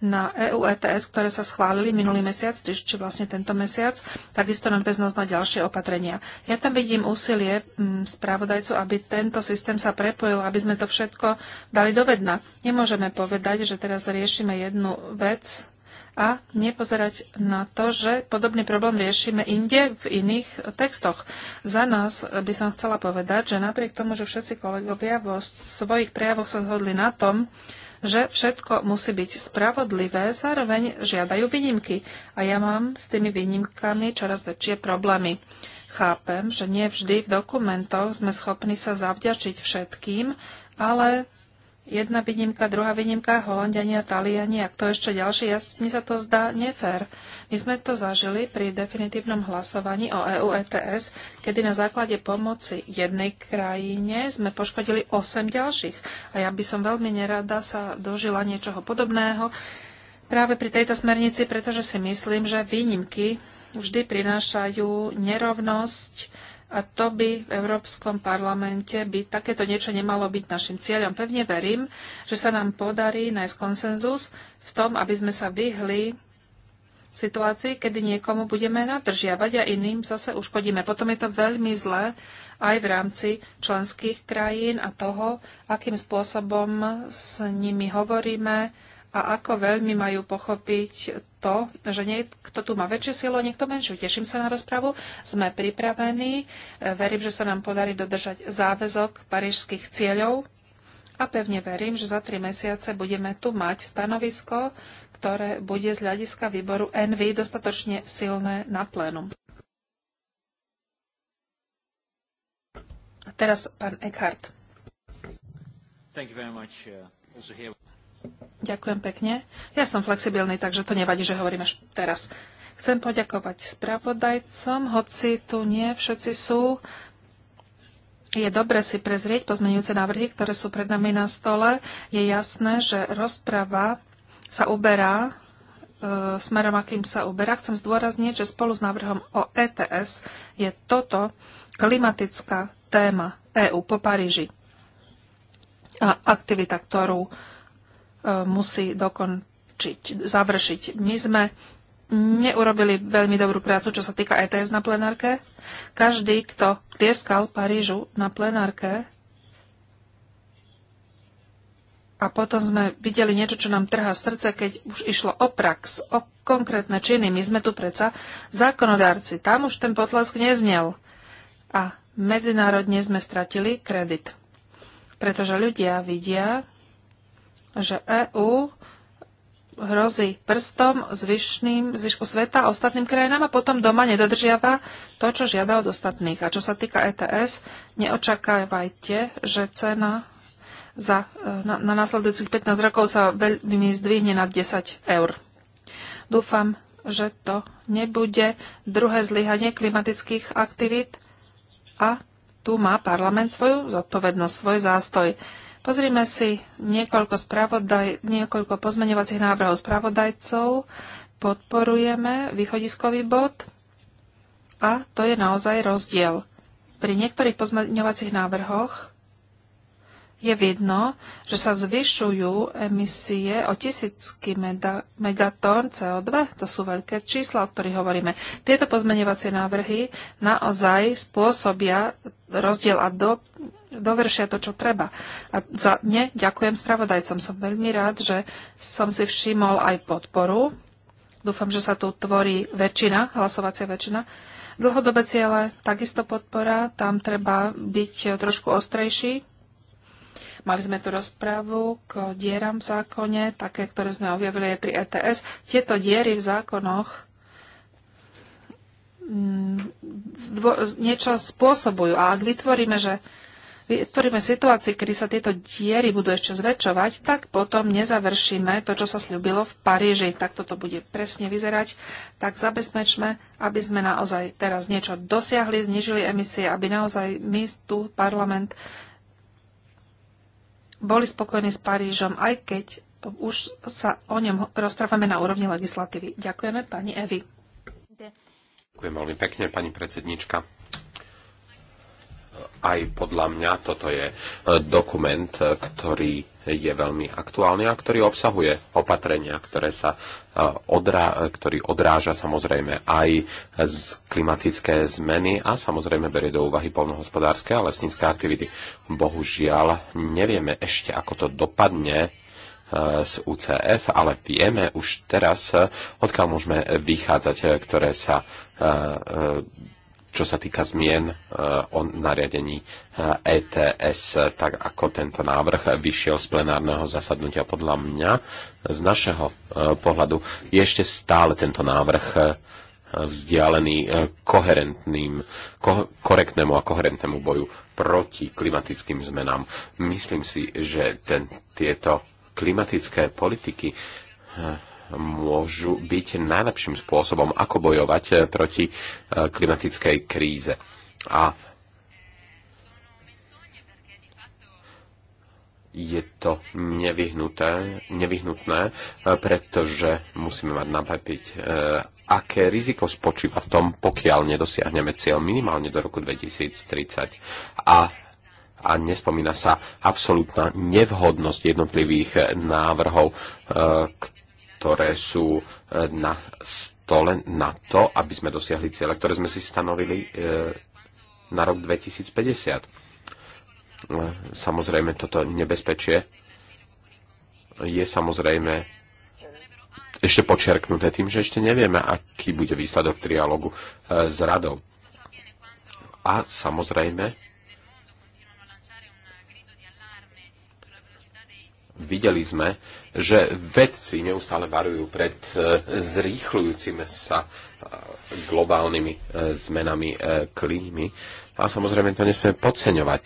na EU ETS, ktoré sa schválili minulý mesiac, či, vlastne tento mesiac, takisto nadväznosť na ďalšie opatrenia. Ja tam vidím úsilie mm, správodajcu, aby tento systém sa prepojil, aby sme to všetko dali dovedna. Nemôžeme povedať, že teraz riešime jednu vec a nepozerať na to, že podobný problém riešime inde v iných textoch. Za nás by som chcela povedať, že napriek tomu, že všetci kolegovia vo svojich prejavoch sa zhodli na tom, že všetko musí byť spravodlivé, zároveň žiadajú výnimky. A ja mám s tými výnimkami čoraz väčšie problémy. Chápem, že nie vždy v dokumentoch sme schopní sa zavďačiť všetkým, ale jedna výnimka, druhá výnimka, Holandiania, Taliani a kto ešte ďalší. Ja, mi sa to zdá nefér. My sme to zažili pri definitívnom hlasovaní o EU ETS, kedy na základe pomoci jednej krajine sme poškodili 8 ďalších. A ja by som veľmi nerada sa dožila niečoho podobného práve pri tejto smernici, pretože si myslím, že výnimky vždy prinášajú nerovnosť, a to by v Európskom parlamente by takéto niečo nemalo byť našim cieľom. Pevne verím, že sa nám podarí nájsť konsenzus v tom, aby sme sa vyhli situácii, kedy niekomu budeme nadržiavať a iným zase uškodíme. Potom je to veľmi zlé aj v rámci členských krajín a toho, akým spôsobom s nimi hovoríme a ako veľmi majú pochopiť to, že niekto tu má väčšiu silu a niekto menšiu. Teším sa na rozpravu, sme pripravení, e, verím, že sa nám podarí dodržať záväzok parížských cieľov a pevne verím, že za tri mesiace budeme tu mať stanovisko, ktoré bude z hľadiska výboru NV dostatočne silné na plénum. A teraz pán Eckhart. Thank you very much. Uh, also here... Ďakujem pekne. Ja som flexibilný, takže to nevadí, že hovorím až teraz. Chcem poďakovať spravodajcom, hoci tu nie všetci sú. Je dobre si prezrieť pozmeňujúce návrhy, ktoré sú pred nami na stole. Je jasné, že rozprava sa uberá e, smerom, akým sa uberá. Chcem zdôrazniť, že spolu s návrhom o ETS je toto klimatická téma EÚ po Paríži a aktivita, ktorú E, musí dokončiť, završiť. My sme neurobili veľmi dobrú prácu, čo sa týka ETS na plenárke. Každý, kto tieskal Parížu na plenárke, a potom sme videli niečo, čo nám trhá srdce, keď už išlo o prax, o konkrétne činy. My sme tu predsa zákonodárci. Tam už ten potlesk neznel. A medzinárodne sme stratili kredit. Pretože ľudia vidia, že EÚ hrozí prstom zvyšným, zvyšku sveta ostatným krajinám a potom doma nedodržiava to, čo žiada od ostatných. A čo sa týka ETS, neočakávajte, že cena za, e, na, na následujúcich 15 rokov sa veľmi zdvihne na 10 eur. Dúfam, že to nebude druhé zlyhanie klimatických aktivít a tu má parlament svoju zodpovednosť, svoj zástoj. Pozrime si niekoľko, spravodaj, niekoľko pozmeňovacích návrhov spravodajcov. Podporujeme východiskový bod a to je naozaj rozdiel. Pri niektorých pozmeňovacích návrhoch je vidno, že sa zvyšujú emisie o tisícky megatón CO2. To sú veľké čísla, o ktorých hovoríme. Tieto pozmeňovacie návrhy naozaj spôsobia rozdiel a do, dovršia to, čo treba. A za ne ďakujem spravodajcom. Som veľmi rád, že som si všimol aj podporu. Dúfam, že sa tu tvorí väčšina, hlasovacia väčšina. Dlhodobé ciele, takisto podpora, tam treba byť trošku ostrejší. Mali sme tu rozprávu k dieram v zákone, také, ktoré sme objavili aj pri ETS. Tieto diery v zákonoch mm, niečo spôsobujú. A ak vytvoríme, že vytvoríme situácii, kedy sa tieto diery budú ešte zväčšovať, tak potom nezavršíme to, čo sa slúbilo v Paríži. Tak toto bude presne vyzerať. Tak zabezpečme, aby sme naozaj teraz niečo dosiahli, znižili emisie, aby naozaj my tu, parlament, boli spokojní s Parížom, aj keď už sa o ňom rozprávame na úrovni legislatívy. Ďakujeme pani Evi. Ďakujem veľmi pekne, pani predsednička aj podľa mňa toto je e, dokument, e, ktorý je veľmi aktuálny a ktorý obsahuje opatrenia, ktoré sa e, odra- ktorý odráža samozrejme aj z klimatické zmeny a samozrejme berie do úvahy polnohospodárske a lesnícke aktivity. Bohužiaľ, nevieme ešte, ako to dopadne z UCF, ale vieme už teraz, odkiaľ môžeme vychádzať, ktoré sa čo sa týka zmien eh, o nariadení ETS, eh, e tak ako tento návrh vyšiel z plenárneho zasadnutia podľa mňa, z našeho eh, pohľadu je ešte stále tento návrh vzdialený koherentným, ko, korektnému a koherentnému boju proti klimatickým zmenám. Myslím si, že ten, tieto klimatické politiky môžu byť najlepším spôsobom, ako bojovať eh, proti eh, klimatickej kríze. A je to nevyhnuté, nevyhnutné, eh, pretože musíme mať napapiť, aké riziko spočíva v tom, pokiaľ nedosiahneme cieľ minimálne do roku 2030. A a nespomína sa absolútna nevhodnosť jednotlivých návrhov, ktoré sú e, na stole na to, aby sme dosiahli cieľe, ktoré sme si stanovili e, na rok 2050. E, samozrejme, toto nebezpečie je samozrejme ešte počerknuté tým, že ešte nevieme, aký bude výsledok trialógu s radou. A samozrejme, videli sme, že vedci neustále varujú pred e, zrýchľujúcimi sa e, globálnymi e, zmenami klímy. A samozrejme to nesmieme podceňovať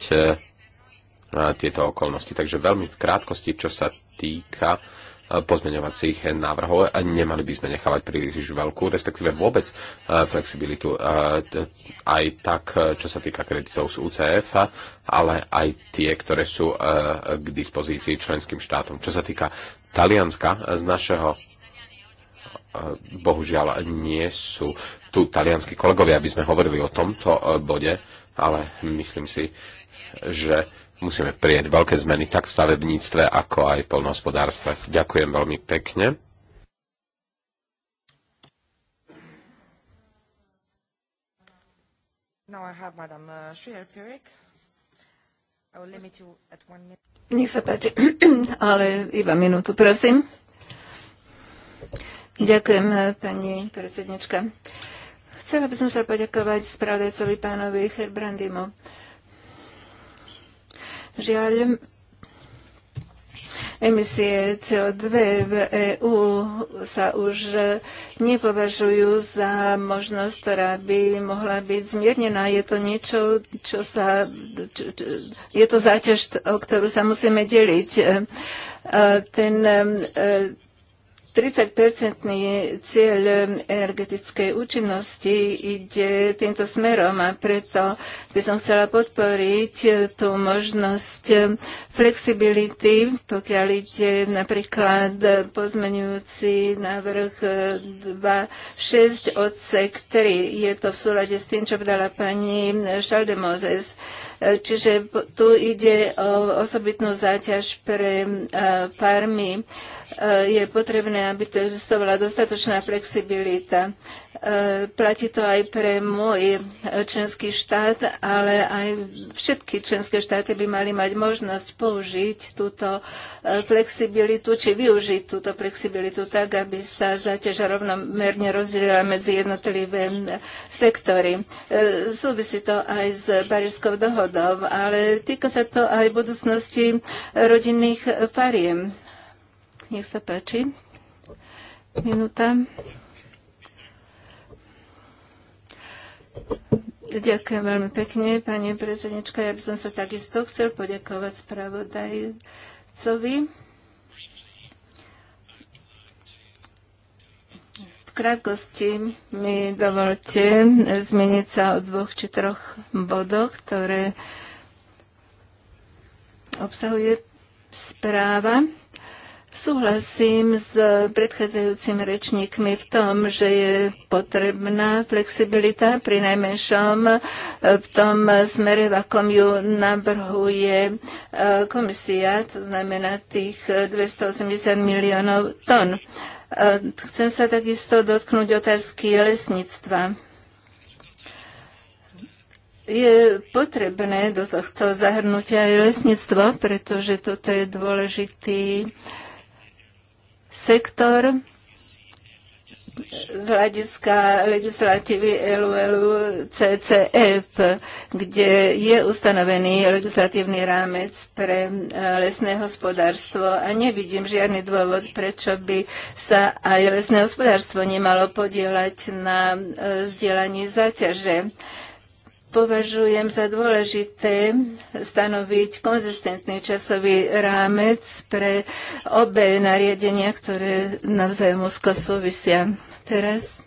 tieto okolnosti. Takže veľmi v krátkosti, čo sa týka pozmeňovacích návrhov. Nemali by sme nechávať príliš veľkú, respektíve vôbec eh, flexibilitu eh, aj tak, eh, čo sa týka kreditov z UCF, ale aj tie, ktoré sú k dispozícii členským štátom. Čo sa týka Talianska, z našeho bohužiaľ nie sú tu talianskí kolegovia, aby sme hovorili o tomto bode, ale myslím si, že musíme prieť veľké zmeny tak v stavebníctve, ako aj v polnohospodárstve. Ďakujem veľmi pekne. Uh, Nech sa páči, ale iba minútu, prosím. Ďakujem, uh, pani predsednička. Chcela by som sa poďakovať spravodajcovi pánovi Herbrandimu Žiaľ, Emisie CO2 v EÚ sa už nepovažujú za možnosť, ktorá by mohla byť zmiernená. Je to niečo, čo sa... je to záťaž, o ktorú sa musíme deliť. Ten e, 30-percentný cieľ energetickej účinnosti ide týmto smerom a preto by som chcela podporiť tú možnosť flexibility, pokiaľ ide napríklad pozmenujúci návrh 2.6 odsek 3. Je to v súlade s tým, čo vdala pani Šaldemozes. Čiže tu ide o osobitnú záťaž pre e, farmy. E, je potrebné, aby tu existovala dostatočná flexibilita. E, platí to aj pre môj členský štát, ale aj všetky členské štáty by mali mať možnosť použiť túto flexibilitu, či využiť túto flexibilitu tak, aby sa záťaž rovnomerne rozdielila medzi jednotlivé sektory. Súvisí to aj s Parížskou dohodou jazdov, ale týka sa to aj budúcnosti rodinných fariem. Nech sa páči. Minúta. Ďakujem veľmi pekne, pani prezidentka. Ja by som sa takisto chcel poďakovať spravodajcovi. krátkosti mi dovolte zmeniť sa o dvoch či troch bodoch, ktoré obsahuje správa. Súhlasím s predchádzajúcimi rečníkmi v tom, že je potrebná flexibilita, pri najmenšom v tom smere, v akom ju navrhuje e, komisia, to znamená tých 280 miliónov tón. Eh, chcem sa takisto dotknúť otázky lesníctva. Je potrebné do tohto zahrnutia aj lesníctvo, pretože toto je dôležitý sektor z hľadiska legislatívy CCF, kde je ustanovený legislatívny rámec pre e, lesné hospodárstvo a nevidím žiadny dôvod, prečo by sa aj lesné hospodárstvo nemalo podielať na e, zdieľaní záťaže považujem za dôležité stanoviť konzistentný časový rámec pre obe nariadenia, ktoré navzájom úzko súvisia. Teraz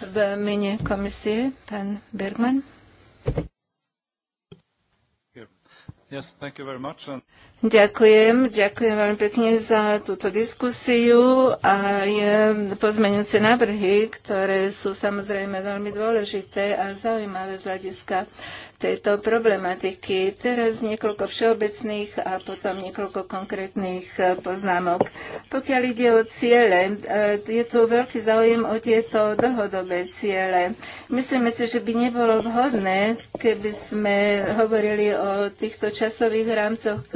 v mene komisie pán Bergman. Yes, thank you very much. Ďakujem, ďakujem veľmi pekne za túto diskusiu a pozmeňujúce návrhy, ktoré sú samozrejme veľmi dôležité a zaujímavé z hľadiska tejto problematiky. Teraz niekoľko všeobecných a potom niekoľko konkrétnych e, poznámok. Pokiaľ ide o ciele, e, je tu veľký záujem o tieto dlhodobé ciele. Myslíme si, že by nebolo vhodné, keby sme hovorili o týchto časových rámcoch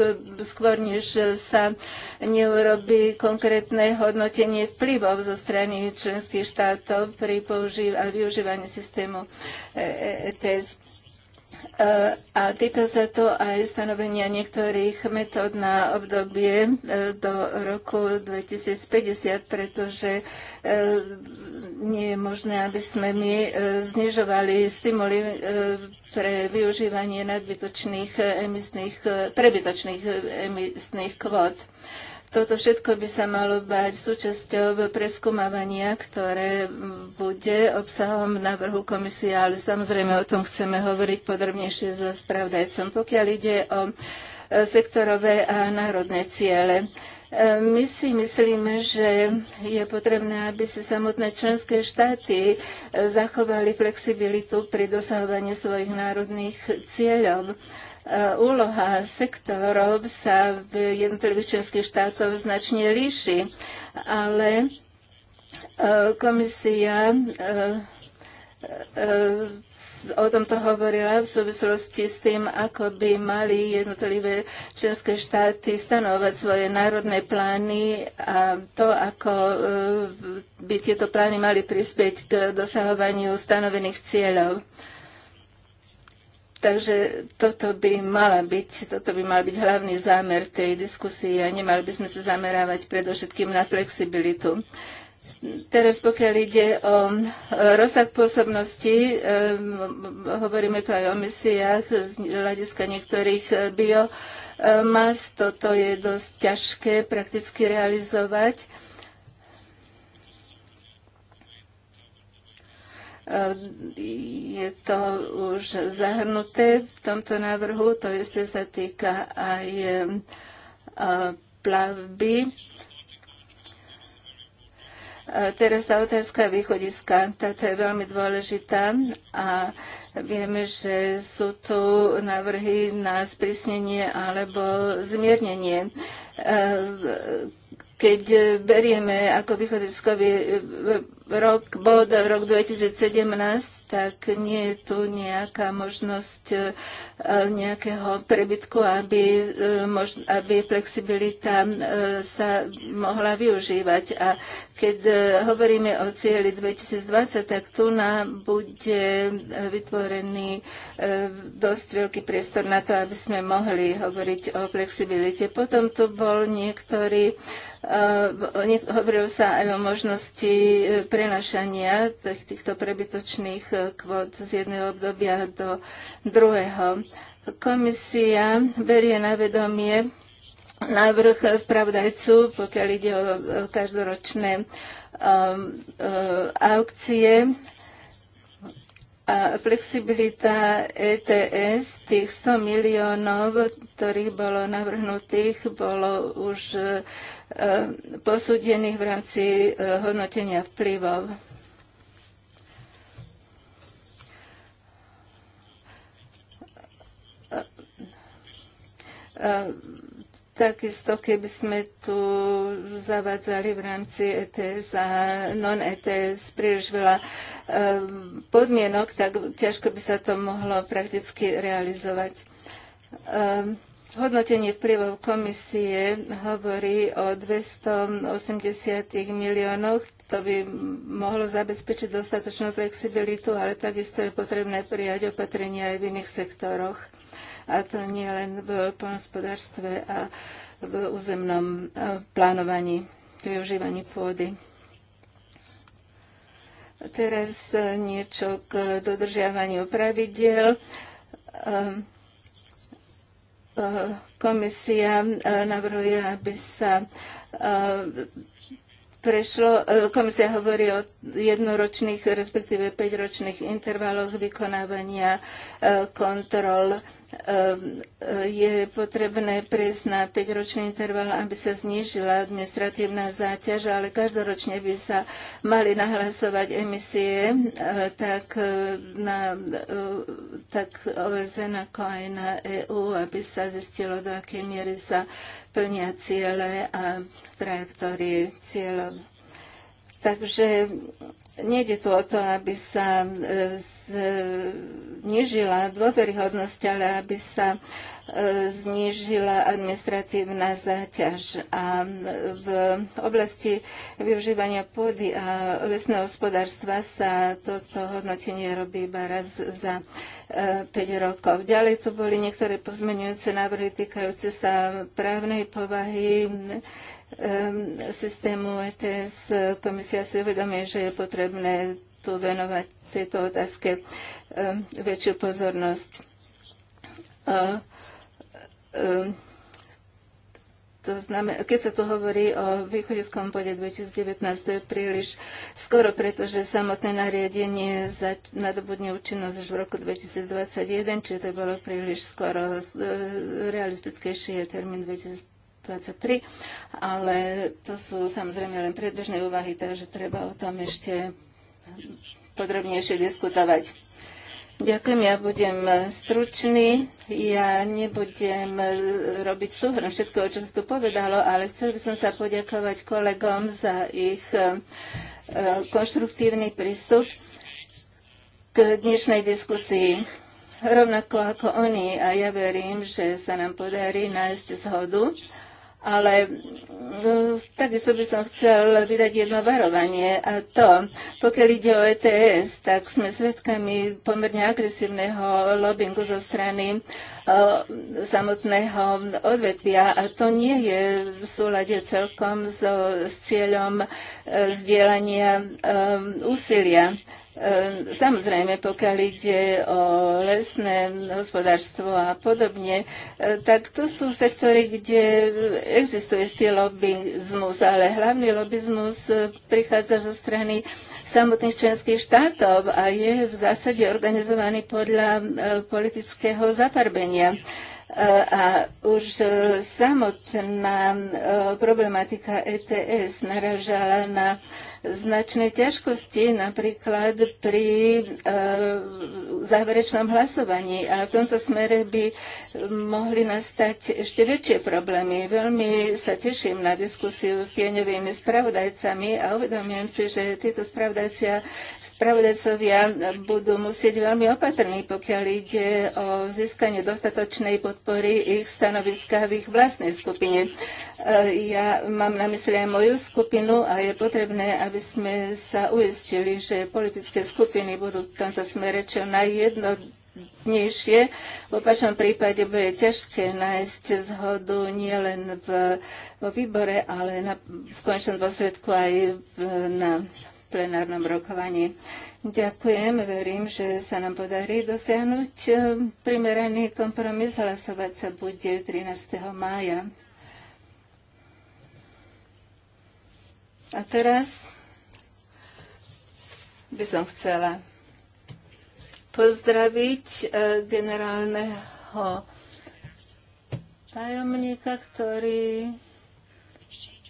skôr, než sa neurobi konkrétne hodnotenie vplyvov zo strany členských štátov pri používaní a využívaní systému ETS. E, a týka sa to aj stanovenia niektorých metód na obdobie e, do roku 2050, pretože e, nie je možné, aby sme my e, znižovali stimuly pre využívanie nadbytočných emisných, prebytočných emisných kvót. Toto všetko by sa malo bať súčasťou preskúmavania, ktoré bude obsahom návrhu komisie, ale samozrejme o tom chceme hovoriť podrobnejšie so spravdajcom. Pokiaľ ide o e, sektorové a národné ciele, e, my si myslíme, že je potrebné, aby si samotné členské štáty e, zachovali flexibilitu pri dosahovaní svojich národných cieľov. Eh, úloha sektorov sa v jednotlivých členských štátoch značne líši, ale eh, komisia eh, o tomto hovorila v súvislosti s tým, ako by mali jednotlivé členské štáty stanovať svoje národné plány a to, ako by tieto plány mali prispieť k dosahovaniu stanovených cieľov. Takže toto by, mala byť, toto by mal byť hlavný zámer tej diskusie a nemali by sme sa zamerávať predovšetkým na flexibilitu. Teraz pokiaľ ide o e, rozsah pôsobnosti, e, hovoríme tu aj o misiách z hľadiska niektorých e, biomas, toto je dosť ťažké prakticky realizovať Je to už zahrnuté v tomto návrhu, to isté sa týka aj e, plavby. E, teraz tá otázka východiska, táto je veľmi dôležitá a vieme, že sú tu návrhy na sprísnenie alebo zmiernenie e, keď e, berieme ako východiskový e, rok, bod rok 2017, tak nie je tu nejaká možnosť e, nejakého prebytku, aby, aby flexibilita sa mohla využívať. A keď hovoríme o cieli 2020, tak tu nám bude vytvorený dosť veľký priestor na to, aby sme mohli hovoriť o flexibilite. Potom tu bol niektorý Eh, Hovorilo sa aj o možnosti eh, prenašania týchto prebytočných eh, kvót z jedného obdobia do druhého. Komisia berie na vedomie návrh spravodajcu, pokiaľ ide o každoročné aukcie a flexibilita ETS tých 100 miliónov, ktorých bolo navrhnutých, bolo už E, posúdených v rámci e, hodnotenia vplyvov. E, takisto, keby sme tu zavádzali v rámci ETS a non-ETS príliš veľa podmienok, tak ťažko by sa to mohlo prakticky realizovať. Hodnotenie vplyvov komisie hovorí o 280 miliónoch. To by mohlo zabezpečiť dostatočnú flexibilitu, ale takisto je potrebné prijať opatrenia aj v iných sektoroch. A to nie len v poľnospodárstve a v územnom e, plánovaní, využívaní pôdy. Teraz e, niečo k dodržiavaniu pravidiel ehm, Komisia e, navrhuje, aby sa e, prešlo, e, komisia hovorí o jednoročných, respektíve päťročných intervaloch vykonávania kontrol Ehm, e, je potrebné prejsť na 5-ročný interval, aby sa znížila administratívna záťaž, ale každoročne by sa mali nahlasovať emisie e, tak, e, na, tak OSN ako aj na EU, aby sa zistilo, do akej miery sa plnia ciele a trajektórie cieľov. Takže nejde tu o to, aby sa e, znižila dôveryhodnosť, ale aby sa e, znížila administratívna záťaž. A v oblasti využívania pôdy a lesného hospodárstva sa toto hodnotenie robí iba raz za 5 e, rokov. Ďalej tu boli niektoré pozmenujúce návrhy týkajúce sa právnej povahy systému ETS. Komisia si uvedomuje, že je potrebné tu venovať tejto otázke väčšiu pozornosť. To znamená, keď sa tu hovorí o východiskom bode 2019, to je príliš skoro, pretože samotné nariadenie zač- nadobudne účinnosť až v roku 2021, čiže to bolo príliš skoro. E, Realistickejšie je termín 2020. 2023, ale to sú samozrejme len predbežné úvahy, takže treba o tom ešte podrobnejšie diskutovať. Ďakujem, ja budem stručný. Ja nebudem robiť súhrn všetko, čo sa tu povedalo, ale chcel by som sa poďakovať kolegom za ich e, konštruktívny prístup k dnešnej diskusii. Rovnako ako oni a ja verím, že sa nám podarí nájsť zhodu ale takisto by som chcel vydať jedno varovanie a to, pokiaľ ide o ETS, tak sme svedkami pomerne agresívneho lobbingu zo strany e, samotného odvetvia a to nie je v súlade celkom so, s cieľom e, zdieľania e, úsilia E, samozrejme, pokiaľ ide o lesné hospodárstvo a podobne, e, tak to sú sektory, kde existuje stýl lobbyzmus, ale hlavný lobbyzmus e, prichádza zo strany samotných členských štátov a je v zásade organizovaný podľa politického zaparbenia a už samotná problematika ETS naražala na značné ťažkosti, napríklad pri e, záverečnom hlasovaní. A v tomto smere by mohli nastať ešte väčšie problémy. Veľmi sa teším na diskusiu s tieňovými spravodajcami a uvedomujem si, že títo spravodajcia, spravodajcovia budú musieť veľmi opatrní, pokiaľ ide o získanie dostatočnej podpory ich stanoviska v ich vlastnej skupine. E, ja mám na mysli aj moju skupinu a je potrebné, aby sme sa uistili, že politické skupiny budú v tomto smere čo najjednodnejšie. V opačnom prípade bude ťažké nájsť zhodu nielen v, vo výbore, ale na, v končnom dôsledku aj v, na plenárnom rokovaní. Ďakujem, verím, že sa nám podarí dosiahnuť e, primeraný kompromis. Hlasovať sa bude 13. mája. A teraz by som chcela pozdraviť e, generálneho tajomníka, ktorý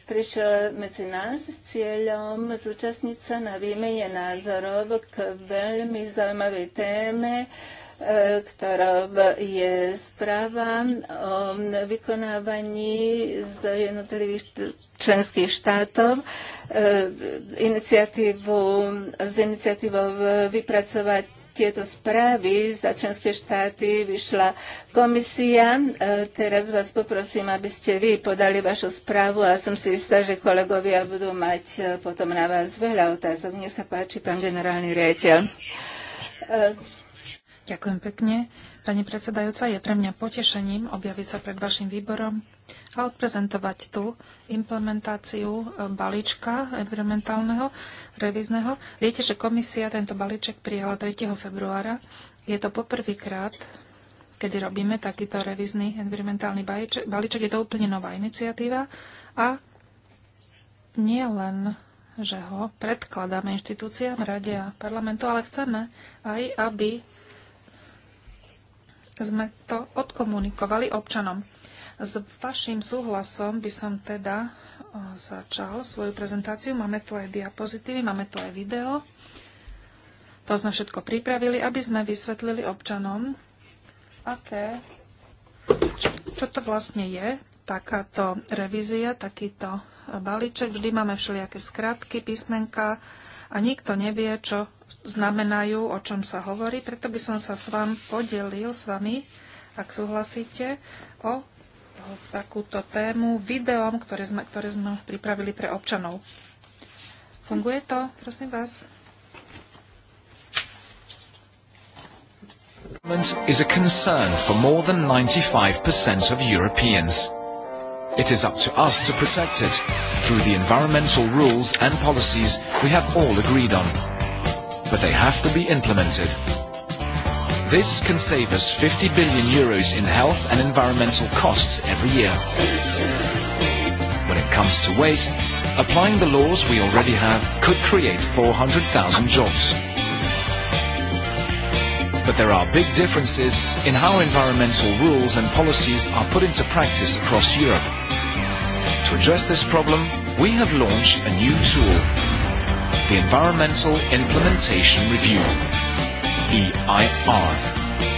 prišiel medzi nás s cieľom zúčastniť sa na výmene názorov k veľmi zaujímavej téme E, ktorá je správa o vykonávaní z jednotlivých členských štátov e, iniciatívu, z iniciatívou vypracovať tieto správy za členské štáty vyšla komisia. E, teraz vás poprosím, aby ste vy podali vašu správu a som si istá, že kolegovia budú mať potom na vás veľa otázok. Nech sa páči, pán generálny riaditeľ. Ďakujem pekne. Pani predsedajúca, je pre mňa potešením objaviť sa pred vašim výborom a odprezentovať tú implementáciu e, balíčka environmentálneho, revízneho. Viete, že komisia tento balíček prijala 3. februára. Je to poprvýkrát, kedy robíme takýto revízny environmentálny balíček. balíček. Je to úplne nová iniciatíva a nie len že ho predkladáme inštitúciám, rade a parlamentu, ale chceme aj, aby sme to odkomunikovali občanom. S vašim súhlasom by som teda začal svoju prezentáciu. Máme tu aj diapozitívy, máme tu aj video. To sme všetko pripravili, aby sme vysvetlili občanom, aké, čo, čo to vlastne je, takáto revízia, takýto balíček. Vždy máme všelijaké skratky, písmenka, a nikto nevie, čo znamenajú, o čom sa hovorí. Preto by som sa s vám podelil, s vami, ak súhlasíte, o takúto tému videom, ktoré sme, ktoré sme pripravili pre občanov. Funguje to? Prosím vás. Is a concern for more than 95% of Europeans. It is up to us to protect it through the environmental rules and policies we have all agreed on. But they have to be implemented. This can save us 50 billion euros in health and environmental costs every year. When it comes to waste, applying the laws we already have could create 400,000 jobs. But there are big differences in how environmental rules and policies are put into practice across Europe. To address this problem, we have launched a new tool, the Environmental Implementation Review, EIR.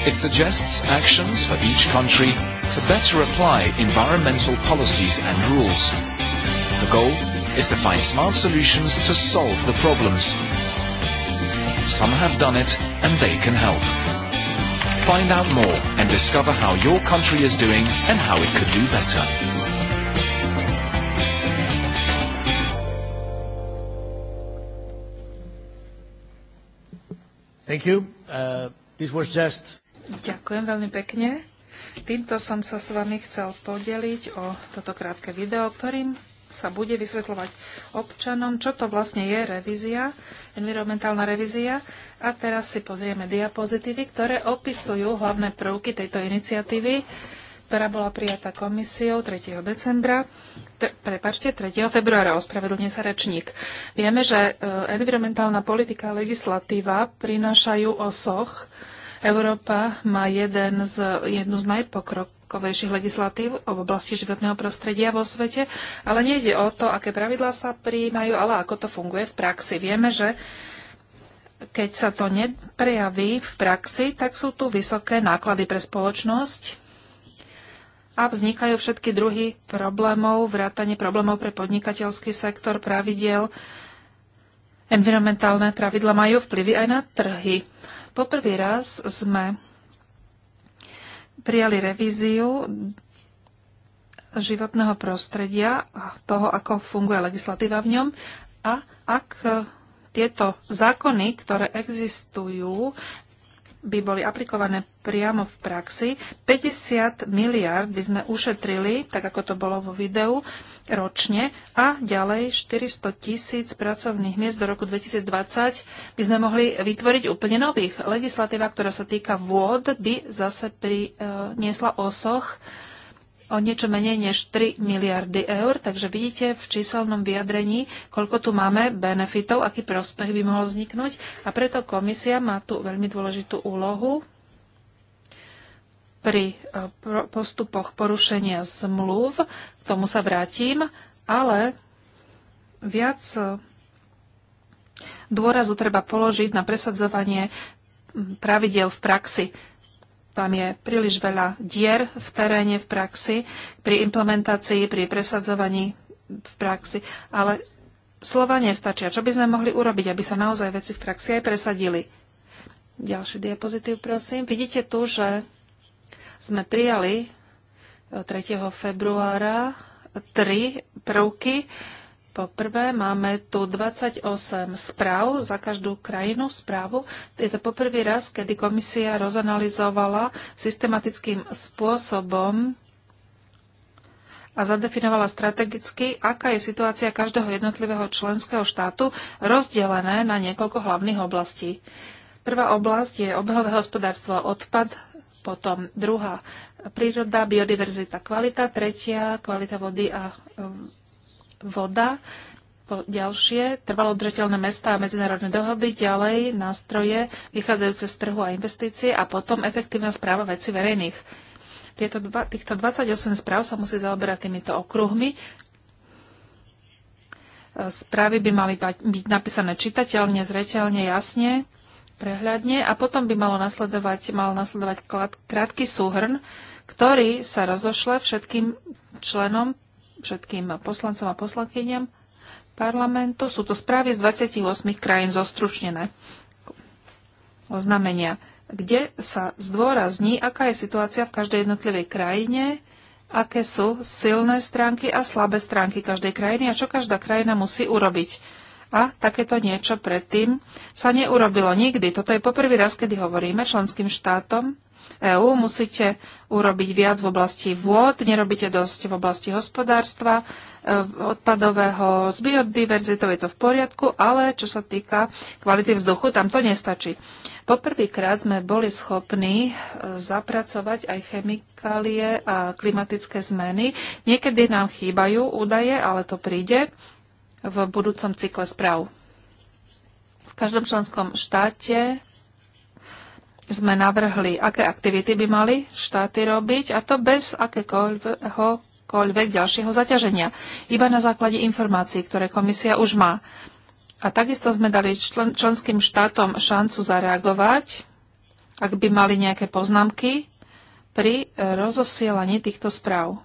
It suggests actions for each country to better apply environmental policies and rules. The goal is to find smart solutions to solve the problems. Some have done it and they can help. Find out more and discover how your country is doing and how it could do better. Thank you. Uh, this was just... Ďakujem veľmi pekne. Týmto som sa s vami chcel podeliť o toto krátke video, ktorým sa bude vysvetľovať občanom, čo to vlastne je revízia, environmentálna revízia. A teraz si pozrieme diapozitívy, ktoré opisujú hlavné prvky tejto iniciatívy, ktorá bola prijatá komisiou 3. decembra prepačte, 3. februára, ospravedlne sa rečník. Vieme, že e, environmentálna politika a legislatíva prinášajú osoch. Európa má jeden z, jednu z najpokrokovejších legislatív v oblasti životného prostredia vo svete, ale nejde o to, aké pravidlá sa prijímajú, ale ako to funguje v praxi. Vieme, že keď sa to neprejaví v praxi, tak sú tu vysoké náklady pre spoločnosť, a vznikajú všetky druhy problémov, vrátanie problémov pre podnikateľský sektor, pravidiel. Environmentálne pravidla majú vplyvy aj na trhy. Poprvý raz sme prijali revíziu životného prostredia a toho, ako funguje legislatíva v ňom a ak tieto zákony, ktoré existujú, by boli aplikované priamo v praxi, 50 miliard by sme ušetrili, tak ako to bolo vo videu, ročne a ďalej 400 tisíc pracovných miest do roku 2020 by sme mohli vytvoriť úplne nových. Legislatíva, ktorá sa týka vôd, by zase priniesla e, osoch o niečo menej než 3 miliardy eur, takže vidíte v číselnom vyjadrení, koľko tu máme benefitov, aký prospech by mohol vzniknúť a preto komisia má tu veľmi dôležitú úlohu pri e, postupoch porušenia zmluv, k tomu sa vrátim, ale viac e, dôrazu treba položiť na presadzovanie pravidel v praxi. Tam je príliš veľa dier v teréne, v praxi, pri implementácii, pri presadzovaní v praxi, ale slova nestačia. Čo by sme mohli urobiť, aby sa naozaj veci v praxi aj presadili? Ďalší diapozitív, prosím. Vidíte tu, že sme prijali 3. E, februára tri prvky po prvé, máme tu 28 správ za každú krajinu správu. Je to poprvý raz, kedy komisia rozanalizovala systematickým spôsobom a zadefinovala strategicky, aká je situácia každého jednotlivého členského štátu rozdelené na niekoľko hlavných oblastí. Prvá oblasť je obehové hospodárstvo odpad, potom druhá príroda, biodiverzita, kvalita, tretia kvalita vody a um, voda, po ďalšie, trvalo udržateľné mesta a medzinárodné dohody, ďalej nástroje vychádzajúce z trhu a investície a potom efektívna správa veci verejných. Tieto dva, týchto 28 správ sa musí zaoberať týmito okruhmi. Správy by mali byť napísané čitateľne, zreteľne, jasne, prehľadne a potom by malo nasledovať, mal nasledovať krátky súhrn, ktorý sa rozošle všetkým členom všetkým poslancom a poslankyňam parlamentu. Sú to správy z 28 krajín zostručnené oznamenia, kde sa zdôrazní, aká je situácia v každej jednotlivej krajine, aké sú silné stránky a slabé stránky každej krajiny a čo každá krajina musí urobiť. A takéto niečo predtým sa neurobilo nikdy. Toto je poprvý raz, kedy hovoríme členským štátom EÚ. Musíte urobiť viac v oblasti vôd, nerobíte dosť v oblasti hospodárstva, e, odpadového, s biodiverzitou je to v poriadku, ale čo sa týka kvality vzduchu, tam to nestačí. Poprvýkrát sme boli schopní e, zapracovať aj chemikálie a klimatické zmeny. Niekedy nám chýbajú údaje, ale to príde v budúcom cykle správ. V každom členskom štáte sme navrhli, aké aktivity by mali štáty robiť, a to bez akékoľvek ďalšieho zaťaženia, iba na základe informácií, ktoré komisia už má. A takisto sme dali člen, členským štátom šancu zareagovať, ak by mali nejaké poznámky pri rozosielaní týchto správ.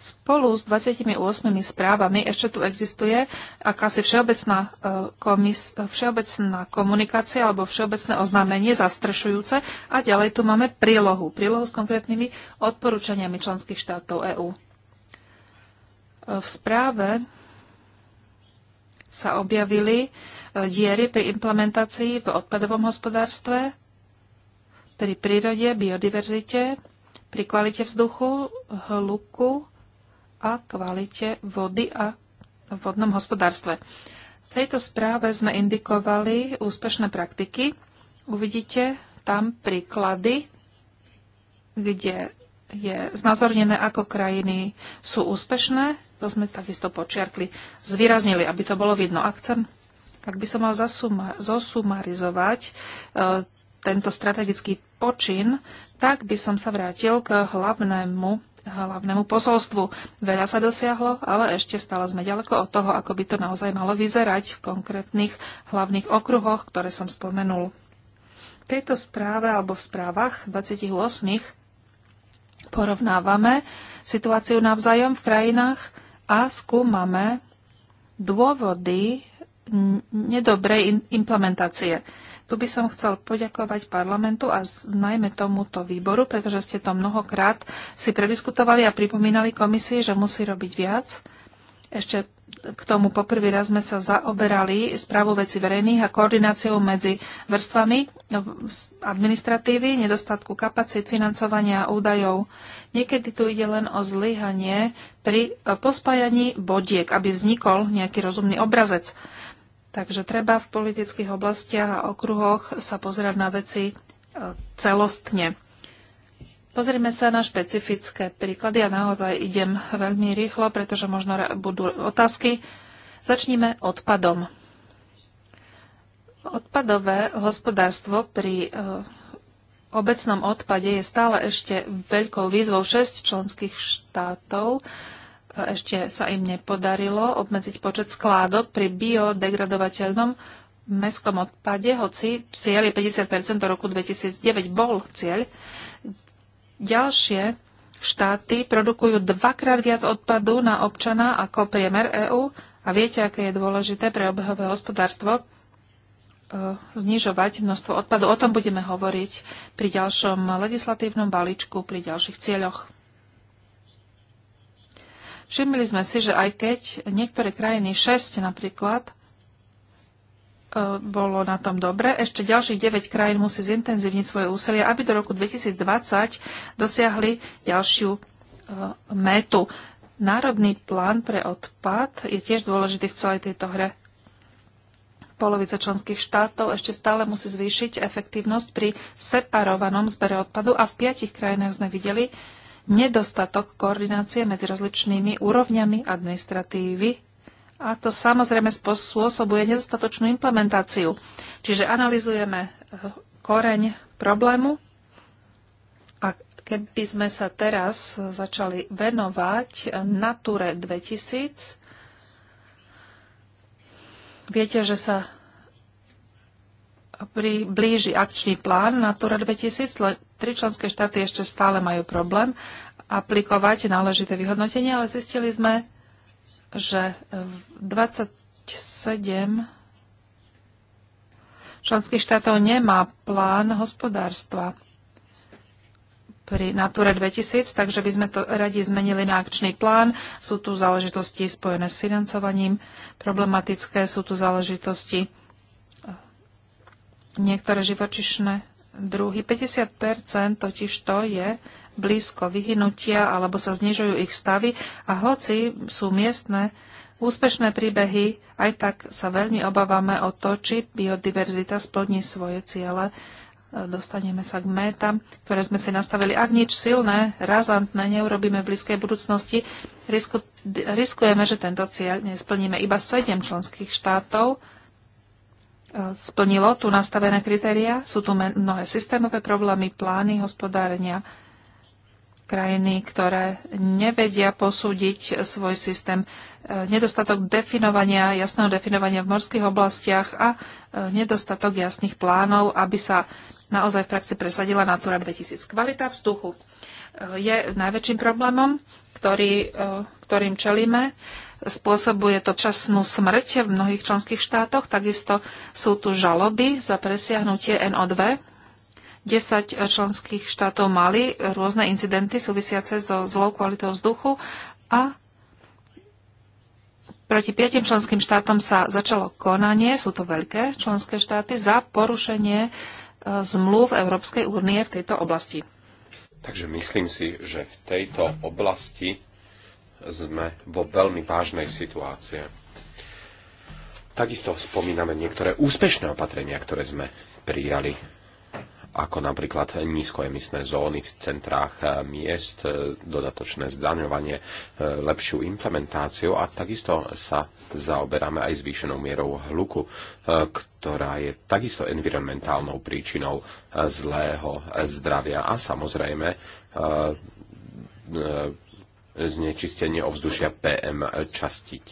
Spolu s 28 správami ešte tu existuje akási všeobecná, e, komis, všeobecná komunikácia alebo všeobecné oznámenie zastrešujúce a ďalej tu máme prílohu. Prílohu s konkrétnymi odporúčaniami členských štátov EÚ. E, v správe sa objavili e, diery pri implementácii v odpadovom hospodárstve, pri prírode, biodiverzite, pri kvalite vzduchu, hluku, a kvalite vody a vodnom hospodárstve. V tejto správe sme indikovali úspešné praktiky. Uvidíte tam príklady, kde je znázornené, ako krajiny sú úspešné. To sme takisto počiarkli, zvýraznili, aby to bolo vidno. Ak, chcem, ak by som mal zasuma, zosumarizovať e, tento strategický počin, tak by som sa vrátil k hlavnému hlavnému posolstvu. Veľa sa dosiahlo, ale ešte stále sme ďaleko od toho, ako by to naozaj malo vyzerať v konkrétnych hlavných okruhoch, ktoré som spomenul. V tejto správe alebo v správach 28 porovnávame situáciu navzájom v krajinách a skúmame dôvody nedobrej implementácie. Tu by som chcel poďakovať parlamentu a najmä tomuto výboru, pretože ste to mnohokrát si prediskutovali a pripomínali komisii, že musí robiť viac. Ešte k tomu poprvý raz sme sa zaoberali správou veci verejných a koordináciou medzi vrstvami administratívy, nedostatku kapacít, financovania a údajov. Niekedy tu ide len o zlyhanie pri pospájaní bodiek, aby vznikol nejaký rozumný obrazec. Takže treba v politických oblastiach a okruhoch sa pozerať na veci e, celostne. Pozrime sa na špecifické príklady a ja naozaj idem veľmi rýchlo, pretože možno budú otázky. Začníme odpadom. Odpadové hospodárstvo pri e, obecnom odpade je stále ešte veľkou výzvou 6 členských štátov ešte sa im nepodarilo obmedziť počet skládok pri biodegradovateľnom mestskom odpade, hoci cieľ je 50 do roku 2009 bol cieľ. Ďalšie štáty produkujú dvakrát viac odpadu na občana ako priemer EÚ a viete, aké je dôležité pre obehové hospodárstvo e, znižovať množstvo odpadu. O tom budeme hovoriť pri ďalšom legislatívnom balíčku, pri ďalších cieľoch. Všimli sme si, že aj keď niektoré krajiny, 6 napríklad, e, bolo na tom dobre. Ešte ďalších 9 krajín musí zintenzívniť svoje úsilie, aby do roku 2020 dosiahli ďalšiu e, metu. Národný plán pre odpad je tiež dôležitý v celej tejto hre. Polovica členských štátov ešte stále musí zvýšiť efektívnosť pri separovanom zbere odpadu a v piatich krajinách sme videli, nedostatok koordinácie medzi rozličnými úrovňami administratívy a to samozrejme spôsobuje nedostatočnú implementáciu. Čiže analizujeme eh, koreň problému a keby sme sa teraz začali venovať eh, Nature 2000, viete, že sa priblíži akčný plán Natura 2000. Tri členské štáty ešte stále majú problém aplikovať náležité vyhodnotenie, ale zistili sme, že 27 členských štátov nemá plán hospodárstva pri Natura 2000, takže by sme to radi zmenili na akčný plán. Sú tu záležitosti spojené s financovaním, problematické sú tu záležitosti niektoré živočišné druhy. 50 totiž to je blízko vyhynutia alebo sa znižujú ich stavy a hoci sú miestne úspešné príbehy, aj tak sa veľmi obávame o to, či biodiverzita splní svoje ciele. Dostaneme sa k métam, ktoré sme si nastavili. Ak nič silné, razantné neurobíme v blízkej budúcnosti, risku, riskujeme, že tento cieľ nesplníme. Iba 7 členských štátov splnilo tu nastavené kritéria. Sú tu mnohé systémové problémy, plány hospodárenia, krajiny, ktoré nevedia posúdiť svoj systém, e, nedostatok definovania, jasného definovania v morských oblastiach a e, nedostatok jasných plánov, aby sa naozaj v praxi presadila Natura 2000. Kvalita vzduchu e, je najväčším problémom, ktorý, ktorým čelíme spôsobuje to časnú smrť v mnohých členských štátoch. Takisto sú tu žaloby za presiahnutie NO2. 10 členských štátov mali rôzne incidenty súvisiace so zlou kvalitou vzduchu a proti 5 členským štátom sa začalo konanie, sú to veľké členské štáty, za porušenie e, zmluv Európskej únie v tejto oblasti. Takže myslím si, že v tejto oblasti sme vo veľmi vážnej situácie. Takisto spomíname niektoré úspešné opatrenia, ktoré sme prijali, ako napríklad nízkoemisné zóny v centrách eh, miest, eh, dodatočné zdaňovanie, eh, lepšiu implementáciu a takisto sa zaoberáme aj zvýšenou mierou hluku, ktorá je takisto environmentálnou príčinou zlého zdravia a samozrejme znečistenie ovzdušia PM častiť.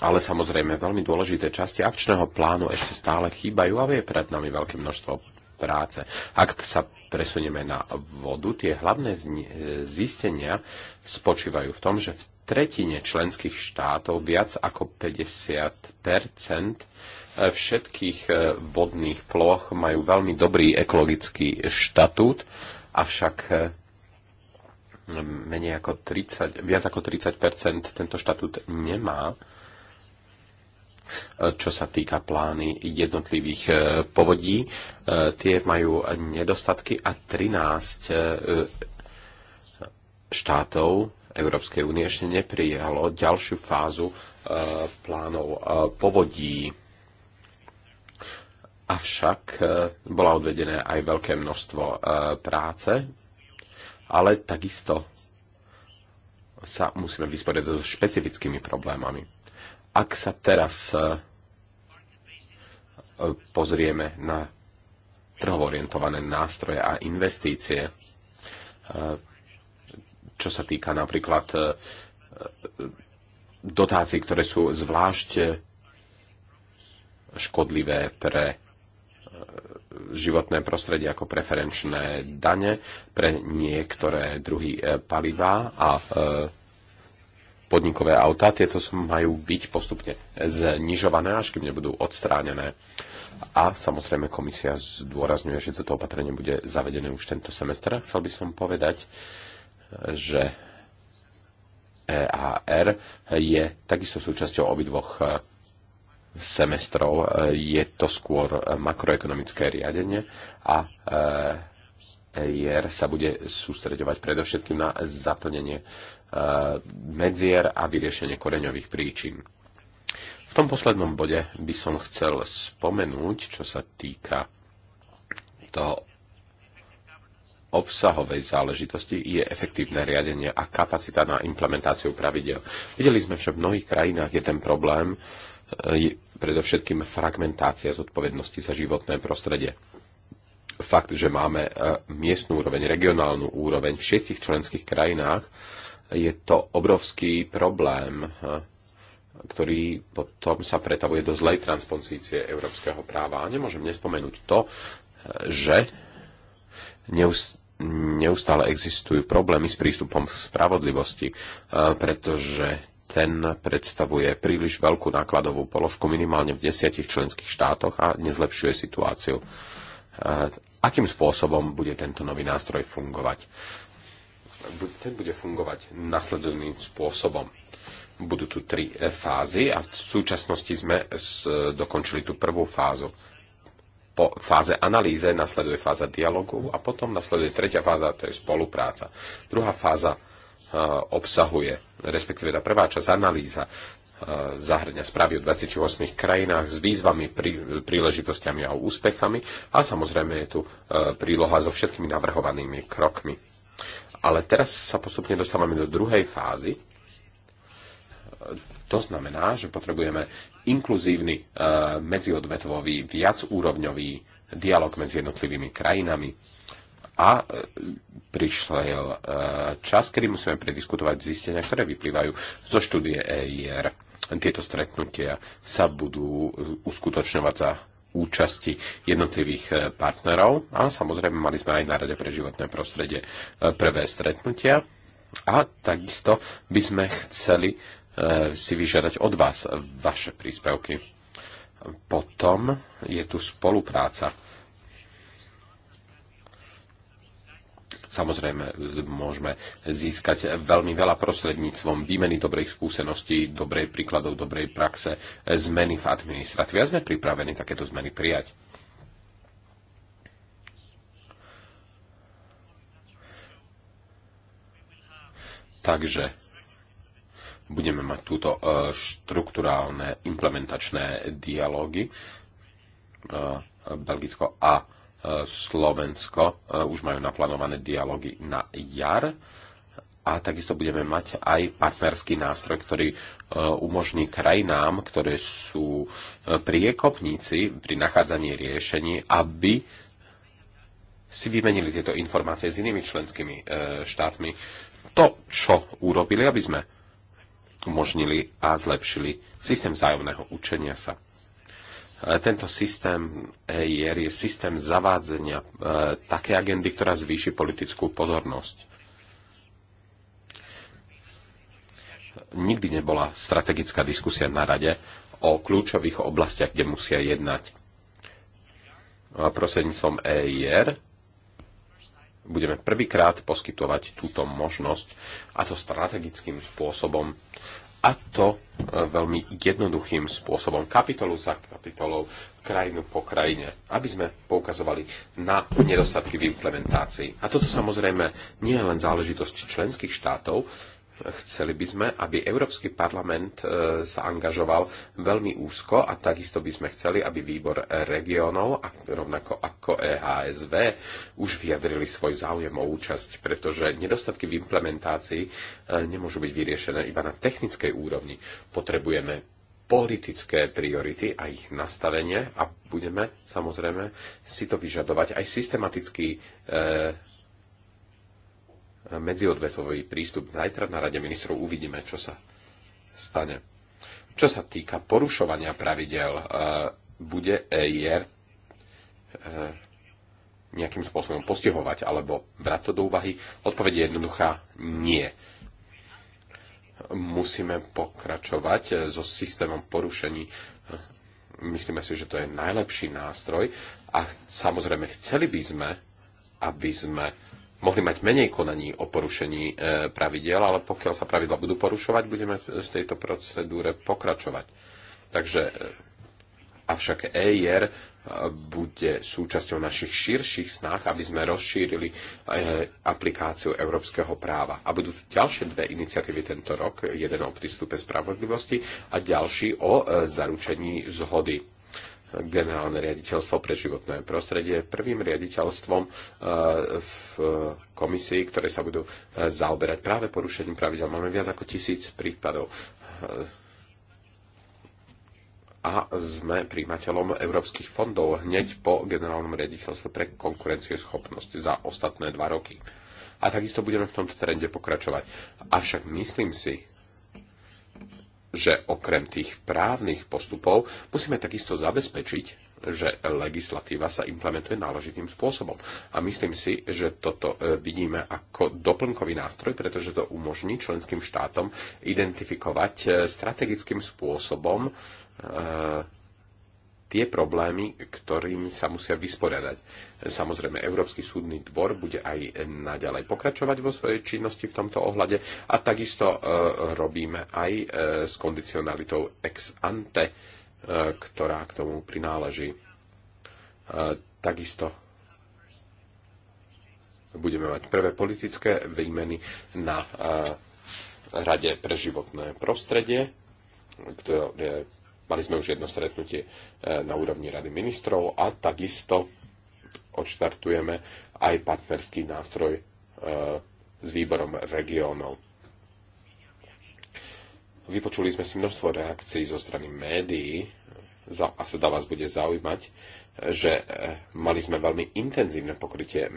Ale samozrejme, veľmi dôležité časti akčného plánu ešte stále chýbajú a je pred nami veľké množstvo práce. Ak sa presunieme na vodu, tie hlavné zistenia spočívajú v tom, že v tretine členských štátov viac ako 50 eh, všetkých eh, vodných ploch majú veľmi dobrý ekologický štatút, avšak eh, menej ako 30, viac ako 30 tento štatút nemá, čo sa týka plány jednotlivých e, povodí. E, tie majú nedostatky a 13 e, štátov Európskej únie ešte neprijalo ďalšiu fázu plánov povodí. Avšak bola odvedené aj veľké množstvo práce ale takisto sa musíme vysporiadať so špecifickými problémami. Ak sa teraz e, pozrieme na trhovorientované nástroje a investície, e, čo sa týka napríklad e, dotácií, ktoré sú zvlášť škodlivé pre životné prostredie ako preferenčné dane pre niektoré druhy e, paliva a e, podnikové autá. Tieto majú byť postupne znižované, až kým nebudú odstránené. A samozrejme komisia zdôrazňuje, že toto opatrenie bude zavedené už tento semester. Chcel by som povedať, že EAR je takisto súčasťou obidvoch e, semestrov e, je to skôr e, makroekonomické riadenie a e, EIR sa bude sústreďovať predovšetkým na zaplnenie medzier a vyriešenie koreňových príčin. V tom poslednom bode by som chcel spomenúť, čo sa týka toho obsahovej záležitosti je efektívne riadenie a kapacita na implementáciu pravidel. Videli sme, že v mnohých krajinách je ten problém, E, je predovšetkým fragmentácia zodpovednosti za životné prostredie. Fakt, že máme e, miestnú úroveň, regionálnu úroveň v šiestich členských krajinách, je to obrovský problém, e, ktorý potom sa pretavuje do zlej transpozície európskeho práva. A nemôžem nespomenúť to, že neustále existujú problémy s prístupom k spravodlivosti, pretože ten predstavuje príliš veľkú nákladovú položku minimálne v desiatich členských štátoch a nezlepšuje situáciu. Eh, akým spôsobom bude tento nový nástroj fungovať? Ten bude fungovať nasledovným spôsobom. Budú tu tri eh, fázy a v súčasnosti sme eh, dokončili tú prvú fázu. Po fáze analýze nasleduje fáza dialogu a potom nasleduje tretia fáza, to je spolupráca. Druhá fáza E, obsahuje, respektíve tá prvá časť analýza e, zahrňa správy o 28 krajinách s výzvami, prí, príležitostiami a úspechami a samozrejme je tu e, príloha so všetkými navrhovanými krokmi. Ale teraz sa postupne dostávame do druhej fázy. To znamená, že potrebujeme inkluzívny medziodvetvový, viacúrovňový dialog medzi jednotlivými krajinami a e, prišiel e, čas, kedy musíme prediskutovať zistenia, ktoré vyplývajú zo štúdie EIR. Tieto stretnutia sa budú e, uskutočňovať za účasti jednotlivých partnerov a samozrejme mali sme aj na Rade pre životné prostredie prvé stretnutia a takisto by sme chceli si vyžiadať od vás vaše príspevky. Potom je tu spolupráca Samozrejme, môžeme získať veľmi veľa prostredníctvom výmeny dobrých skúseností, dobrej príkladov, dobrej praxe, zmeny v administratíve. A sme pripravení takéto zmeny prijať. Takže budeme mať túto e, štruktúrálne implementačné dialógy e, Belgicko a E, Slovensko e, už majú naplánované dialógy na jar a takisto budeme mať aj partnerský nástroj, ktorý e, umožní krajinám, ktoré sú priekopníci pri nachádzaní riešení, aby si vymenili tieto informácie s inými členskými štátmi. To, čo urobili, aby sme umožnili a zlepšili systém vzájomného učenia sa. Tento systém EIR je systém zavádzenia e, také agendy, ktorá zvýši politickú pozornosť. Nikdy nebola strategická diskusia na rade o kľúčových oblastiach, kde musia jednať. Prostredníctvom EIR budeme prvýkrát poskytovať túto možnosť, a to strategickým spôsobom a to e, veľmi jednoduchým spôsobom, kapitolu za kapitolou, krajinu po krajine, aby sme poukazovali na nedostatky v implementácii. A toto samozrejme nie je len záležitosť členských štátov, Chceli by sme, aby Európsky parlament e, sa angažoval veľmi úzko a takisto by sme chceli, aby výbor regionov, rovnako ako EHSV, už vyjadrili svoj záujem o účasť, pretože nedostatky v implementácii e, nemôžu byť vyriešené iba na technickej úrovni. Potrebujeme politické priority a ich nastavenie a budeme samozrejme si to vyžadovať aj systematický e, medziodvetový prístup. Zajtra na Rade ministrov uvidíme, čo sa stane. Čo sa týka porušovania pravidel, e, bude EIR e, nejakým spôsobom postihovať alebo brať to do úvahy? Odpoveď je jednoduchá nie. Musíme pokračovať so systémom porušení. Myslíme si, že to je najlepší nástroj a samozrejme chceli by sme, aby sme mohli mať menej konaní o porušení e, pravidiel, ale pokiaľ sa pravidla budú porušovať, budeme v tejto procedúre pokračovať. Takže e, avšak EIR e, bude súčasťou našich širších snah, aby sme rozšírili aplikáciu európskeho práva. A budú tu ďalšie dve iniciatívy tento rok, jeden o prístupe spravodlivosti a ďalší o zaručení zhody generálne riaditeľstvo pre životné prostredie prvým riaditeľstvom e, v komisii, ktoré sa budú e, zaoberať práve porušením pravidel. Máme viac ako tisíc prípadov e, a sme príjimateľom európskych fondov hneď po generálnom riaditeľstve pre konkurencieschopnosť za ostatné dva roky. A takisto budeme v tomto trende pokračovať. Avšak myslím si, že okrem tých právnych postupov musíme takisto zabezpečiť, že legislatíva sa implementuje náležitým spôsobom. A myslím si, že toto e, vidíme ako doplnkový nástroj, pretože to umožní členským štátom identifikovať e, strategickým spôsobom e, tie problémy, ktorým sa musia vysporiadať. Samozrejme, Európsky súdny dvor bude aj naďalej pokračovať vo svojej činnosti v tomto ohľade a takisto e, robíme aj e, s kondicionalitou ex ante, e, ktorá k tomu prináleží. E, takisto budeme mať prvé politické výmeny na e, Rade pre životné prostredie, ktoré Mali sme už jedno stretnutie e, na úrovni Rady ministrov a takisto odštartujeme aj partnerský nástroj e, s výborom regiónov. Vypočuli sme si množstvo reakcií zo strany médií a sa da teda vás bude zaujímať, že e, mali sme veľmi intenzívne pokrytie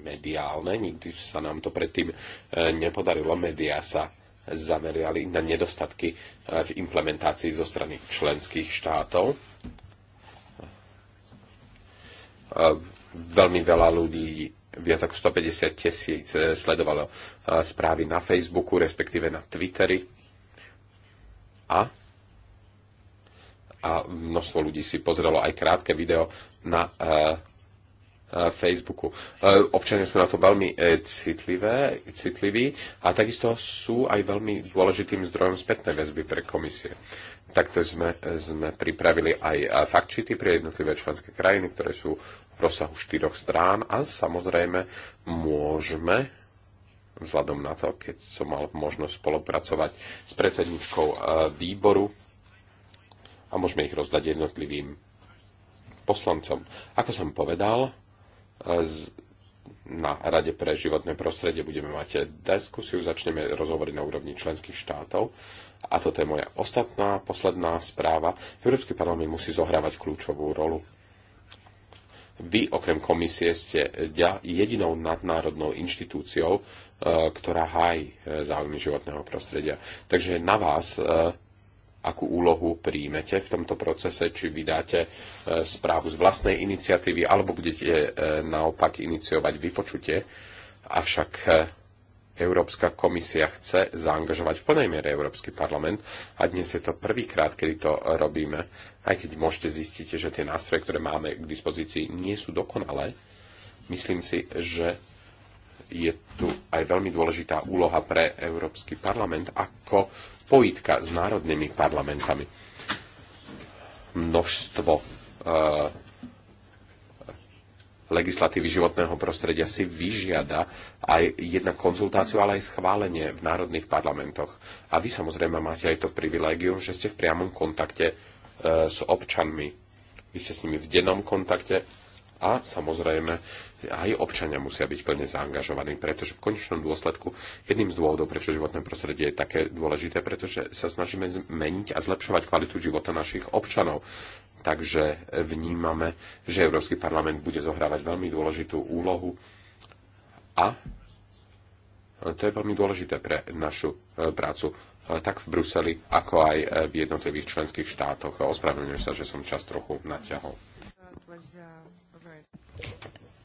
mediálne, nikdy sa nám to predtým nepodarilo. Média sa zameriali na nedostatky eh, v implementácii zo strany členských štátov. Eh, veľmi veľa ľudí, viac ako 150 tisíc, eh, sledovalo správy na Facebooku, respektíve na Twittery. A a množstvo ľudí si pozrelo aj krátke video na Facebooku. E, občania sú na to veľmi e, citlivé, citliví a takisto sú aj veľmi dôležitým zdrojom spätnej väzby pre komisie. Takto sme, sme pripravili aj e, faktčity pre jednotlivé členské krajiny, ktoré sú v rozsahu štyroch strán a samozrejme môžeme vzhľadom na to, keď som mal možnosť spolupracovať s predsedničkou výboru a môžeme ich rozdať jednotlivým poslancom. Ako som povedal, na Rade pre životné prostredie budeme mať diskusiu, začneme rozhovory na úrovni členských štátov. A toto je moja ostatná, posledná správa. Európsky parlament musí zohrávať kľúčovú rolu. Vy, okrem komisie, ste jedinou nadnárodnou inštitúciou, e, ktorá hájí e, záujmy životného prostredia. Takže na vás e, akú úlohu príjmete v tomto procese, či vydáte e, správu z vlastnej iniciatívy, alebo budete e, naopak iniciovať vypočutie. Avšak e, Európska komisia chce zaangažovať v plnej miere Európsky parlament a dnes je to prvýkrát, kedy to robíme, aj keď môžete zistiť, že tie nástroje, ktoré máme k dispozícii, nie sú dokonalé. Myslím si, že je tu aj veľmi dôležitá úloha pre Európsky parlament ako spojitka s národnými parlamentami. Množstvo e, legislatívy životného prostredia si vyžiada aj jednak konzultáciu, ale aj schválenie v národných parlamentoch. A vy samozrejme máte aj to privilégium, že ste v priamom kontakte e, s občanmi. Vy ste s nimi v dennom kontakte a samozrejme aj občania musia byť plne zaangažovaní, pretože v konečnom dôsledku jedným z dôvodov, prečo životné prostredie je také dôležité, pretože sa snažíme zmeniť a zlepšovať kvalitu života našich občanov. Takže vnímame, že Európsky parlament bude zohrávať veľmi dôležitú úlohu a to je veľmi dôležité pre našu e, prácu e, tak v Bruseli, ako aj e, v jednotlivých členských štátoch. Ospravedlňujem sa, že som čas trochu naťahol.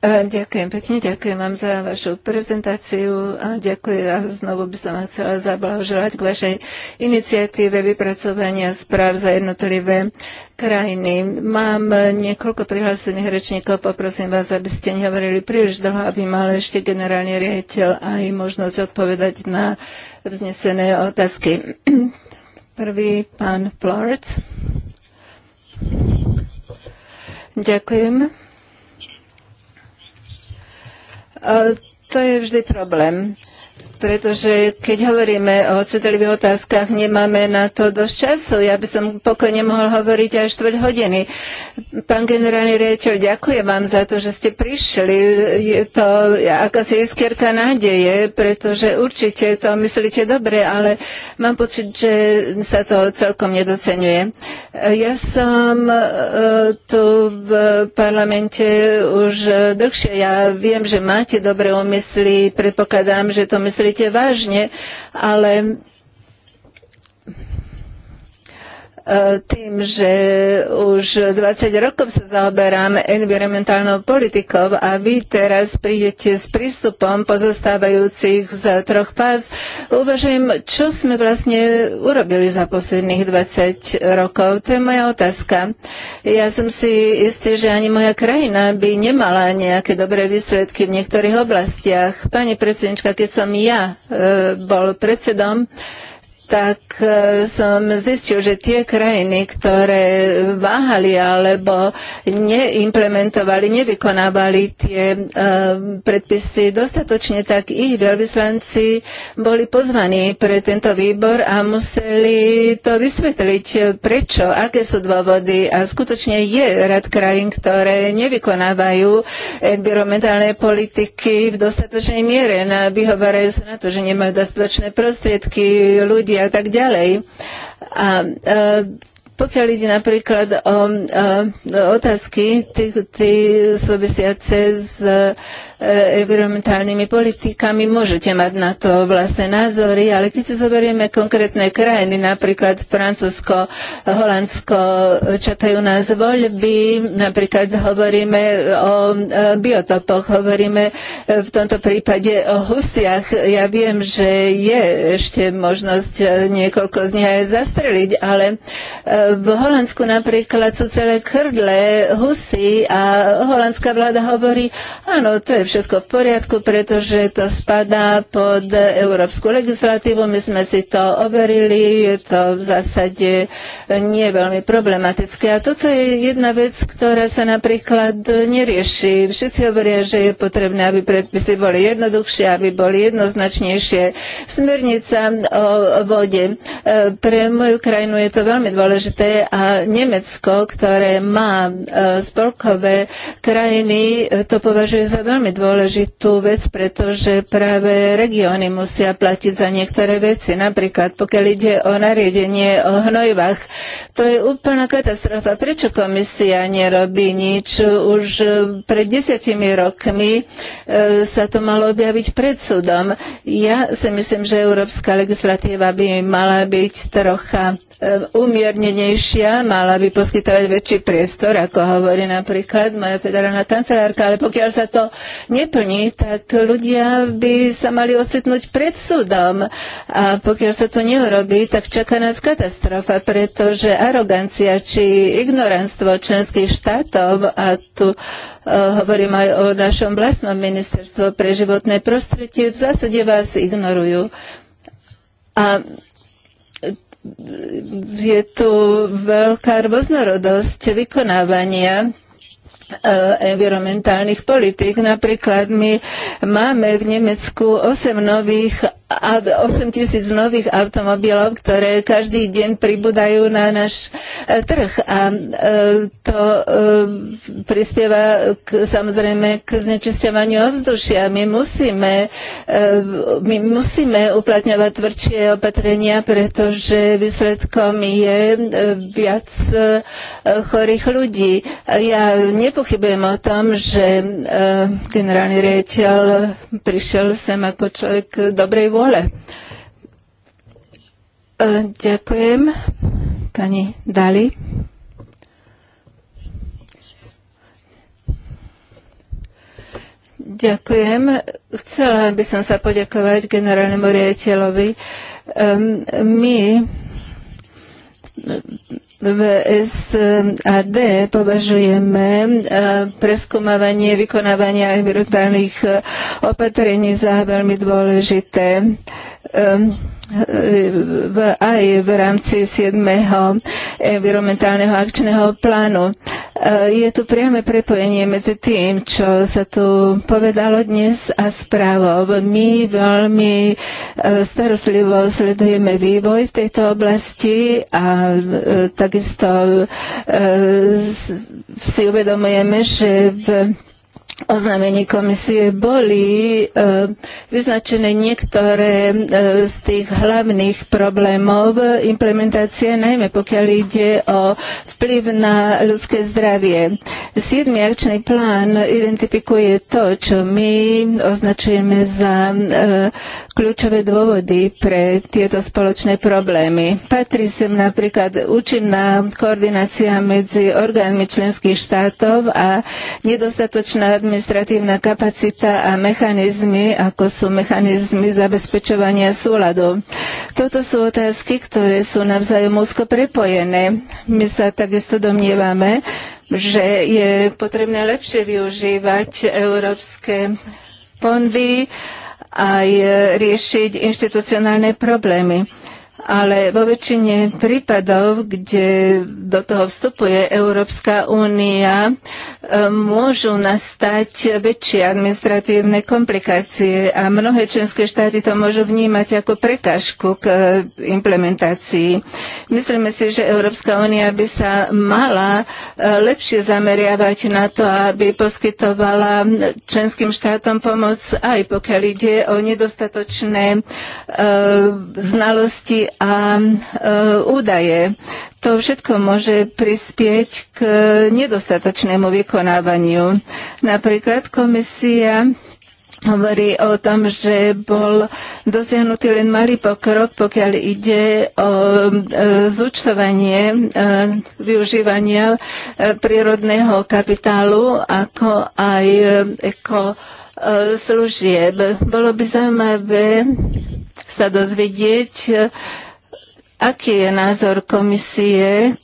E, ďakujem pekne, ďakujem vám za vašu prezentáciu a ďakujem a znovu by som vám chcela zablahoželať k vašej iniciatíve vypracovania správ za jednotlivé krajiny. Mám niekoľko prihlásených rečníkov, poprosím vás, aby ste nehovorili príliš dlho, aby mal ešte generálny riaditeľ aj možnosť odpovedať na vznesené otázky. Prvý pán Plort. Ďakujem. E, to je vždy problém pretože keď hovoríme o citlivých otázkach, nemáme na to dosť času. Ja by som pokojne mohol hovoriť aj štvrť hodiny. Pán generálny riaditeľ, ďakujem vám za to, že ste prišli. Je to akási iskierka nádeje, pretože určite to myslíte dobre, ale mám pocit, že sa to celkom nedocenuje. Ja som e, tu v parlamente už dlhšie. Ja viem, že máte dobré úmysly. Predpokladám, že to myslíte myslíte vážne, ale E, tým, že už 20 rokov sa zaoberám environmentálnou politikou a vy teraz prídete s prístupom pozostávajúcich z troch pás, uvažujem, čo sme vlastne urobili za posledných 20 rokov. To je moja otázka. Ja som si istý, že ani moja krajina by nemala nejaké dobré výsledky v niektorých oblastiach. Pani predsednička, keď som ja e, bol predsedom, tak e, som zistil, že tie krajiny, ktoré váhali alebo neimplementovali, nevykonávali tie e, predpisy dostatočne, tak ich veľvyslanci boli pozvaní pre tento výbor a museli to vysvetliť, prečo, aké sú dôvody a skutočne je rad krajín, ktoré nevykonávajú environmentálne politiky v dostatočnej miere. Vyhovarajú sa na to, že nemajú dostatočné prostriedky ľudí, a tak ďalej. A e, pokiaľ ide napríklad o, o, e, o otázky ty tých súvisiace s Eh, environmentálnymi politikami. Môžete mať na to vlastné názory, ale keď si zoberieme konkrétne krajiny, napríklad Francúzsko, Holandsko, eh, čakajú nás voľby, napríklad hovoríme o eh, biotopoch, hovoríme v tomto prípade o husiach. Ja viem, že je ešte možnosť niekoľko z nich aj zastreliť, ale v Holandsku napríklad sú celé krdle husy a holandská vláda hovorí, áno, to je všetko v poriadku, pretože to spadá pod európsku legislatívu. My sme si to overili, je to v zásade nie veľmi problematické. A toto je jedna vec, ktorá sa napríklad nerieši. Všetci hovoria, že je potrebné, aby predpisy boli jednoduchšie, aby boli jednoznačnejšie. Smernica o vode. E, pre moju krajinu je to veľmi dôležité a Nemecko, ktoré má e, spolkové krajiny, e, to považuje za veľmi dôležitú vec, pretože práve regióny musia platiť za niektoré veci. Napríklad, pokiaľ ide o nariadenie o hnojvách, to je úplná katastrofa. Prečo komisia nerobí nič? Už pred desiatimi rokmi e, sa to malo objaviť pred súdom. Ja si myslím, že európska legislatíva by mala byť trocha e, umiernenejšia, mala by poskytovať väčší priestor, ako hovorí napríklad moja federálna kancelárka, ale pokiaľ sa to neplní, tak ľudia by sa mali ocitnúť pred súdom. A pokiaľ sa to neurobí, tak čaká nás katastrofa, pretože arogancia či ignoranstvo členských štátov, a tu uh, hovorím aj o našom vlastnom ministerstvu pre životné prostredie, v zásade vás ignorujú. A je tu veľká rôznorodosť vykonávania Eh, environmentálnych politik. Napríklad my máme v Nemecku 8 nových 8 tisíc nových automobilov, ktoré každý deň pribúdajú na náš e, trh. A e, to e, prispieva k, samozrejme k znečisťovaniu ovzdušia. My musíme, my musíme uplatňovať tvrdšie opatrenia, pretože výsledkom je viac chorých ľudí. Ja nepochybujem o tom, že generálny riaditeľ prišiel sem ako človek dobrej vôle. E, ďakujem pani Dali. Ďakujem. Chcela by som sa poďakovať generálnemu riaditeľovi. My v SAD považujeme eh, preskúmavanie vykonávania aj brutálnych eh, opatrení za veľmi dôležité. Ehm, v, aj v rámci 7. environmentálneho akčného plánu. E, je tu priame prepojenie medzi tým, čo sa tu povedalo dnes a správou. My veľmi e, starostlivo sledujeme vývoj v tejto oblasti a e, takisto si uvedomujeme, že v oznámení komisie boli eh, vyznačené niektoré eh, z tých hlavných problémov implementácie, najmä pokiaľ ide o vplyv na ľudské zdravie. Siedmy akčný plán identifikuje to, čo my označujeme za eh, kľúčové dôvody pre tieto spoločné problémy. Patrí sem napríklad účinná koordinácia medzi orgánmi členských štátov a nedostatočná administratívna kapacita a mechanizmy, ako sú mechanizmy zabezpečovania súladu. Toto sú otázky, ktoré sú navzájom úzko prepojené. My sa takisto domnievame, že je potrebné lepšie využívať európske fondy aj riešiť inštitucionálne problémy ale vo väčšine prípadov, kde do toho vstupuje Európska únia, eh, môžu nastať väčšie administratívne komplikácie a mnohé členské štáty to môžu vnímať ako prekážku k eh, implementácii. Myslíme si, že Európska únia by sa mala eh, lepšie zameriavať na to, aby poskytovala členským štátom pomoc aj pokiaľ ide o nedostatočné znalosti a e, údaje. To všetko môže prispieť k nedostatočnému vykonávaniu. Napríklad komisia hovorí o tom, že bol dosiahnutý len malý pokrok, pokiaľ ide o e, zúčtovanie e, využívania prírodného kapitálu, ako aj eko služieb. Bolo by zaujímavé sa dozvedieť, Aký je názor komisie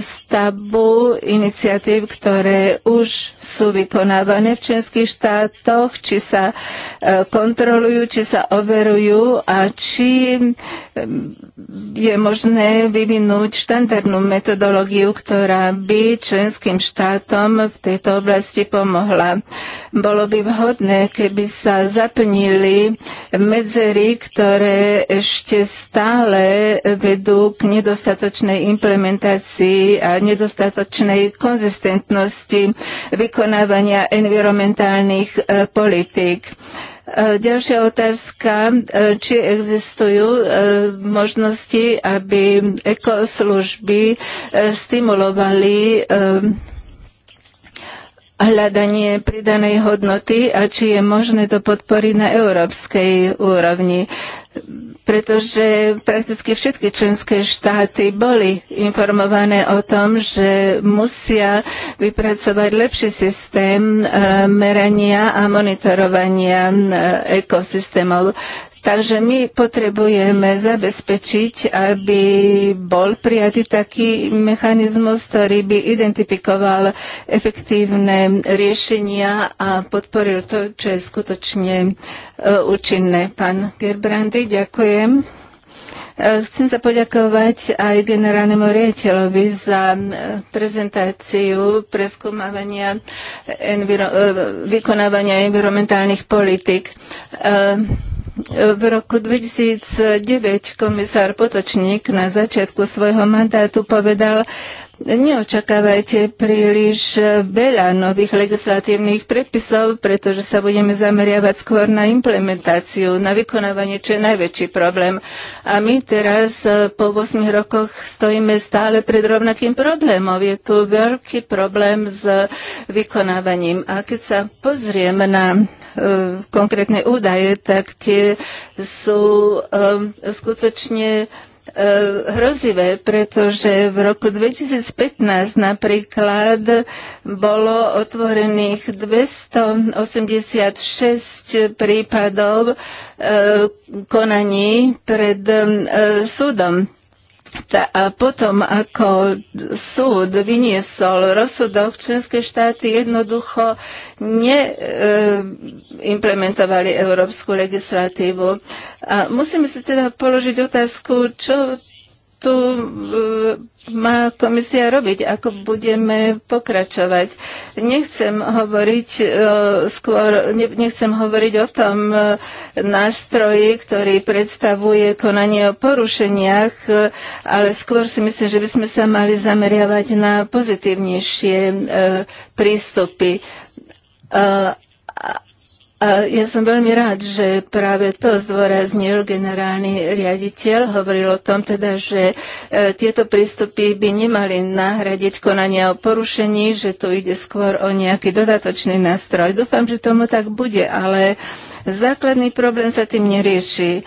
stavbu iniciatív, ktoré už sú vykonávané v členských štátoch, či sa e, kontrolujú, či sa overujú a či je možné vyvinúť štandardnú metodológiu, ktorá by členským štátom v tejto oblasti pomohla. Bolo by vhodné, keby sa zaplnili medzery, ktoré ešte stále vedú k nedostatočnej implementácii fragmentácii a nedostatočnej konzistentnosti vykonávania environmentálnych e, politík. E, ďalšia otázka, e, či existujú možnosti, aby ekoslužby stimulovali hľadanie pridanej hodnoty a či je možné to podporiť na európskej úrovni pretože prakticky všetky členské štáty boli informované o tom, že musia vypracovať lepší systém eh, merania a monitorovania eh, ekosystémov. Takže my potrebujeme zabezpečiť, aby bol prijatý taký mechanizmus, ktorý by identifikoval efektívne riešenia a podporil to, čo je skutočne e, účinné. Pán Gerbrandy, ďakujem. E, chcem sa poďakovať aj generálnemu riaditeľovi za e, prezentáciu preskúmavania enviro- vykonávania environmentálnych politik v roku 2009 komisár Potočník na začiatku svojho mandátu povedal, neočakávajte príliš e, veľa nových legislatívnych predpisov, pretože sa budeme zameriavať skôr na implementáciu, na vykonávanie, čo je najväčší problém. A my teraz e, po 8 rokoch stojíme stále pred rovnakým problémom. Je tu veľký problém s vykonávaním. A keď sa pozriem na e, konkrétne údaje, tak tie sú skutočne Eh, hrozivé, pretože v roku 2015 napríklad bolo otvorených 286 prípadov eh, konaní pred eh, súdom a potom, ako súd vyniesol rozsudok, členské štáty jednoducho neimplementovali e, európsku legislatívu. A musíme si teda položiť otázku, čo tu e, má komisia robiť, ako budeme pokračovať. Nechcem hovoriť e, skôr, nechcem hovoriť o tom e, nástroji, ktorý predstavuje konanie o porušeniach, ale skôr si myslím, že by sme sa mali zameriavať na pozitívnejšie prístupy a ja som veľmi rád, že práve to zdôraznil generálny riaditeľ. Hovoril o tom teda, že e, tieto prístupy by nemali nahradiť konania o porušení, že tu ide skôr o nejaký dodatočný nástroj. Dúfam, že tomu tak bude, ale základný problém sa tým nerieši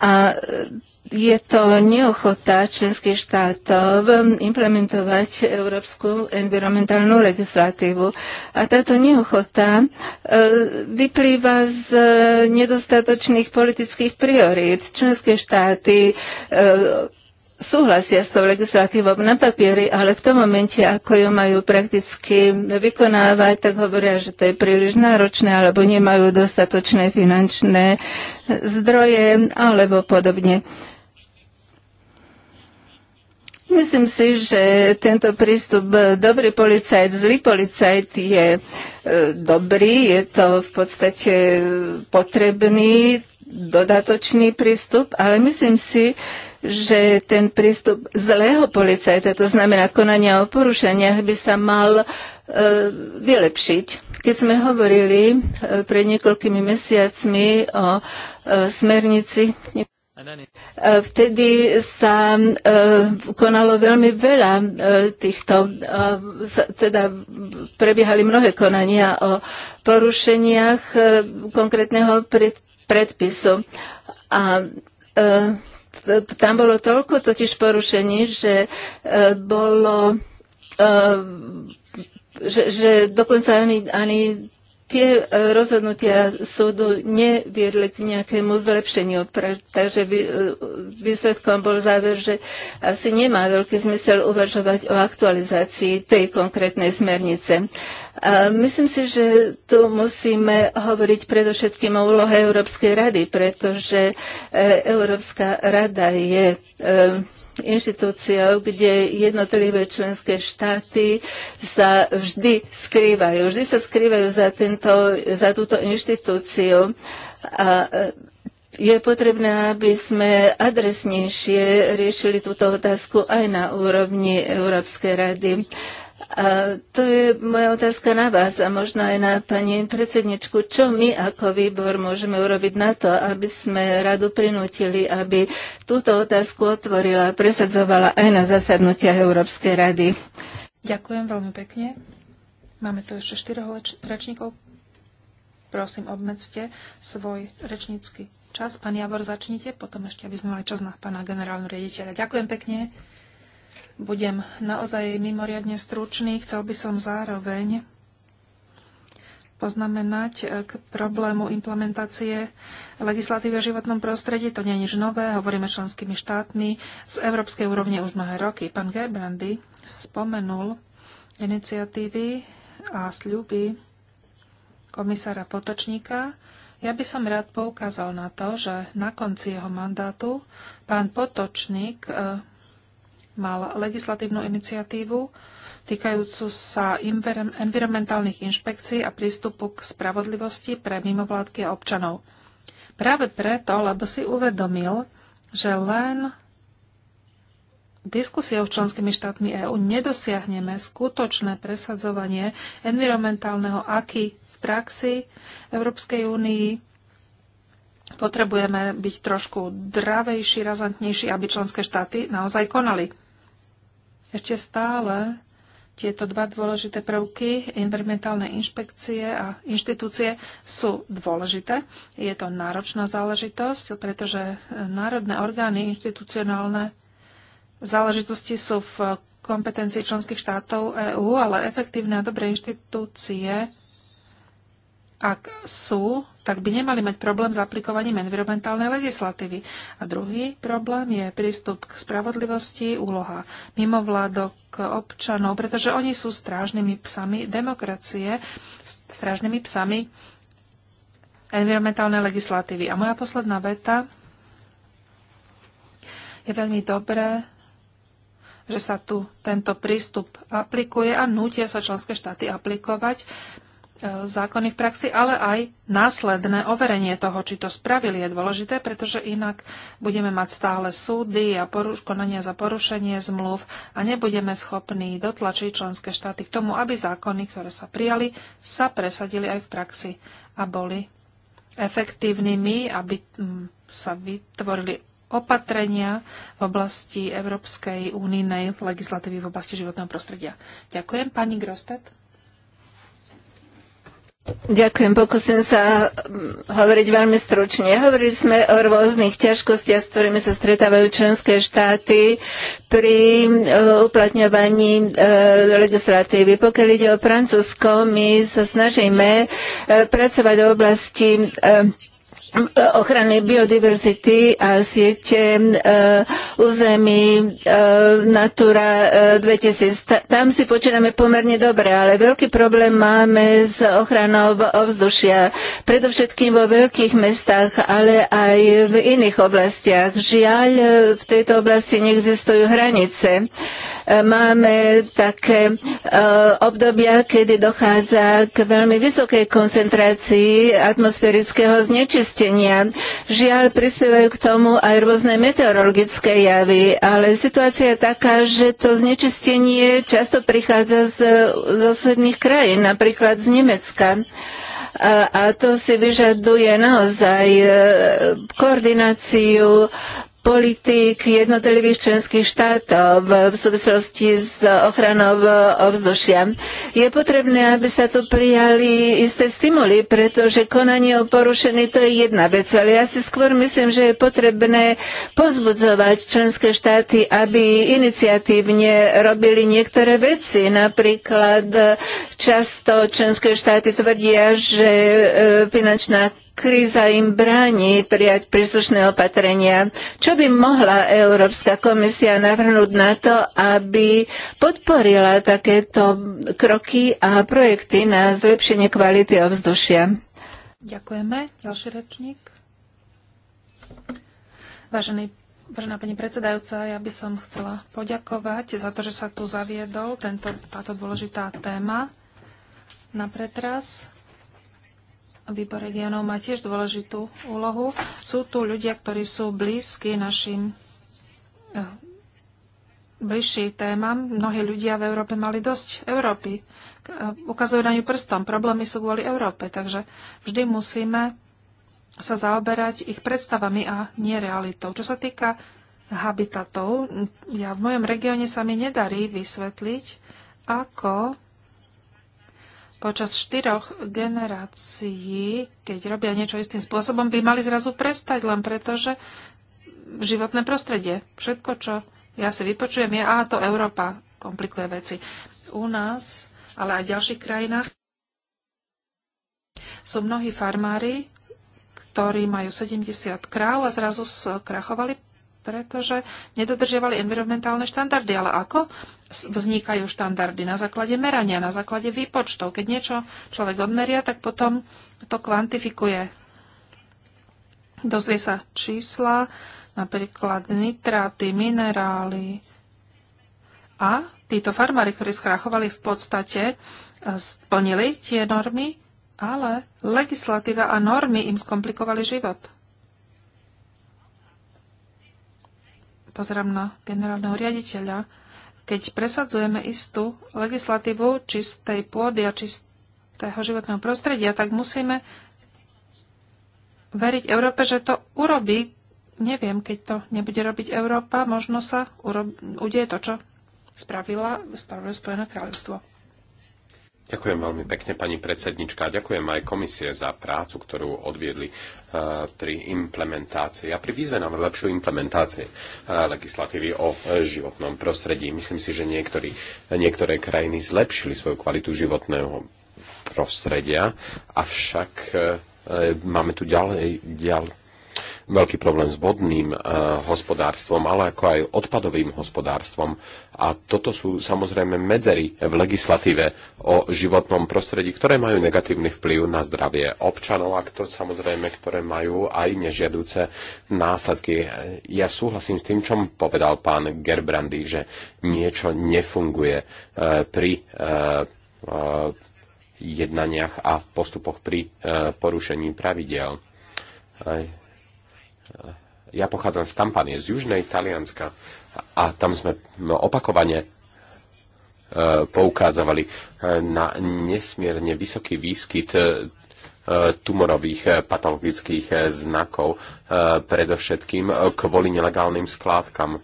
a e, je to neochota členských štátov implementovať európsku environmentálnu legislatívu. A táto neochota e, vyplýva z e, nedostatočných politických priorít. Členské štáty súhlasia s tou legislatívou na papieri, ale v tom momente, ako ju majú prakticky vykonávať, tak hovoria, že to je príliš náročné, alebo nemajú dostatočné finančné zdroje, alebo podobne. Myslím si, že tento prístup dobrý policajt, zlý policajt je e, dobrý, je to v podstate potrebný dodatočný prístup, ale myslím si, že ten prístup zlého policajta, to znamená konania o porušeniach, by sa mal e, vylepšiť. Keď sme hovorili e, pred niekoľkými mesiacmi o e, smernici, e, Vtedy sa e, konalo veľmi veľa e, týchto, e, teda prebiehali mnohé konania o porušeniach e, konkrétneho predpisu. A e, tam bolo toľko totiž porušení, že e, bolo e, že, že dokonca ani, ani tie e, rozhodnutia súdu neviedli k nejakému zlepšeniu, takže výsledkom bol záver, že asi nemá veľký zmysel uvažovať o aktualizácii tej konkrétnej smernice. A myslím si, že tu musíme hovoriť predovšetkým o úlohe Európskej rady, pretože e, Európska rada je e, inštitúciou, kde jednotlivé členské štáty sa vždy skrývajú. Vždy sa skrývajú za, tento, za túto inštitúciu. A e, je potrebné, aby sme adresnejšie riešili túto otázku aj na úrovni Európskej rady. A to je moja otázka na vás a možno aj na pani predsedničku. Čo my ako výbor môžeme urobiť na to, aby sme radu prinútili, aby túto otázku otvorila a presadzovala aj na zasadnutia Európskej rady? Ďakujem veľmi pekne. Máme tu ešte štyroch rečníkov. Prosím, obmedzte svoj rečnícky čas. Pán Javor, začnite, potom ešte, aby sme mali čas na pána generálnu riaditeľa. Ďakujem pekne. Budem naozaj mimoriadne stručný. Chcel by som zároveň poznamenať eh, k problému implementácie legislatívy o životnom prostredí. To nie je nič nové, hovoríme členskými štátmi. Z európskej úrovne už mnohé roky. Pán Gerbrandy spomenul iniciatívy a sľuby komisára Potočníka. Ja by som rád poukázal na to, že na konci jeho mandátu pán Potočník eh, mal legislatívnu iniciatívu týkajúcu sa environmentálnych inšpekcií a prístupu k spravodlivosti pre mimovládky a občanov. Práve preto, lebo si uvedomil, že len diskusiou s členskými štátmi EÚ nedosiahneme skutočné presadzovanie environmentálneho aký v praxi Európskej únii, potrebujeme byť trošku dravejší, razantnejší, aby členské štáty naozaj konali. Ešte stále tieto dva dôležité prvky, environmentálne inšpekcie a inštitúcie, sú dôležité. Je to náročná záležitosť, pretože národné orgány inštitucionálne záležitosti sú v kompetencii členských štátov EÚ, ale efektívne a dobré inštitúcie, ak sú tak by nemali mať problém s aplikovaním environmentálnej legislatívy. A druhý problém je prístup k spravodlivosti, úloha mimovládok, občanov, pretože oni sú strážnymi psami demokracie, strážnymi psami environmentálnej legislatívy. A moja posledná veta je veľmi dobré, že sa tu tento prístup aplikuje a nutia sa členské štáty aplikovať E, zákony v praxi, ale aj následné overenie toho, či to spravili, je dôležité, pretože inak budeme mať stále súdy a poruš- konania za porušenie zmluv a nebudeme schopní dotlačiť členské štáty k tomu, aby zákony, ktoré sa prijali, sa presadili aj v praxi a boli efektívnymi, aby mm, sa vytvorili opatrenia v oblasti Európskej únijnej legislatívy v oblasti životného prostredia. Ďakujem. Pani Grostet. Ďakujem, pokúsim sa mm, hovoriť veľmi stručne. Hovorili sme o rôznych ťažkostiach, s ktorými sa stretávajú členské štáty pri eh, uplatňovaní eh, legislatívy. Pokiaľ ide o Francúzsko, my sa snažíme eh, pracovať v oblasti ochrany biodiverzity a siete eh, území eh, Natura 2000. Eh, tam si počíname pomerne dobre, ale veľký problém máme s ochranou ovzdušia. Predovšetkým vo veľkých mestách, ale aj v iných oblastiach. Žiaľ, v tejto oblasti neexistujú hranice. Máme také obdobia, kedy dochádza k veľmi vysokej koncentrácii atmosférického znečistenia znečistenia. Žiaľ, prispievajú k tomu aj rôzne meteorologické javy, ale situácia je taká, že to znečistenie často prichádza z, z krajín, napríklad z Nemecka. A, a to si vyžaduje naozaj e, koordináciu politik jednotlivých členských štátov eh, v súvislosti s ochranou eh, ovzdušia. Je potrebné, aby sa tu prijali isté stimuly, pretože konanie o porušení to je jedna vec, ale ja si skôr myslím, že je potrebné pozbudzovať členské štáty, aby iniciatívne robili niektoré veci. Napríklad eh, často členské štáty tvrdia, že finančná kríza im bráni prijať príslušné opatrenia. Čo by mohla Európska komisia navrhnúť na to, aby podporila takéto kroky a projekty na zlepšenie kvality ovzdušia? Ďakujeme. Ďalší rečník. Vážený Vážená pani predsedajúca, ja by som chcela poďakovať za to, že sa tu zaviedol tento, táto dôležitá téma na pretras výbor regionov má tiež dôležitú úlohu. Sú tu ľudia, ktorí sú blízki našim eh, bližší témam. Mnohí ľudia v Európe mali dosť Európy. Eh, ukazujú na ňu prstom. Problémy sú kvôli Európe, takže vždy musíme sa zaoberať ich predstavami a nie realitou. Čo sa týka habitatov, ja v mojom regióne sa mi nedarí vysvetliť, ako počas štyroch generácií, keď robia niečo istým spôsobom, by mali zrazu prestať len preto, že životné prostredie, všetko, čo ja si vypočujem, je, aha, to Európa komplikuje veci. U nás, ale aj v ďalších krajinách, sú mnohí farmári, ktorí majú 70 kráv a zrazu skrachovali pretože nedodržiavali environmentálne štandardy. Ale ako vznikajú štandardy? Na základe merania, na základe výpočtov. Keď niečo človek odmeria, tak potom to kvantifikuje. Dozvie sa čísla, napríklad nitráty, minerály. A títo farmári, ktorí skrachovali v podstate, e, splnili tie normy, ale legislatíva a normy im skomplikovali život. pozerám na generálneho riaditeľa, keď presadzujeme istú legislatívu čistej pôdy a čistého životného prostredia, tak musíme veriť Európe, že to urobí. Neviem, keď to nebude robiť Európa, možno sa urob- udeje to, čo spravila, spravila Spojené kráľovstvo. Ďakujem veľmi pekne, pani predsednička. Ďakujem aj komisie za prácu, ktorú odviedli e, pri implementácii a pri výzve na lepšiu implementáciu e, legislatívy o e, životnom prostredí. Myslím si, že niektorí, niektoré krajiny zlepšili svoju kvalitu životného prostredia, avšak máme tu ďalej, ďalej veľký problém s vodným eh, hospodárstvom, ale ako aj odpadovým hospodárstvom. A toto sú samozrejme medzery v legislatíve o životnom prostredí, ktoré majú negatívny vplyv na zdravie občanov a to samozrejme, ktoré majú aj nežiaduce následky. Ja súhlasím s tým, čo povedal pán Gerbrandy, že niečo nefunguje eh, pri eh, jednaniach a postupoch pri porušení pravidel ja pochádzam z kampanie, z južnej Talianska a tam sme opakovane e, poukázovali e, na nesmierne vysoký výskyt e, tumorových patologických znakov, predovšetkým kvôli nelegálnym skládkam.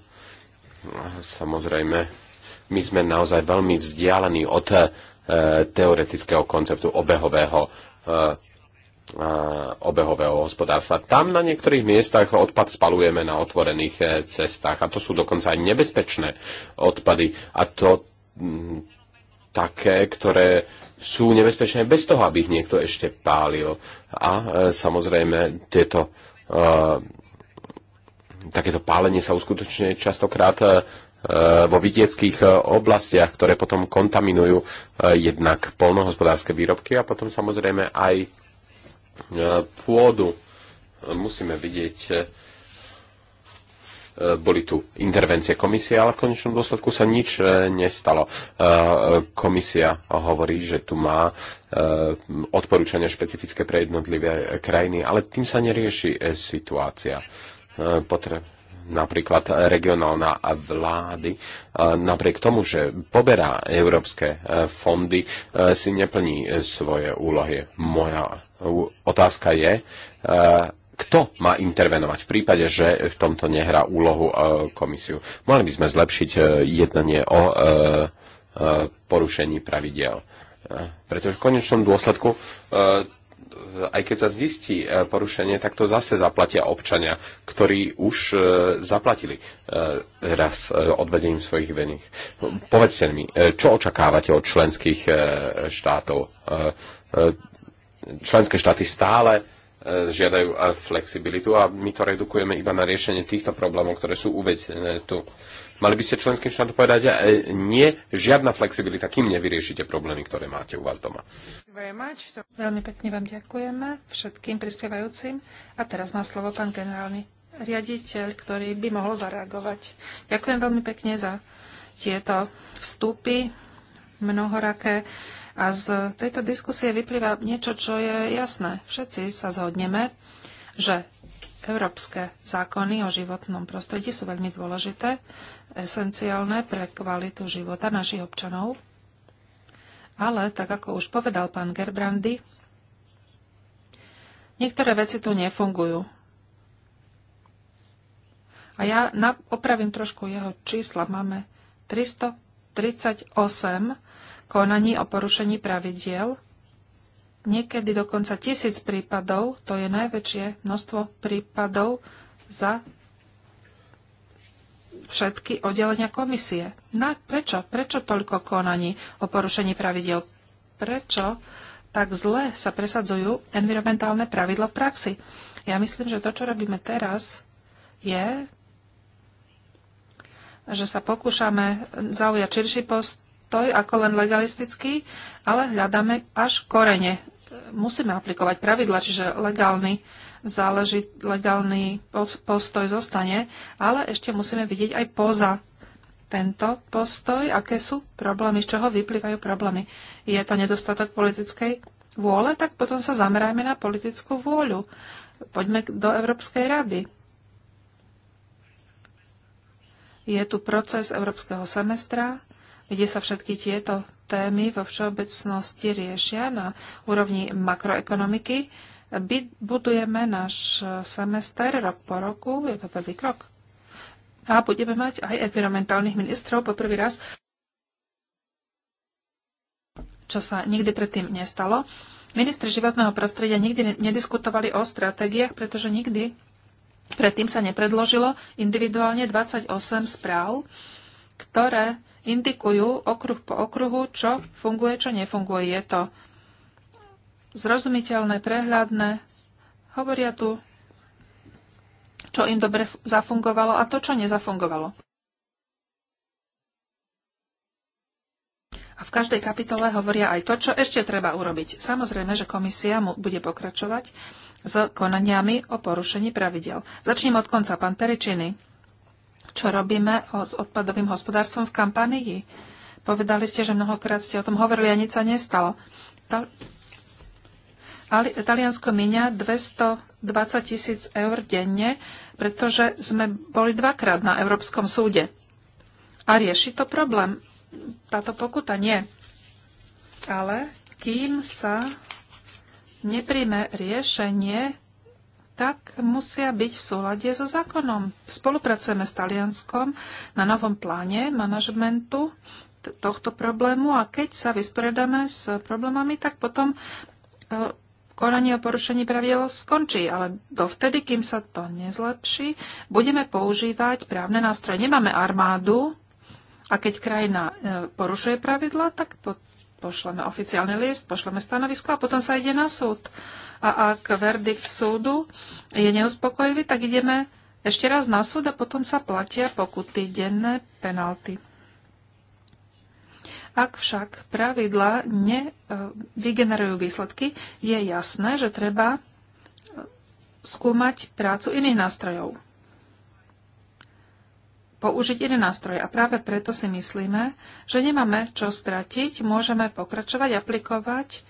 Samozrejme, my sme naozaj veľmi vzdialení od teoretického konceptu obehového obehového hospodárstva. Tam na niektorých miestach odpad spalujeme na otvorených e, cestách a to sú dokonca aj nebezpečné odpady a to také, ktoré sú nebezpečné bez toho, aby ich niekto ešte pálil. A e, samozrejme tieto e, takéto pálenie sa uskutočne častokrát vo vidieckých oblastiach, ktoré potom kontaminujú jednak polnohospodárske výrobky a potom samozrejme aj pôdu. Musíme vidieť, e, e, boli tu intervencie komisie, ale v konečnom dôsledku sa nič e, nestalo. Komisia hovorí, že tu má odporúčania špecifické pre jednotlivé krajiny, ale tým sa nerieši situácia. Potre- napríklad regionálna vlády, e, napriek tomu, že poberá európske e, fondy, e, si neplní svoje úlohy. Moja otázka je, kto má intervenovať v prípade, že v tomto nehrá úlohu komisiu. Mali by sme zlepšiť jednanie o porušení pravidel. Pretože v konečnom dôsledku aj keď sa zistí e, porušenie, tak to zase zaplatia občania, ktorí už e, zaplatili e, raz odvedením svojich vených. Povedzte mi, čo očakávate od členských štátov? Členské štáty stále žiadajú flexibilitu a my to redukujeme iba na riešenie týchto problémov, ktoré sú uvedené tu. Mali by ste členským štátom povedať, že e, nie, žiadna flexibilita, kým nevyriešite problémy, ktoré máte u vás doma. Veľmi pekne vám ďakujeme všetkým prispievajúcim. A teraz má slovo pán generálny riaditeľ, ktorý by mohol zareagovať. Ďakujem veľmi pekne za tieto vstupy mnohoraké. A z tejto diskusie vyplýva niečo, čo je jasné. Všetci sa zhodneme, že európske zákony o životnom prostredí sú veľmi dôležité esenciálne pre kvalitu života našich občanov. Ale, tak ako už povedal pán Gerbrandy, niektoré veci tu nefungujú. A ja opravím trošku jeho čísla. Máme 338 konaní o porušení pravidiel, niekedy dokonca tisíc prípadov, to je najväčšie množstvo prípadov za všetky oddelenia komisie. Na, prečo? Prečo toľko konaní o porušení pravidel? Prečo tak zle sa presadzujú environmentálne pravidla v praxi? Ja myslím, že to, čo robíme teraz, je, že sa pokúšame zaujať širší postoj ako len legalistický, ale hľadáme až korene. Musíme aplikovať pravidla, čiže legálny záleží, legálny postoj zostane, ale ešte musíme vidieť aj poza tento postoj, aké sú problémy, z čoho vyplývajú problémy. Je to nedostatok politickej vôle, tak potom sa zamerajme na politickú vôľu. Poďme do Európskej rady. Je tu proces Európskeho semestra, kde sa všetky tieto témy vo všeobecnosti riešia na úrovni makroekonomiky budujeme náš semester rok po roku, je to prvý krok. A budeme mať aj environmentálnych ministrov po prvý raz, čo sa nikdy predtým nestalo. Ministri životného prostredia nikdy nediskutovali o stratégiách, pretože nikdy predtým sa nepredložilo individuálne 28 správ, ktoré indikujú okruh po okruhu, čo funguje, čo nefunguje. Je to zrozumiteľné, prehľadné. Hovoria tu, čo im dobre zafungovalo a to, čo nezafungovalo. A v každej kapitole hovoria aj to, čo ešte treba urobiť. Samozrejme, že komisia mu bude pokračovať s konaniami o porušení pravidel. Začnem od konca, pán Peričiny. Čo robíme o, s odpadovým hospodárstvom v kampanii? Povedali ste, že mnohokrát ste o tom hovorili a nič sa nestalo. Taliansko minia 220 tisíc eur denne, pretože sme boli dvakrát na Európskom súde. A rieši to problém. Táto pokuta nie. Ale kým sa nepríjme riešenie, tak musia byť v súlade so zákonom. Spolupracujeme s Talianskom na novom pláne manažmentu tohto problému a keď sa vysporiadame s problémami, tak potom e, konanie o porušení pravidel skončí, ale dovtedy, kým sa to nezlepší, budeme používať právne nástroje. Nemáme armádu a keď krajina e, porušuje pravidla, tak po, pošleme oficiálny list, pošleme stanovisko a potom sa ide na súd. A ak verdikt súdu je neuspokojivý, tak ideme ešte raz na súd a potom sa platia pokuty, denné penalty. Ak však pravidla nevygenerujú e, výsledky, je jasné, že treba e, skúmať prácu iných nástrojov. Použiť iné nástroje. A práve preto si myslíme, že nemáme čo stratiť, môžeme pokračovať, aplikovať e,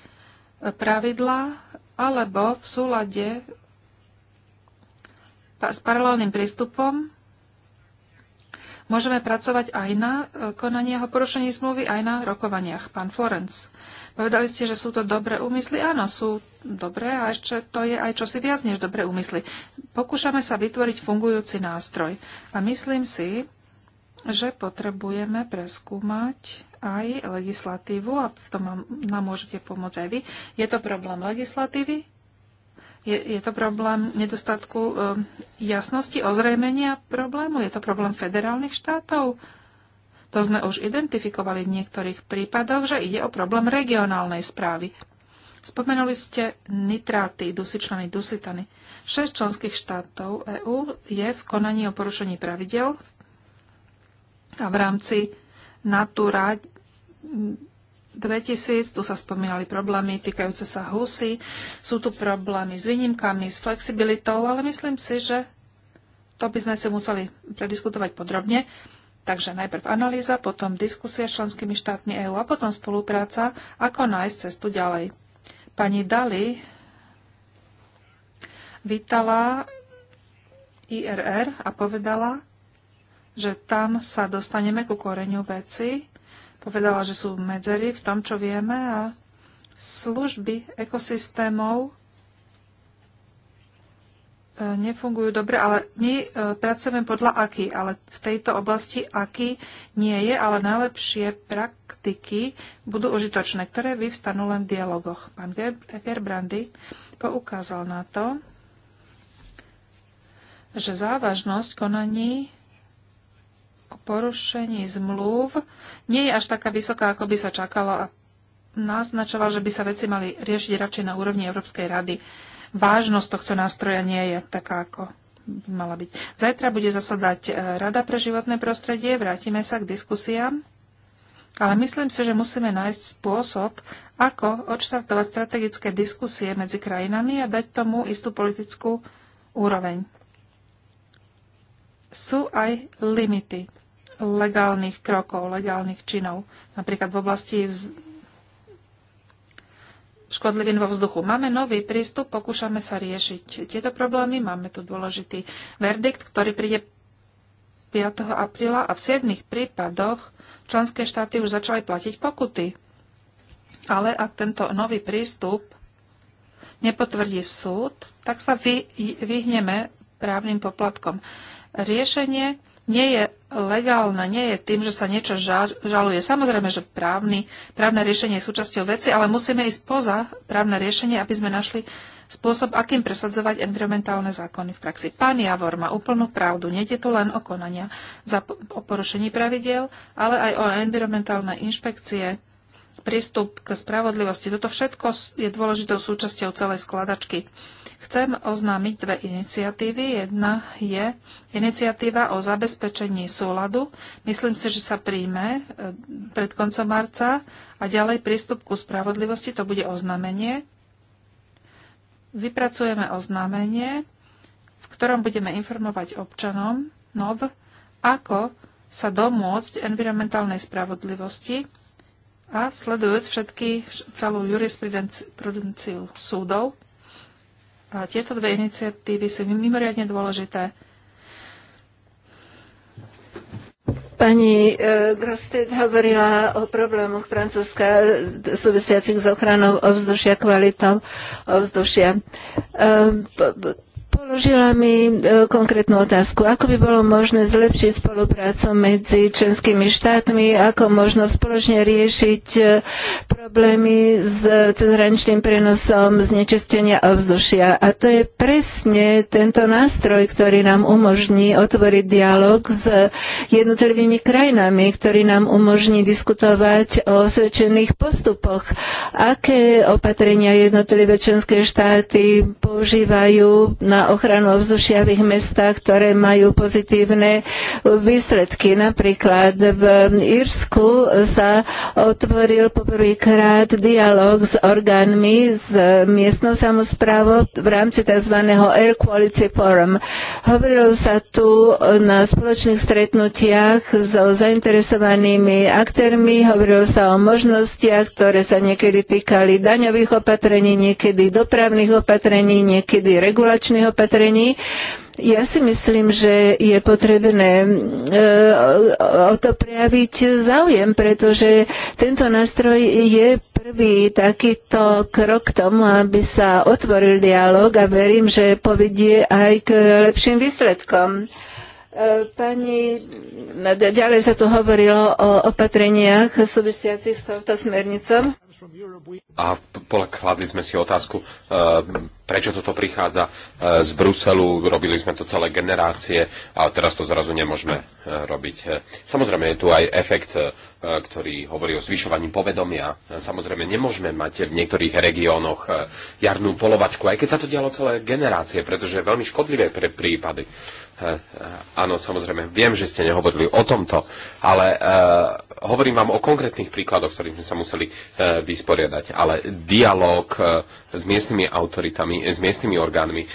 pravidlá alebo v súlade s paralelným prístupom Môžeme pracovať aj na e, konanie o porušení zmluvy, aj na rokovaniach. Pán Forenc, povedali ste, že sú to dobré úmysly. Áno, sú dobré a ešte to je aj čosi viac než dobré úmysly. Pokúšame sa vytvoriť fungujúci nástroj. A myslím si, že potrebujeme preskúmať aj legislatívu a v tom nám môžete pomôcť aj vy. Je to problém legislatívy, je, je to problém nedostatku e, jasnosti, ozrejmenia problému? Je to problém federálnych štátov? To sme už identifikovali v niektorých prípadoch, že ide o problém regionálnej správy. Spomenuli ste nitráty, dusičlany, dusitany. Šesť členských štátov EÚ je v konaní o porušení pravidel a v rámci Natura 2000, tu sa spomínali problémy týkajúce sa husy, sú tu problémy s výnimkami, s flexibilitou, ale myslím si, že to by sme si museli prediskutovať podrobne. Takže najprv analýza, potom diskusia s členskými štátmi EÚ a potom spolupráca, ako nájsť cestu ďalej. Pani Dali vítala IRR a povedala, že tam sa dostaneme ku koreňu veci povedala, že sú medzery v tom, čo vieme a služby ekosystémov e, nefungujú dobre, ale my e, pracujeme podľa AKI, ale v tejto oblasti AKI nie je, ale najlepšie praktiky budú užitočné, ktoré vyvstanú len v dialogoch. Pán Gerbrandy poukázal na to, že závažnosť konaní porušení zmluv nie je až taká vysoká, ako by sa čakalo a naznačoval, že by sa veci mali riešiť radšej na úrovni Európskej rady. Vážnosť tohto nástroja nie je taká, ako by mala byť. Zajtra bude zasadať e, Rada pre životné prostredie, vrátime sa k diskusiám, ale myslím si, že musíme nájsť spôsob, ako odštartovať strategické diskusie medzi krajinami a dať tomu istú politickú úroveň sú aj limity legálnych krokov, legálnych činov, napríklad v oblasti vz... škodlivín vo vzduchu. Máme nový prístup, pokúšame sa riešiť tieto problémy. Máme tu dôležitý verdikt, ktorý príde 5. apríla a v 7 prípadoch členské štáty už začali platiť pokuty. Ale ak tento nový prístup nepotvrdí súd, tak sa vy, vyhneme právnym poplatkom. Riešenie nie je legálna, nie je tým, že sa niečo žaluje. Samozrejme, že právny, právne riešenie je súčasťou veci, ale musíme ísť poza právne riešenie, aby sme našli spôsob, akým presadzovať environmentálne zákony v praxi. Pán Javor má úplnú pravdu. Nede tu len o konania za, o porušení pravidiel, ale aj o environmentálne inšpekcie, prístup k spravodlivosti. Toto všetko je dôležitou súčasťou celej skladačky. Chcem oznámiť dve iniciatívy. Jedna je iniciatíva o zabezpečení súladu. Myslím si, že sa príjme e, pred koncom marca a ďalej prístup ku spravodlivosti. To bude oznámenie. Vypracujeme oznámenie, v ktorom budeme informovať občanom NOV, ako sa domôcť environmentálnej spravodlivosti a sledujúc všetky, celú jurisprudenciu súdov. A tieto dve iniciatívy sú mimoriadne dôležité. Pani e, Grosted hovorila o problémoch Francúzska súvisiacich s ochranou ovzdušia, kvalitou ovzdušia. E, položila mi e, konkrétnu otázku. Ako by bolo možné zlepšiť spoluprácu medzi členskými štátmi? Ako možno spoločne riešiť e, problémy s cezhraničným prenosom znečistenia ovzdušia? A to je presne tento nástroj, ktorý nám umožní otvoriť dialog s jednotlivými krajinami, ktorý nám umožní diskutovať o osvedčených postupoch. Aké opatrenia jednotlivé členské štáty používajú na ochranu ovzdušia v ich mestách, ktoré majú pozitívne výsledky. Napríklad v Írsku sa otvoril poprvýkrát dialog s orgánmi, s miestnou samozprávou v rámci tzv. Air Quality Forum. Hovorilo sa tu na spoločných stretnutiach so zainteresovanými aktérmi, hovorilo sa o možnostiach, ktoré sa niekedy týkali daňových opatrení, niekedy dopravných opatrení, niekedy regulačných opatrení opatrení. Ja si myslím, že je potrebné e, o to prejaviť záujem, pretože tento nástroj je prvý takýto krok k tomu, aby sa otvoril dialog a verím, že povedie aj k lepším výsledkom. E, pani, ďalej sa tu hovorilo o opatreniach súvisiacich s touto smernicou. A polokládli sme si otázku, e, prečo toto prichádza e, z Bruselu, robili sme to celé generácie ale teraz to zrazu nemôžeme e, robiť. E, samozrejme je tu aj efekt E, ktorý hovorí o zvyšovaní povedomia. E, samozrejme, nemôžeme mať v niektorých regiónoch e, jarnú polovačku, aj keď sa to dialo celé generácie, pretože je veľmi škodlivé pre prípady. Áno, samozrejme, viem, že ste nehovorili o tomto, ale hovorím vám o konkrétnych príkladoch, ktorých sme sa museli vysporiadať. Ale dialog s miestnymi autoritami, s miestnymi orgánmi,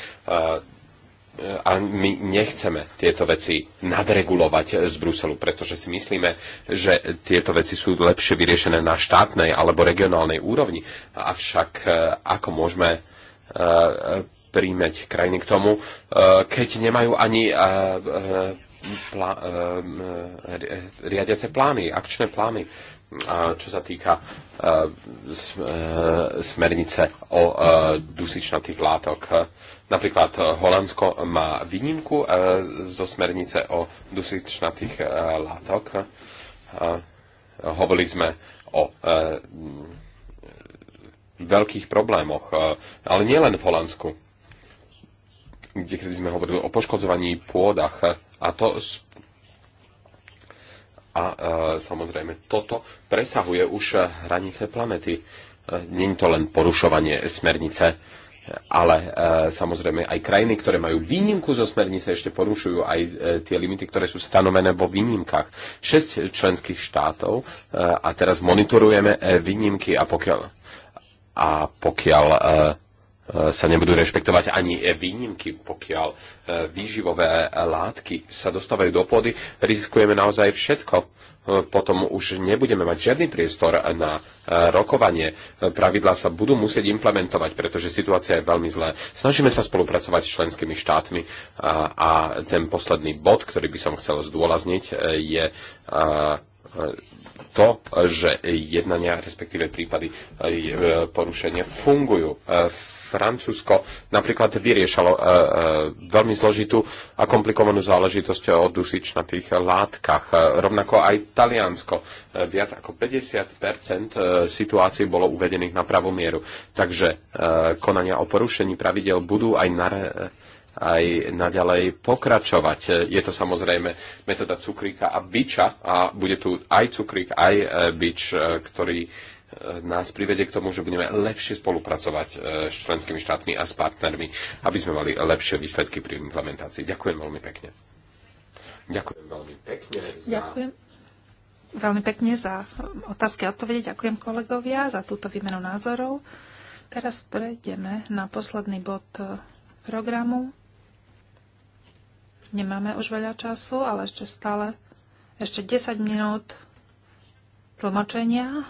E, a my nechceme tieto veci nadregulovať z Bruselu, pretože si myslíme, že tieto veci sú lepšie vyriešené na štátnej alebo regionálnej úrovni. Avšak e, ako môžeme e, príjmeť krajiny k tomu, keď nemajú ani plá, riadiace plány, akčné plány, čo sa týka smernice o dusičnatých látok Napríklad eh, Holandsko má výnimku eh, zo smernice o dusičnatých eh, látok. Hovorili sme o veľkých problémoch, ale nielen v Holandsku, kde kedy sme hovorili o poškodzovaní pôdach a to a e, samozrejme toto presahuje už hranice planety. E, Není to len porušovanie smernice ale e, samozrejme aj krajiny, ktoré majú výnimku zo smernice, ešte porušujú aj e, tie limity, ktoré sú stanovené vo výnimkách. Šesť členských štátov e, a teraz monitorujeme e, výnimky a pokiaľ, a pokiaľ e, sa nebudú rešpektovať ani výnimky, pokiaľ e, výživové látky sa dostávajú do pôdy, riskujeme naozaj všetko. E, potom už nebudeme mať žiadny priestor na e, rokovanie. Pravidlá sa budú musieť implementovať, pretože situácia je veľmi zlá. Snažíme sa spolupracovať s členskými štátmi a ten posledný bod, ktorý by som chcel zdôrazniť, je to, že jednania, respektíve prípady porušenia fungujú v Francúzsko napríklad vyriešalo e, e, veľmi zložitú a komplikovanú záležitosť o tých látkach. E, rovnako aj Taliansko. E, viac ako 50 e, situácií bolo uvedených na pravú mieru. Takže e, konania o porušení pravidel budú aj na aj naďalej pokračovať. Je to samozrejme metóda cukríka a biča a bude tu aj cukrík, aj bič, ktorý nás privede k tomu, že budeme lepšie spolupracovať e, s členskými štátmi a s partnermi, aby sme mali lepšie výsledky pri implementácii. Ďakujem veľmi pekne. Ďakujem veľmi pekne za... Ďakujem. Veľmi pekne za otázky a odpovede. Ďakujem kolegovia za túto výmenu názorov. Teraz prejdeme na posledný bod e, programu. Nemáme už veľa času, ale ešte stále ešte 10 minút tlmočenia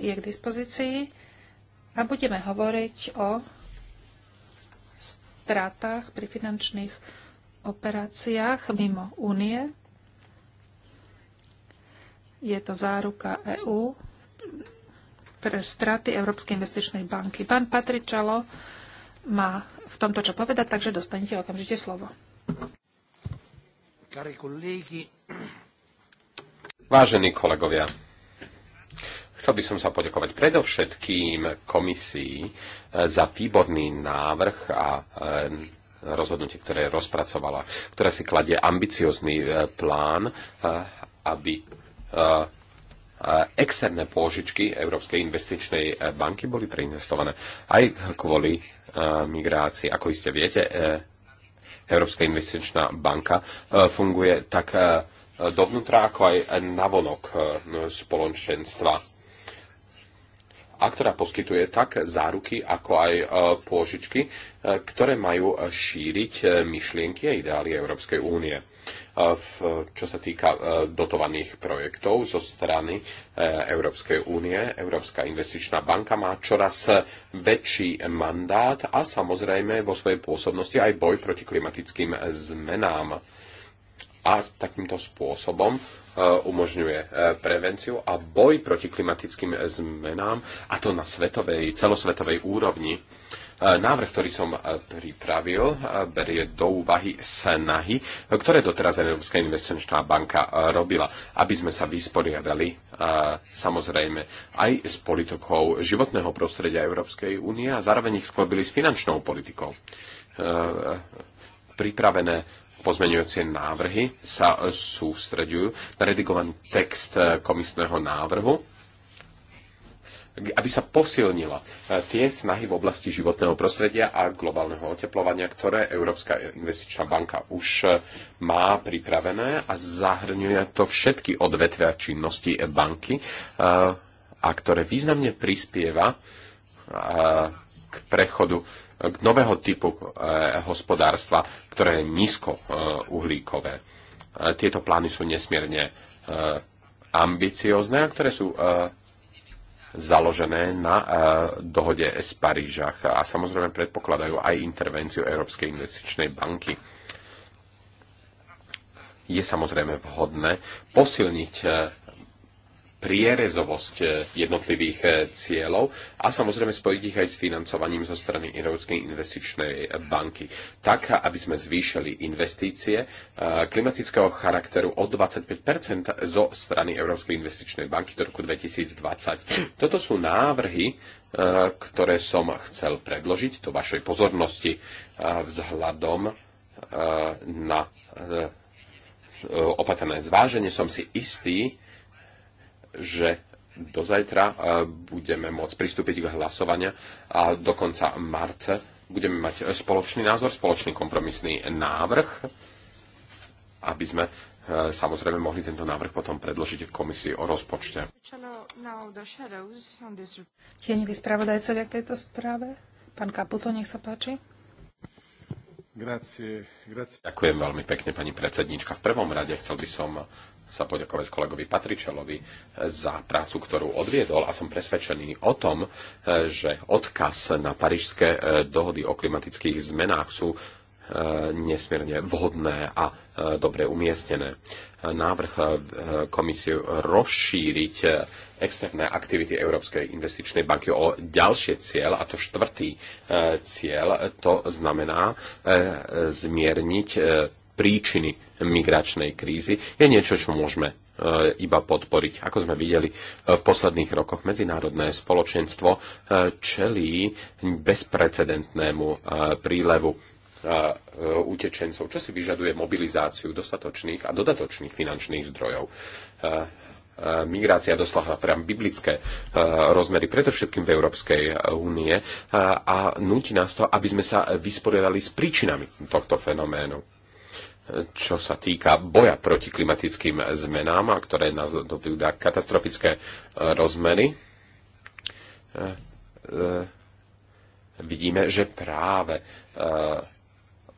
je k dispozícii a budeme hovoriť o stratách pri finančných operáciách mimo únie. Je to záruka EÚ pre straty Európskej investičnej banky. Pán Patričalo má v tomto čo povedať, takže dostanete okamžite slovo. Vážení kolegovia, Chcel by som sa poďakovať predovšetkým komisii e, za výborný návrh a e, rozhodnutie, ktoré rozpracovala, ktoré si kladie ambiciozný e, plán, aby externé pôžičky Európskej investičnej banky boli preinvestované aj kvôli migrácii. Ako iste viete, Európska investičná banka funguje tak dovnútra, ako aj navonok spoločenstva a ktorá poskytuje tak záruky, ako aj e, pôžičky, e, ktoré majú šíriť e, myšlienky a ideály Európskej únie. V, čo sa týka dotovaných projektov zo strany Európskej únie, Európska investičná banka má čoraz väčší mandát a samozrejme vo svojej pôsobnosti aj boj proti klimatickým zmenám. A takýmto spôsobom E, umožňuje e, prevenciu a boj proti klimatickým zmenám, a to na svetovej, celosvetovej úrovni. E, návrh, ktorý som pripravil, berie do úvahy snahy, ktoré doteraz Európska investičná banka robila, aby sme sa vysporiadali samozrejme aj s politikou životného prostredia Európskej únie a zároveň ich sklobili s finančnou politikou. Pripravené pozmeňujúce návrhy sa sústreďujú na redigovaný text e, komisného návrhu, aby sa posilnila e, tie snahy v oblasti životného prostredia a globálneho oteplovania, ktoré Európska investičná banka už e, má pripravené a zahrňuje to všetky odvetvia činnosti banky, a ktoré významne prispieva k prechodu k nového typu e, hospodárstva, ktoré je nízko e, uhlíkové. E, tieto plány sú nesmierne ambiciozne, ktoré sú založené na dohode z Parížach a samozrejme predpokladajú aj intervenciu Európskej investičnej banky. Je samozrejme vhodné posilniť prierezovosť eh, jednotlivých eh, cieľov a samozrejme spojiť ich aj s financovaním zo strany Európskej investičnej eh, banky. Tak, aby sme zvýšili investície klimatického charakteru o 25 zo strany Európskej investičnej banky do roku 2020. Toto sú návrhy, ktoré som chcel predložiť do vašej pozornosti vzhľadom na opatrné zváženie. Som si istý, že do zajtra e, budeme môcť pristúpiť k hlasovania a do konca marca budeme mať spoločný názor, spoločný kompromisný návrh, aby sme e, samozrejme mohli tento návrh potom predložiť v komisii o rozpočte. Tieňoví spravodajcovia k tejto správe. Pán Kaputo, nech sa páči. Grazie, grazie. Ďakujem veľmi pekne, pani predsednička. V prvom rade chcel by som sa poďakovať kolegovi Patričelovi za prácu, ktorú odviedol a som presvedčený o tom, e, že odkaz na parížské e, dohody o klimatických zmenách sú e, nesmierne vhodné a dobre umiestnené. Návrh komisiu rozšíriť externé aktivity Európskej investičnej banky o ďalšie cieľ, a to štvrtý cieľ, to znamená zmierniť príčiny migračnej krízy, je niečo, čo môžeme e, iba podporiť. Ako sme videli e, v posledných rokoch, medzinárodné spoločenstvo e, čelí bezprecedentnému prílevu utečencov, čo si vyžaduje mobilizáciu dostatočných a dodatočných finančných zdrojov. Migrácia dosláha priam biblické rozmery, predovšetkým v Európskej únie a nutí nás to, aby sme sa vysporiadali s príčinami tohto fenoménu čo sa týka boja proti klimatickým zmenám, a ktoré nás dá katastrofické e, rozmery, e, e, vidíme, že práve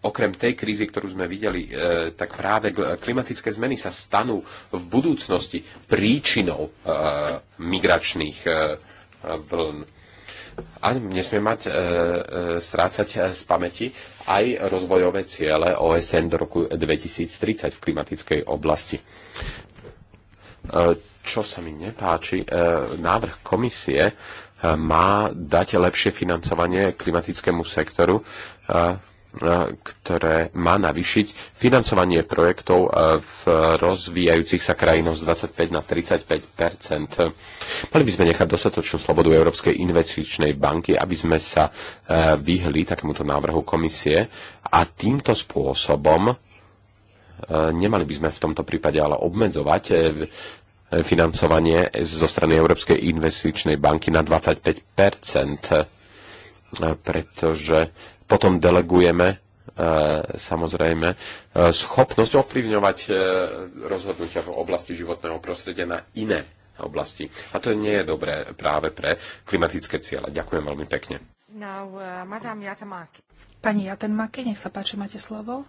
okrem tej krízy, ktorú sme videli, tak práve klimatické zmeny sa stanú v budúcnosti príčinou migračných vln a nesmie mať e, e, strácať e, z pamäti aj rozvojové ciele OSN do roku 2030 v klimatickej oblasti. E, čo sa mi nepáči, e, návrh komisie e, má dať lepšie financovanie klimatickému sektoru e, E, ktoré má navyšiť financovanie projektov e, v rozvíjajúcich sa krajinách z 25 na 35 Mali by sme nechať dostatočnú slobodu Európskej investičnej banky, aby sme sa e, vyhli takémuto návrhu komisie a týmto spôsobom nemali by sme v tomto prípade ale obmedzovať financovanie zo strany Európskej investičnej banky na 25 pretože potom delegujeme e, samozrejme e, schopnosť ovplyvňovať e, rozhodnutia v oblasti životného prostredia na iné oblasti. A to nie je dobré práve pre klimatické ciele. Ďakujem veľmi pekne. Now, uh, Pani Jatenmaki, nech sa páči, máte slovo.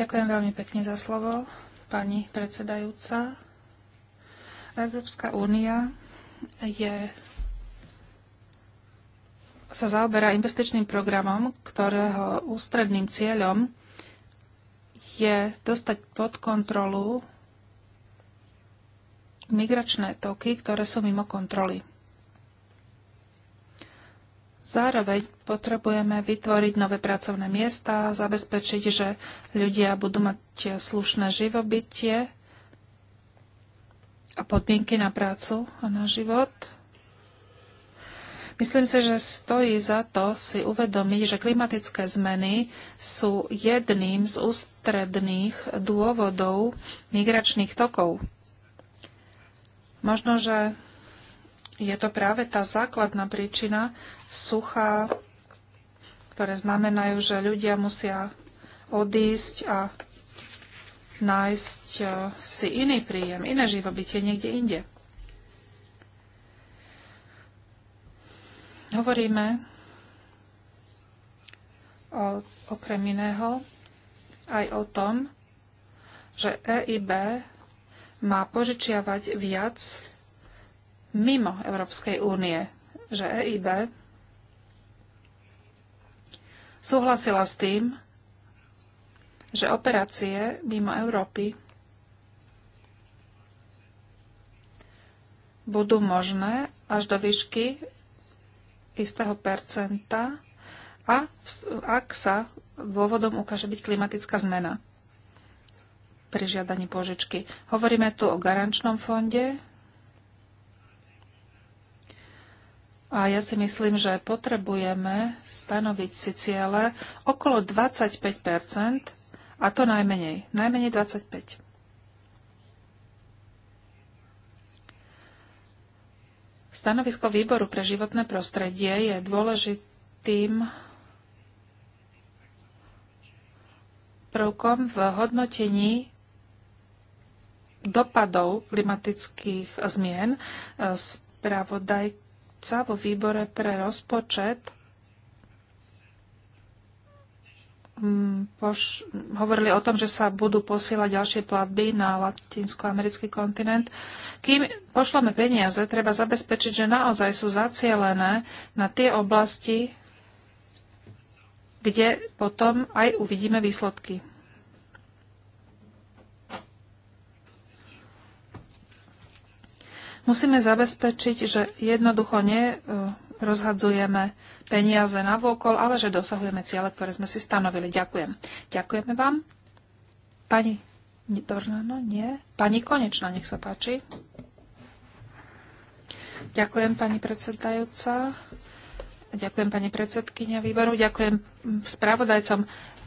Ďakujem veľmi pekne za slovo, pani predsedajúca. Európska únia je sa zaoberá investičným programom, ktorého ústredným cieľom je dostať pod kontrolu migračné toky, ktoré sú mimo kontroly. Zároveň potrebujeme vytvoriť nové pracovné miesta, zabezpečiť, že ľudia budú mať slušné živobytie a podmienky na prácu a na život Myslím si, že stojí za to si uvedomiť, že klimatické zmeny sú jedným z ústredných dôvodov migračných tokov. Možno, že je to práve tá základná príčina suchá, ktoré znamenajú, že ľudia musia odísť a nájsť eh, si iný príjem, iné živobytie niekde inde. Hovoríme o, okrem iného aj o tom, že EIB má požičiavať viac mimo Európskej únie. Že EIB súhlasila s tým, že operácie mimo Európy budú možné až do výšky istého percenta a ak sa dôvodom ukáže byť klimatická zmena pri žiadaní požičky. Hovoríme tu o garančnom fonde a ja si myslím, že potrebujeme stanoviť si ciele okolo 25 a to najmenej. Najmenej 25 Stanovisko výboru pre životné prostredie je dôležitým prvkom v hodnotení dopadov klimatických zmien. Spravodajca vo výbore pre rozpočet Mm, poš- hovorili o tom, že sa budú posielať ďalšie platby na latinskoamerický kontinent. Kým pošleme peniaze, treba zabezpečiť, že naozaj sú zacielené na tie oblasti, kde potom aj uvidíme výsledky. Musíme zabezpečiť, že jednoducho nerozhadzujeme peniaze na vôkol, ale že dosahujeme ciele, ktoré sme si stanovili. Ďakujem. Ďakujeme vám. Pani Dornano, nie. Pani Konečná, nech sa páči. Ďakujem, pani predsedajúca. Ďakujem, pani predsedkynia výboru. Ďakujem spravodajcom.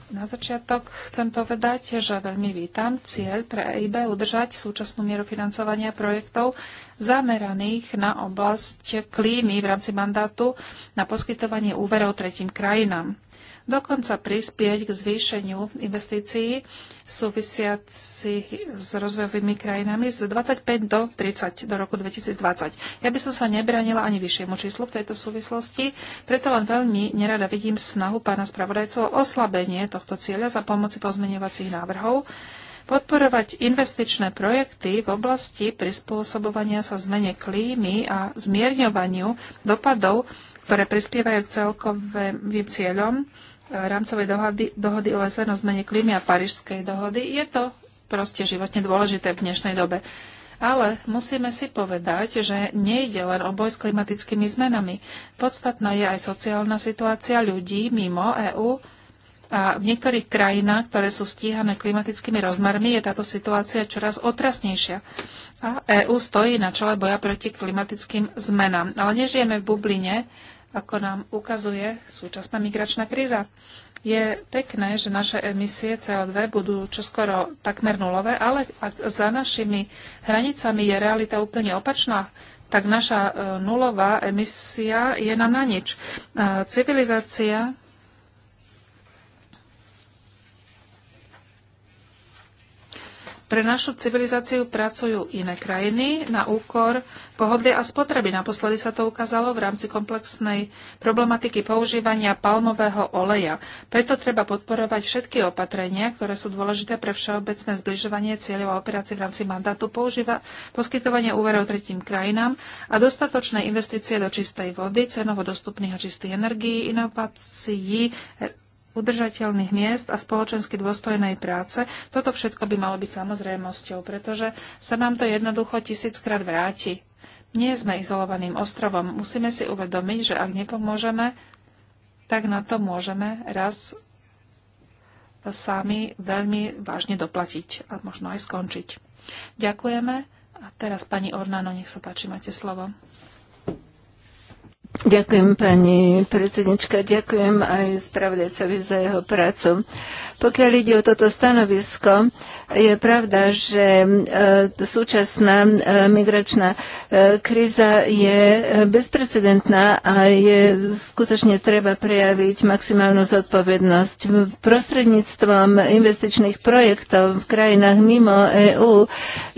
Na začiatok chcem povedať, že veľmi vítam cieľ pre EIB udržať súčasnú mieru financovania projektov zameraných na oblasť klímy v rámci mandátu na poskytovanie úverov tretím krajinám dokonca prispieť k zvýšeniu investícií súvisiacich s rozvojovými krajinami z 25 do 30 do roku 2020. Ja by som sa nebranila ani vyššiemu číslu v tejto súvislosti, preto len veľmi nerada vidím snahu pána spravodajcov o oslabenie tohto cieľa za pomoci pozmeňovacích návrhov, podporovať investičné projekty v oblasti prispôsobovania sa zmene klímy a zmierňovaniu dopadov, ktoré prispievajú k celkovým cieľom rámcovej dohody, dohody OSN o zmene klímy a parížskej dohody. Je to proste životne dôležité v dnešnej dobe. Ale musíme si povedať, že nejde len o boj s klimatickými zmenami. Podstatná je aj sociálna situácia ľudí mimo EÚ. A v niektorých krajinách, ktoré sú stíhané klimatickými rozmermi, je táto situácia čoraz otrasnejšia. A EÚ stojí na čele boja proti klimatickým zmenám. Ale nežijeme v bubline, ako nám ukazuje súčasná migračná kríza. Je pekné, že naše emisie CO2 budú čoskoro takmer nulové, ale ak za našimi hranicami je realita úplne opačná, tak naša e, nulová emisia je nám na nič. E, civilizácia Pre našu civilizáciu pracujú iné krajiny na úkor pohodlie a spotreby. Naposledy sa to ukázalo v rámci komplexnej problematiky používania palmového oleja. Preto treba podporovať všetky opatrenia, ktoré sú dôležité pre všeobecné zbližovanie cieľov a operácií v rámci mandátu, používa poskytovanie úverov tretím krajinám a dostatočné investície do čistej vody, cenovo dostupných a čistých energií, inovácií, udržateľných miest a spoločensky dôstojnej práce. Toto všetko by malo byť samozrejmosťou, pretože sa nám to jednoducho tisíckrát vráti. Nie sme izolovaným ostrovom. Musíme si uvedomiť, že ak nepomôžeme, tak na to môžeme raz sami veľmi vážne doplatiť a možno aj skončiť. Ďakujeme. A teraz pani Ornáno, nech sa páči, máte slovo. Ďakujem pani predsednička, ďakujem aj spravodajcovi za jeho prácu. Pokiaľ ide o toto stanovisko, je pravda, že e, súčasná e, migračná e, kríza je bezprecedentná a je skutočne treba prejaviť maximálnu zodpovednosť. Prostredníctvom investičných projektov v krajinách mimo EÚ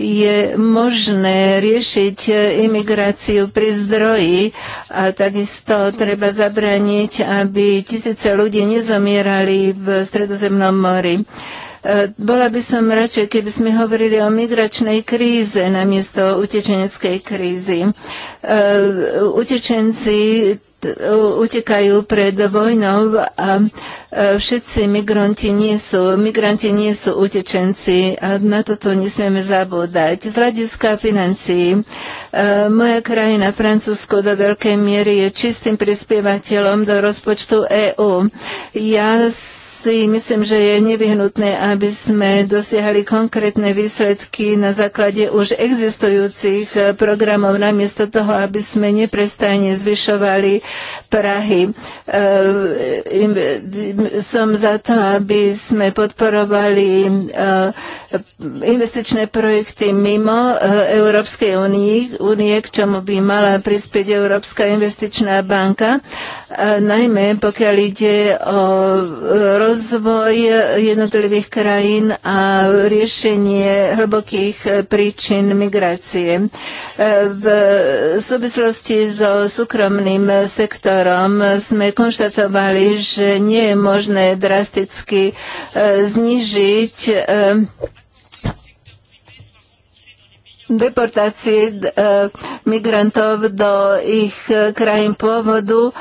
je možné riešiť imigráciu pri zdroji a Takisto treba zabrániť, aby tisíce ľudí nezomierali v Stredozemnom mori. E, bola by som radšej, keby sme hovorili o migračnej kríze namiesto utečeneckej krízy. E, utečenci utekajú pred vojnou a všetci migranti nie sú, migranti nie sú utečenci a na toto nesmieme zabúdať. Z hľadiska financií e, moja krajina Francúzsko do veľkej miery je čistým prispievateľom do rozpočtu EÚ. Ja si myslím, že je nevyhnutné, aby sme dosiahli konkrétne výsledky na základe už existujúcich eh, programov, namiesto toho, aby sme neprestajne zvyšovali Prahy. Eh, som za to, aby sme podporovali eh, investičné projekty mimo Európskej únie, k čomu by mala prispieť Európska investičná banka, najmä pokiaľ ide o roz rozvoj jednotlivých krajín a riešenie hlbokých príčin migrácie. E, v súvislosti so súkromným sektorom sme konštatovali, že nie je možné drasticky e, znižiť e, deportácie e, migrantov do ich e, krajín pôvodu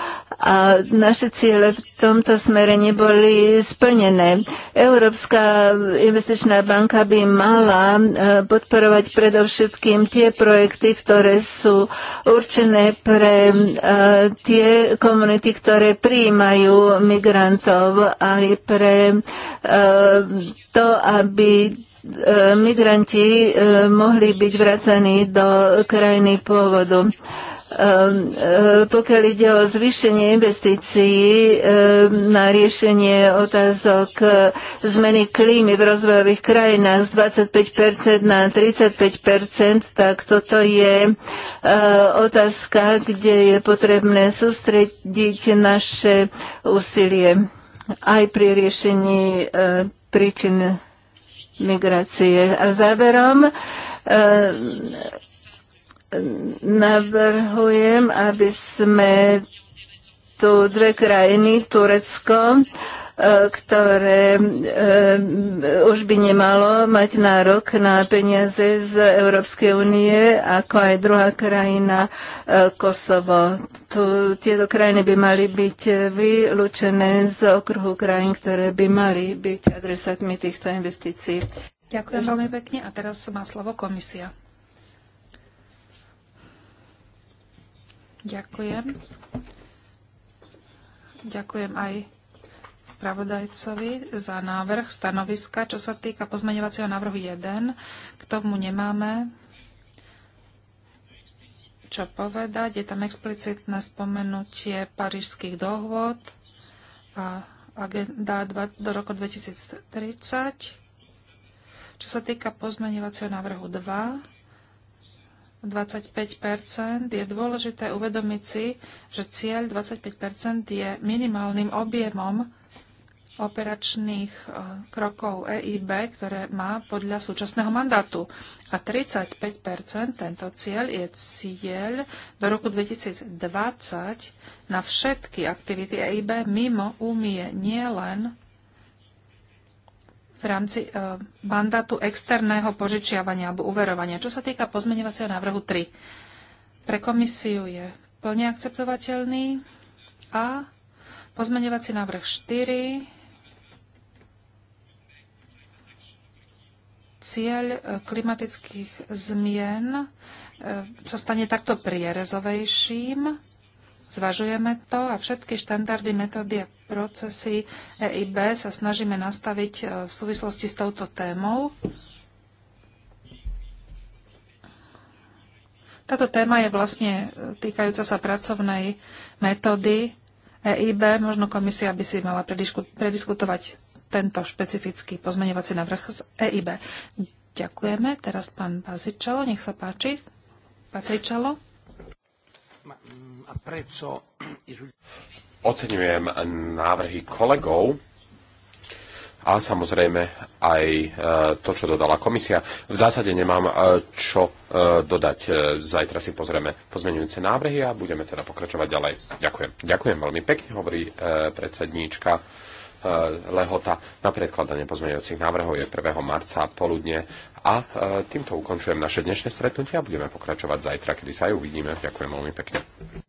a naše ciele v tomto smere neboli splnené. Európska investičná banka by mala e, podporovať predovšetkým tie projekty, ktoré sú určené pre tie komunity, ktoré prijímajú migrantov aj pre to, aby E, migranti e, mohli byť vracaní do krajiny pôvodu. E, pokiaľ ide o zvýšenie investícií na riešenie otázok zmeny klímy v rozvojových krajinách z 25% na 35%, tak toto je otázka, kde je potrebné sústrediť naše úsilie aj pri riešení príčin migrácie. A záverom e, navrhujem, aby sme tu dve krajiny, Turecko, E, ktoré e, už by nemalo mať nárok na peniaze z Európskej únie, ako aj druhá krajina e, Kosovo. Tu, tieto krajiny by mali byť vylúčené z okruhu krajín, ktoré by mali byť adresátmi týchto investícií. Ďakujem veľmi pekne a teraz má slovo komisia. Ďakujem. Ďakujem aj spravodajcovi za návrh stanoviska, čo sa týka pozmeňovacieho návrhu 1. K tomu nemáme čo povedať. Je tam explicitné spomenutie parížských dohôd a agenda do roku 2030. Čo sa týka pozmeňovacieho návrhu 2, 25 je dôležité uvedomiť si, že cieľ 25 je minimálnym objemom operačných e, krokov EIB, ktoré má podľa súčasného mandátu. A 35 tento cieľ je cieľ do roku 2020 na všetky aktivity EIB mimo úmie, nie len v rámci e, mandátu externého požičiavania alebo uverovania. Čo sa týka pozmeňovacieho návrhu 3, pre komisiu je plne akceptovateľný a pozmeňovací návrh 4 cieľ e, klimatických zmien e, sa stane takto prierezovejším. Zvažujeme to a všetky štandardy, metódy a procesy EIB sa snažíme nastaviť e, v súvislosti s touto témou. Táto téma je vlastne týkajúca sa pracovnej metódy EIB. Možno komisia by si mala prediskutovať tento špecifický pozmeňovací návrh z EIB. Ďakujeme. Teraz pán Bazičalo, nech sa páči. Patričalo. Mm, Oceňujem návrhy kolegov a samozrejme aj e, to, čo dodala komisia. V zásade nemám e, čo e, dodať. Zajtra si pozrieme pozmeňujúce návrhy a budeme teda pokračovať ďalej. Ďakujem. Ďakujem veľmi pekne, hovorí predsedníčka. Eh, lehota na predkladanie pozmeňujúcich návrhov je 1. marca poludne. A eh, týmto ukončujem naše dnešné stretnutie a budeme pokračovať zajtra, kedy sa aj uvidíme. Ďakujem veľmi pekne.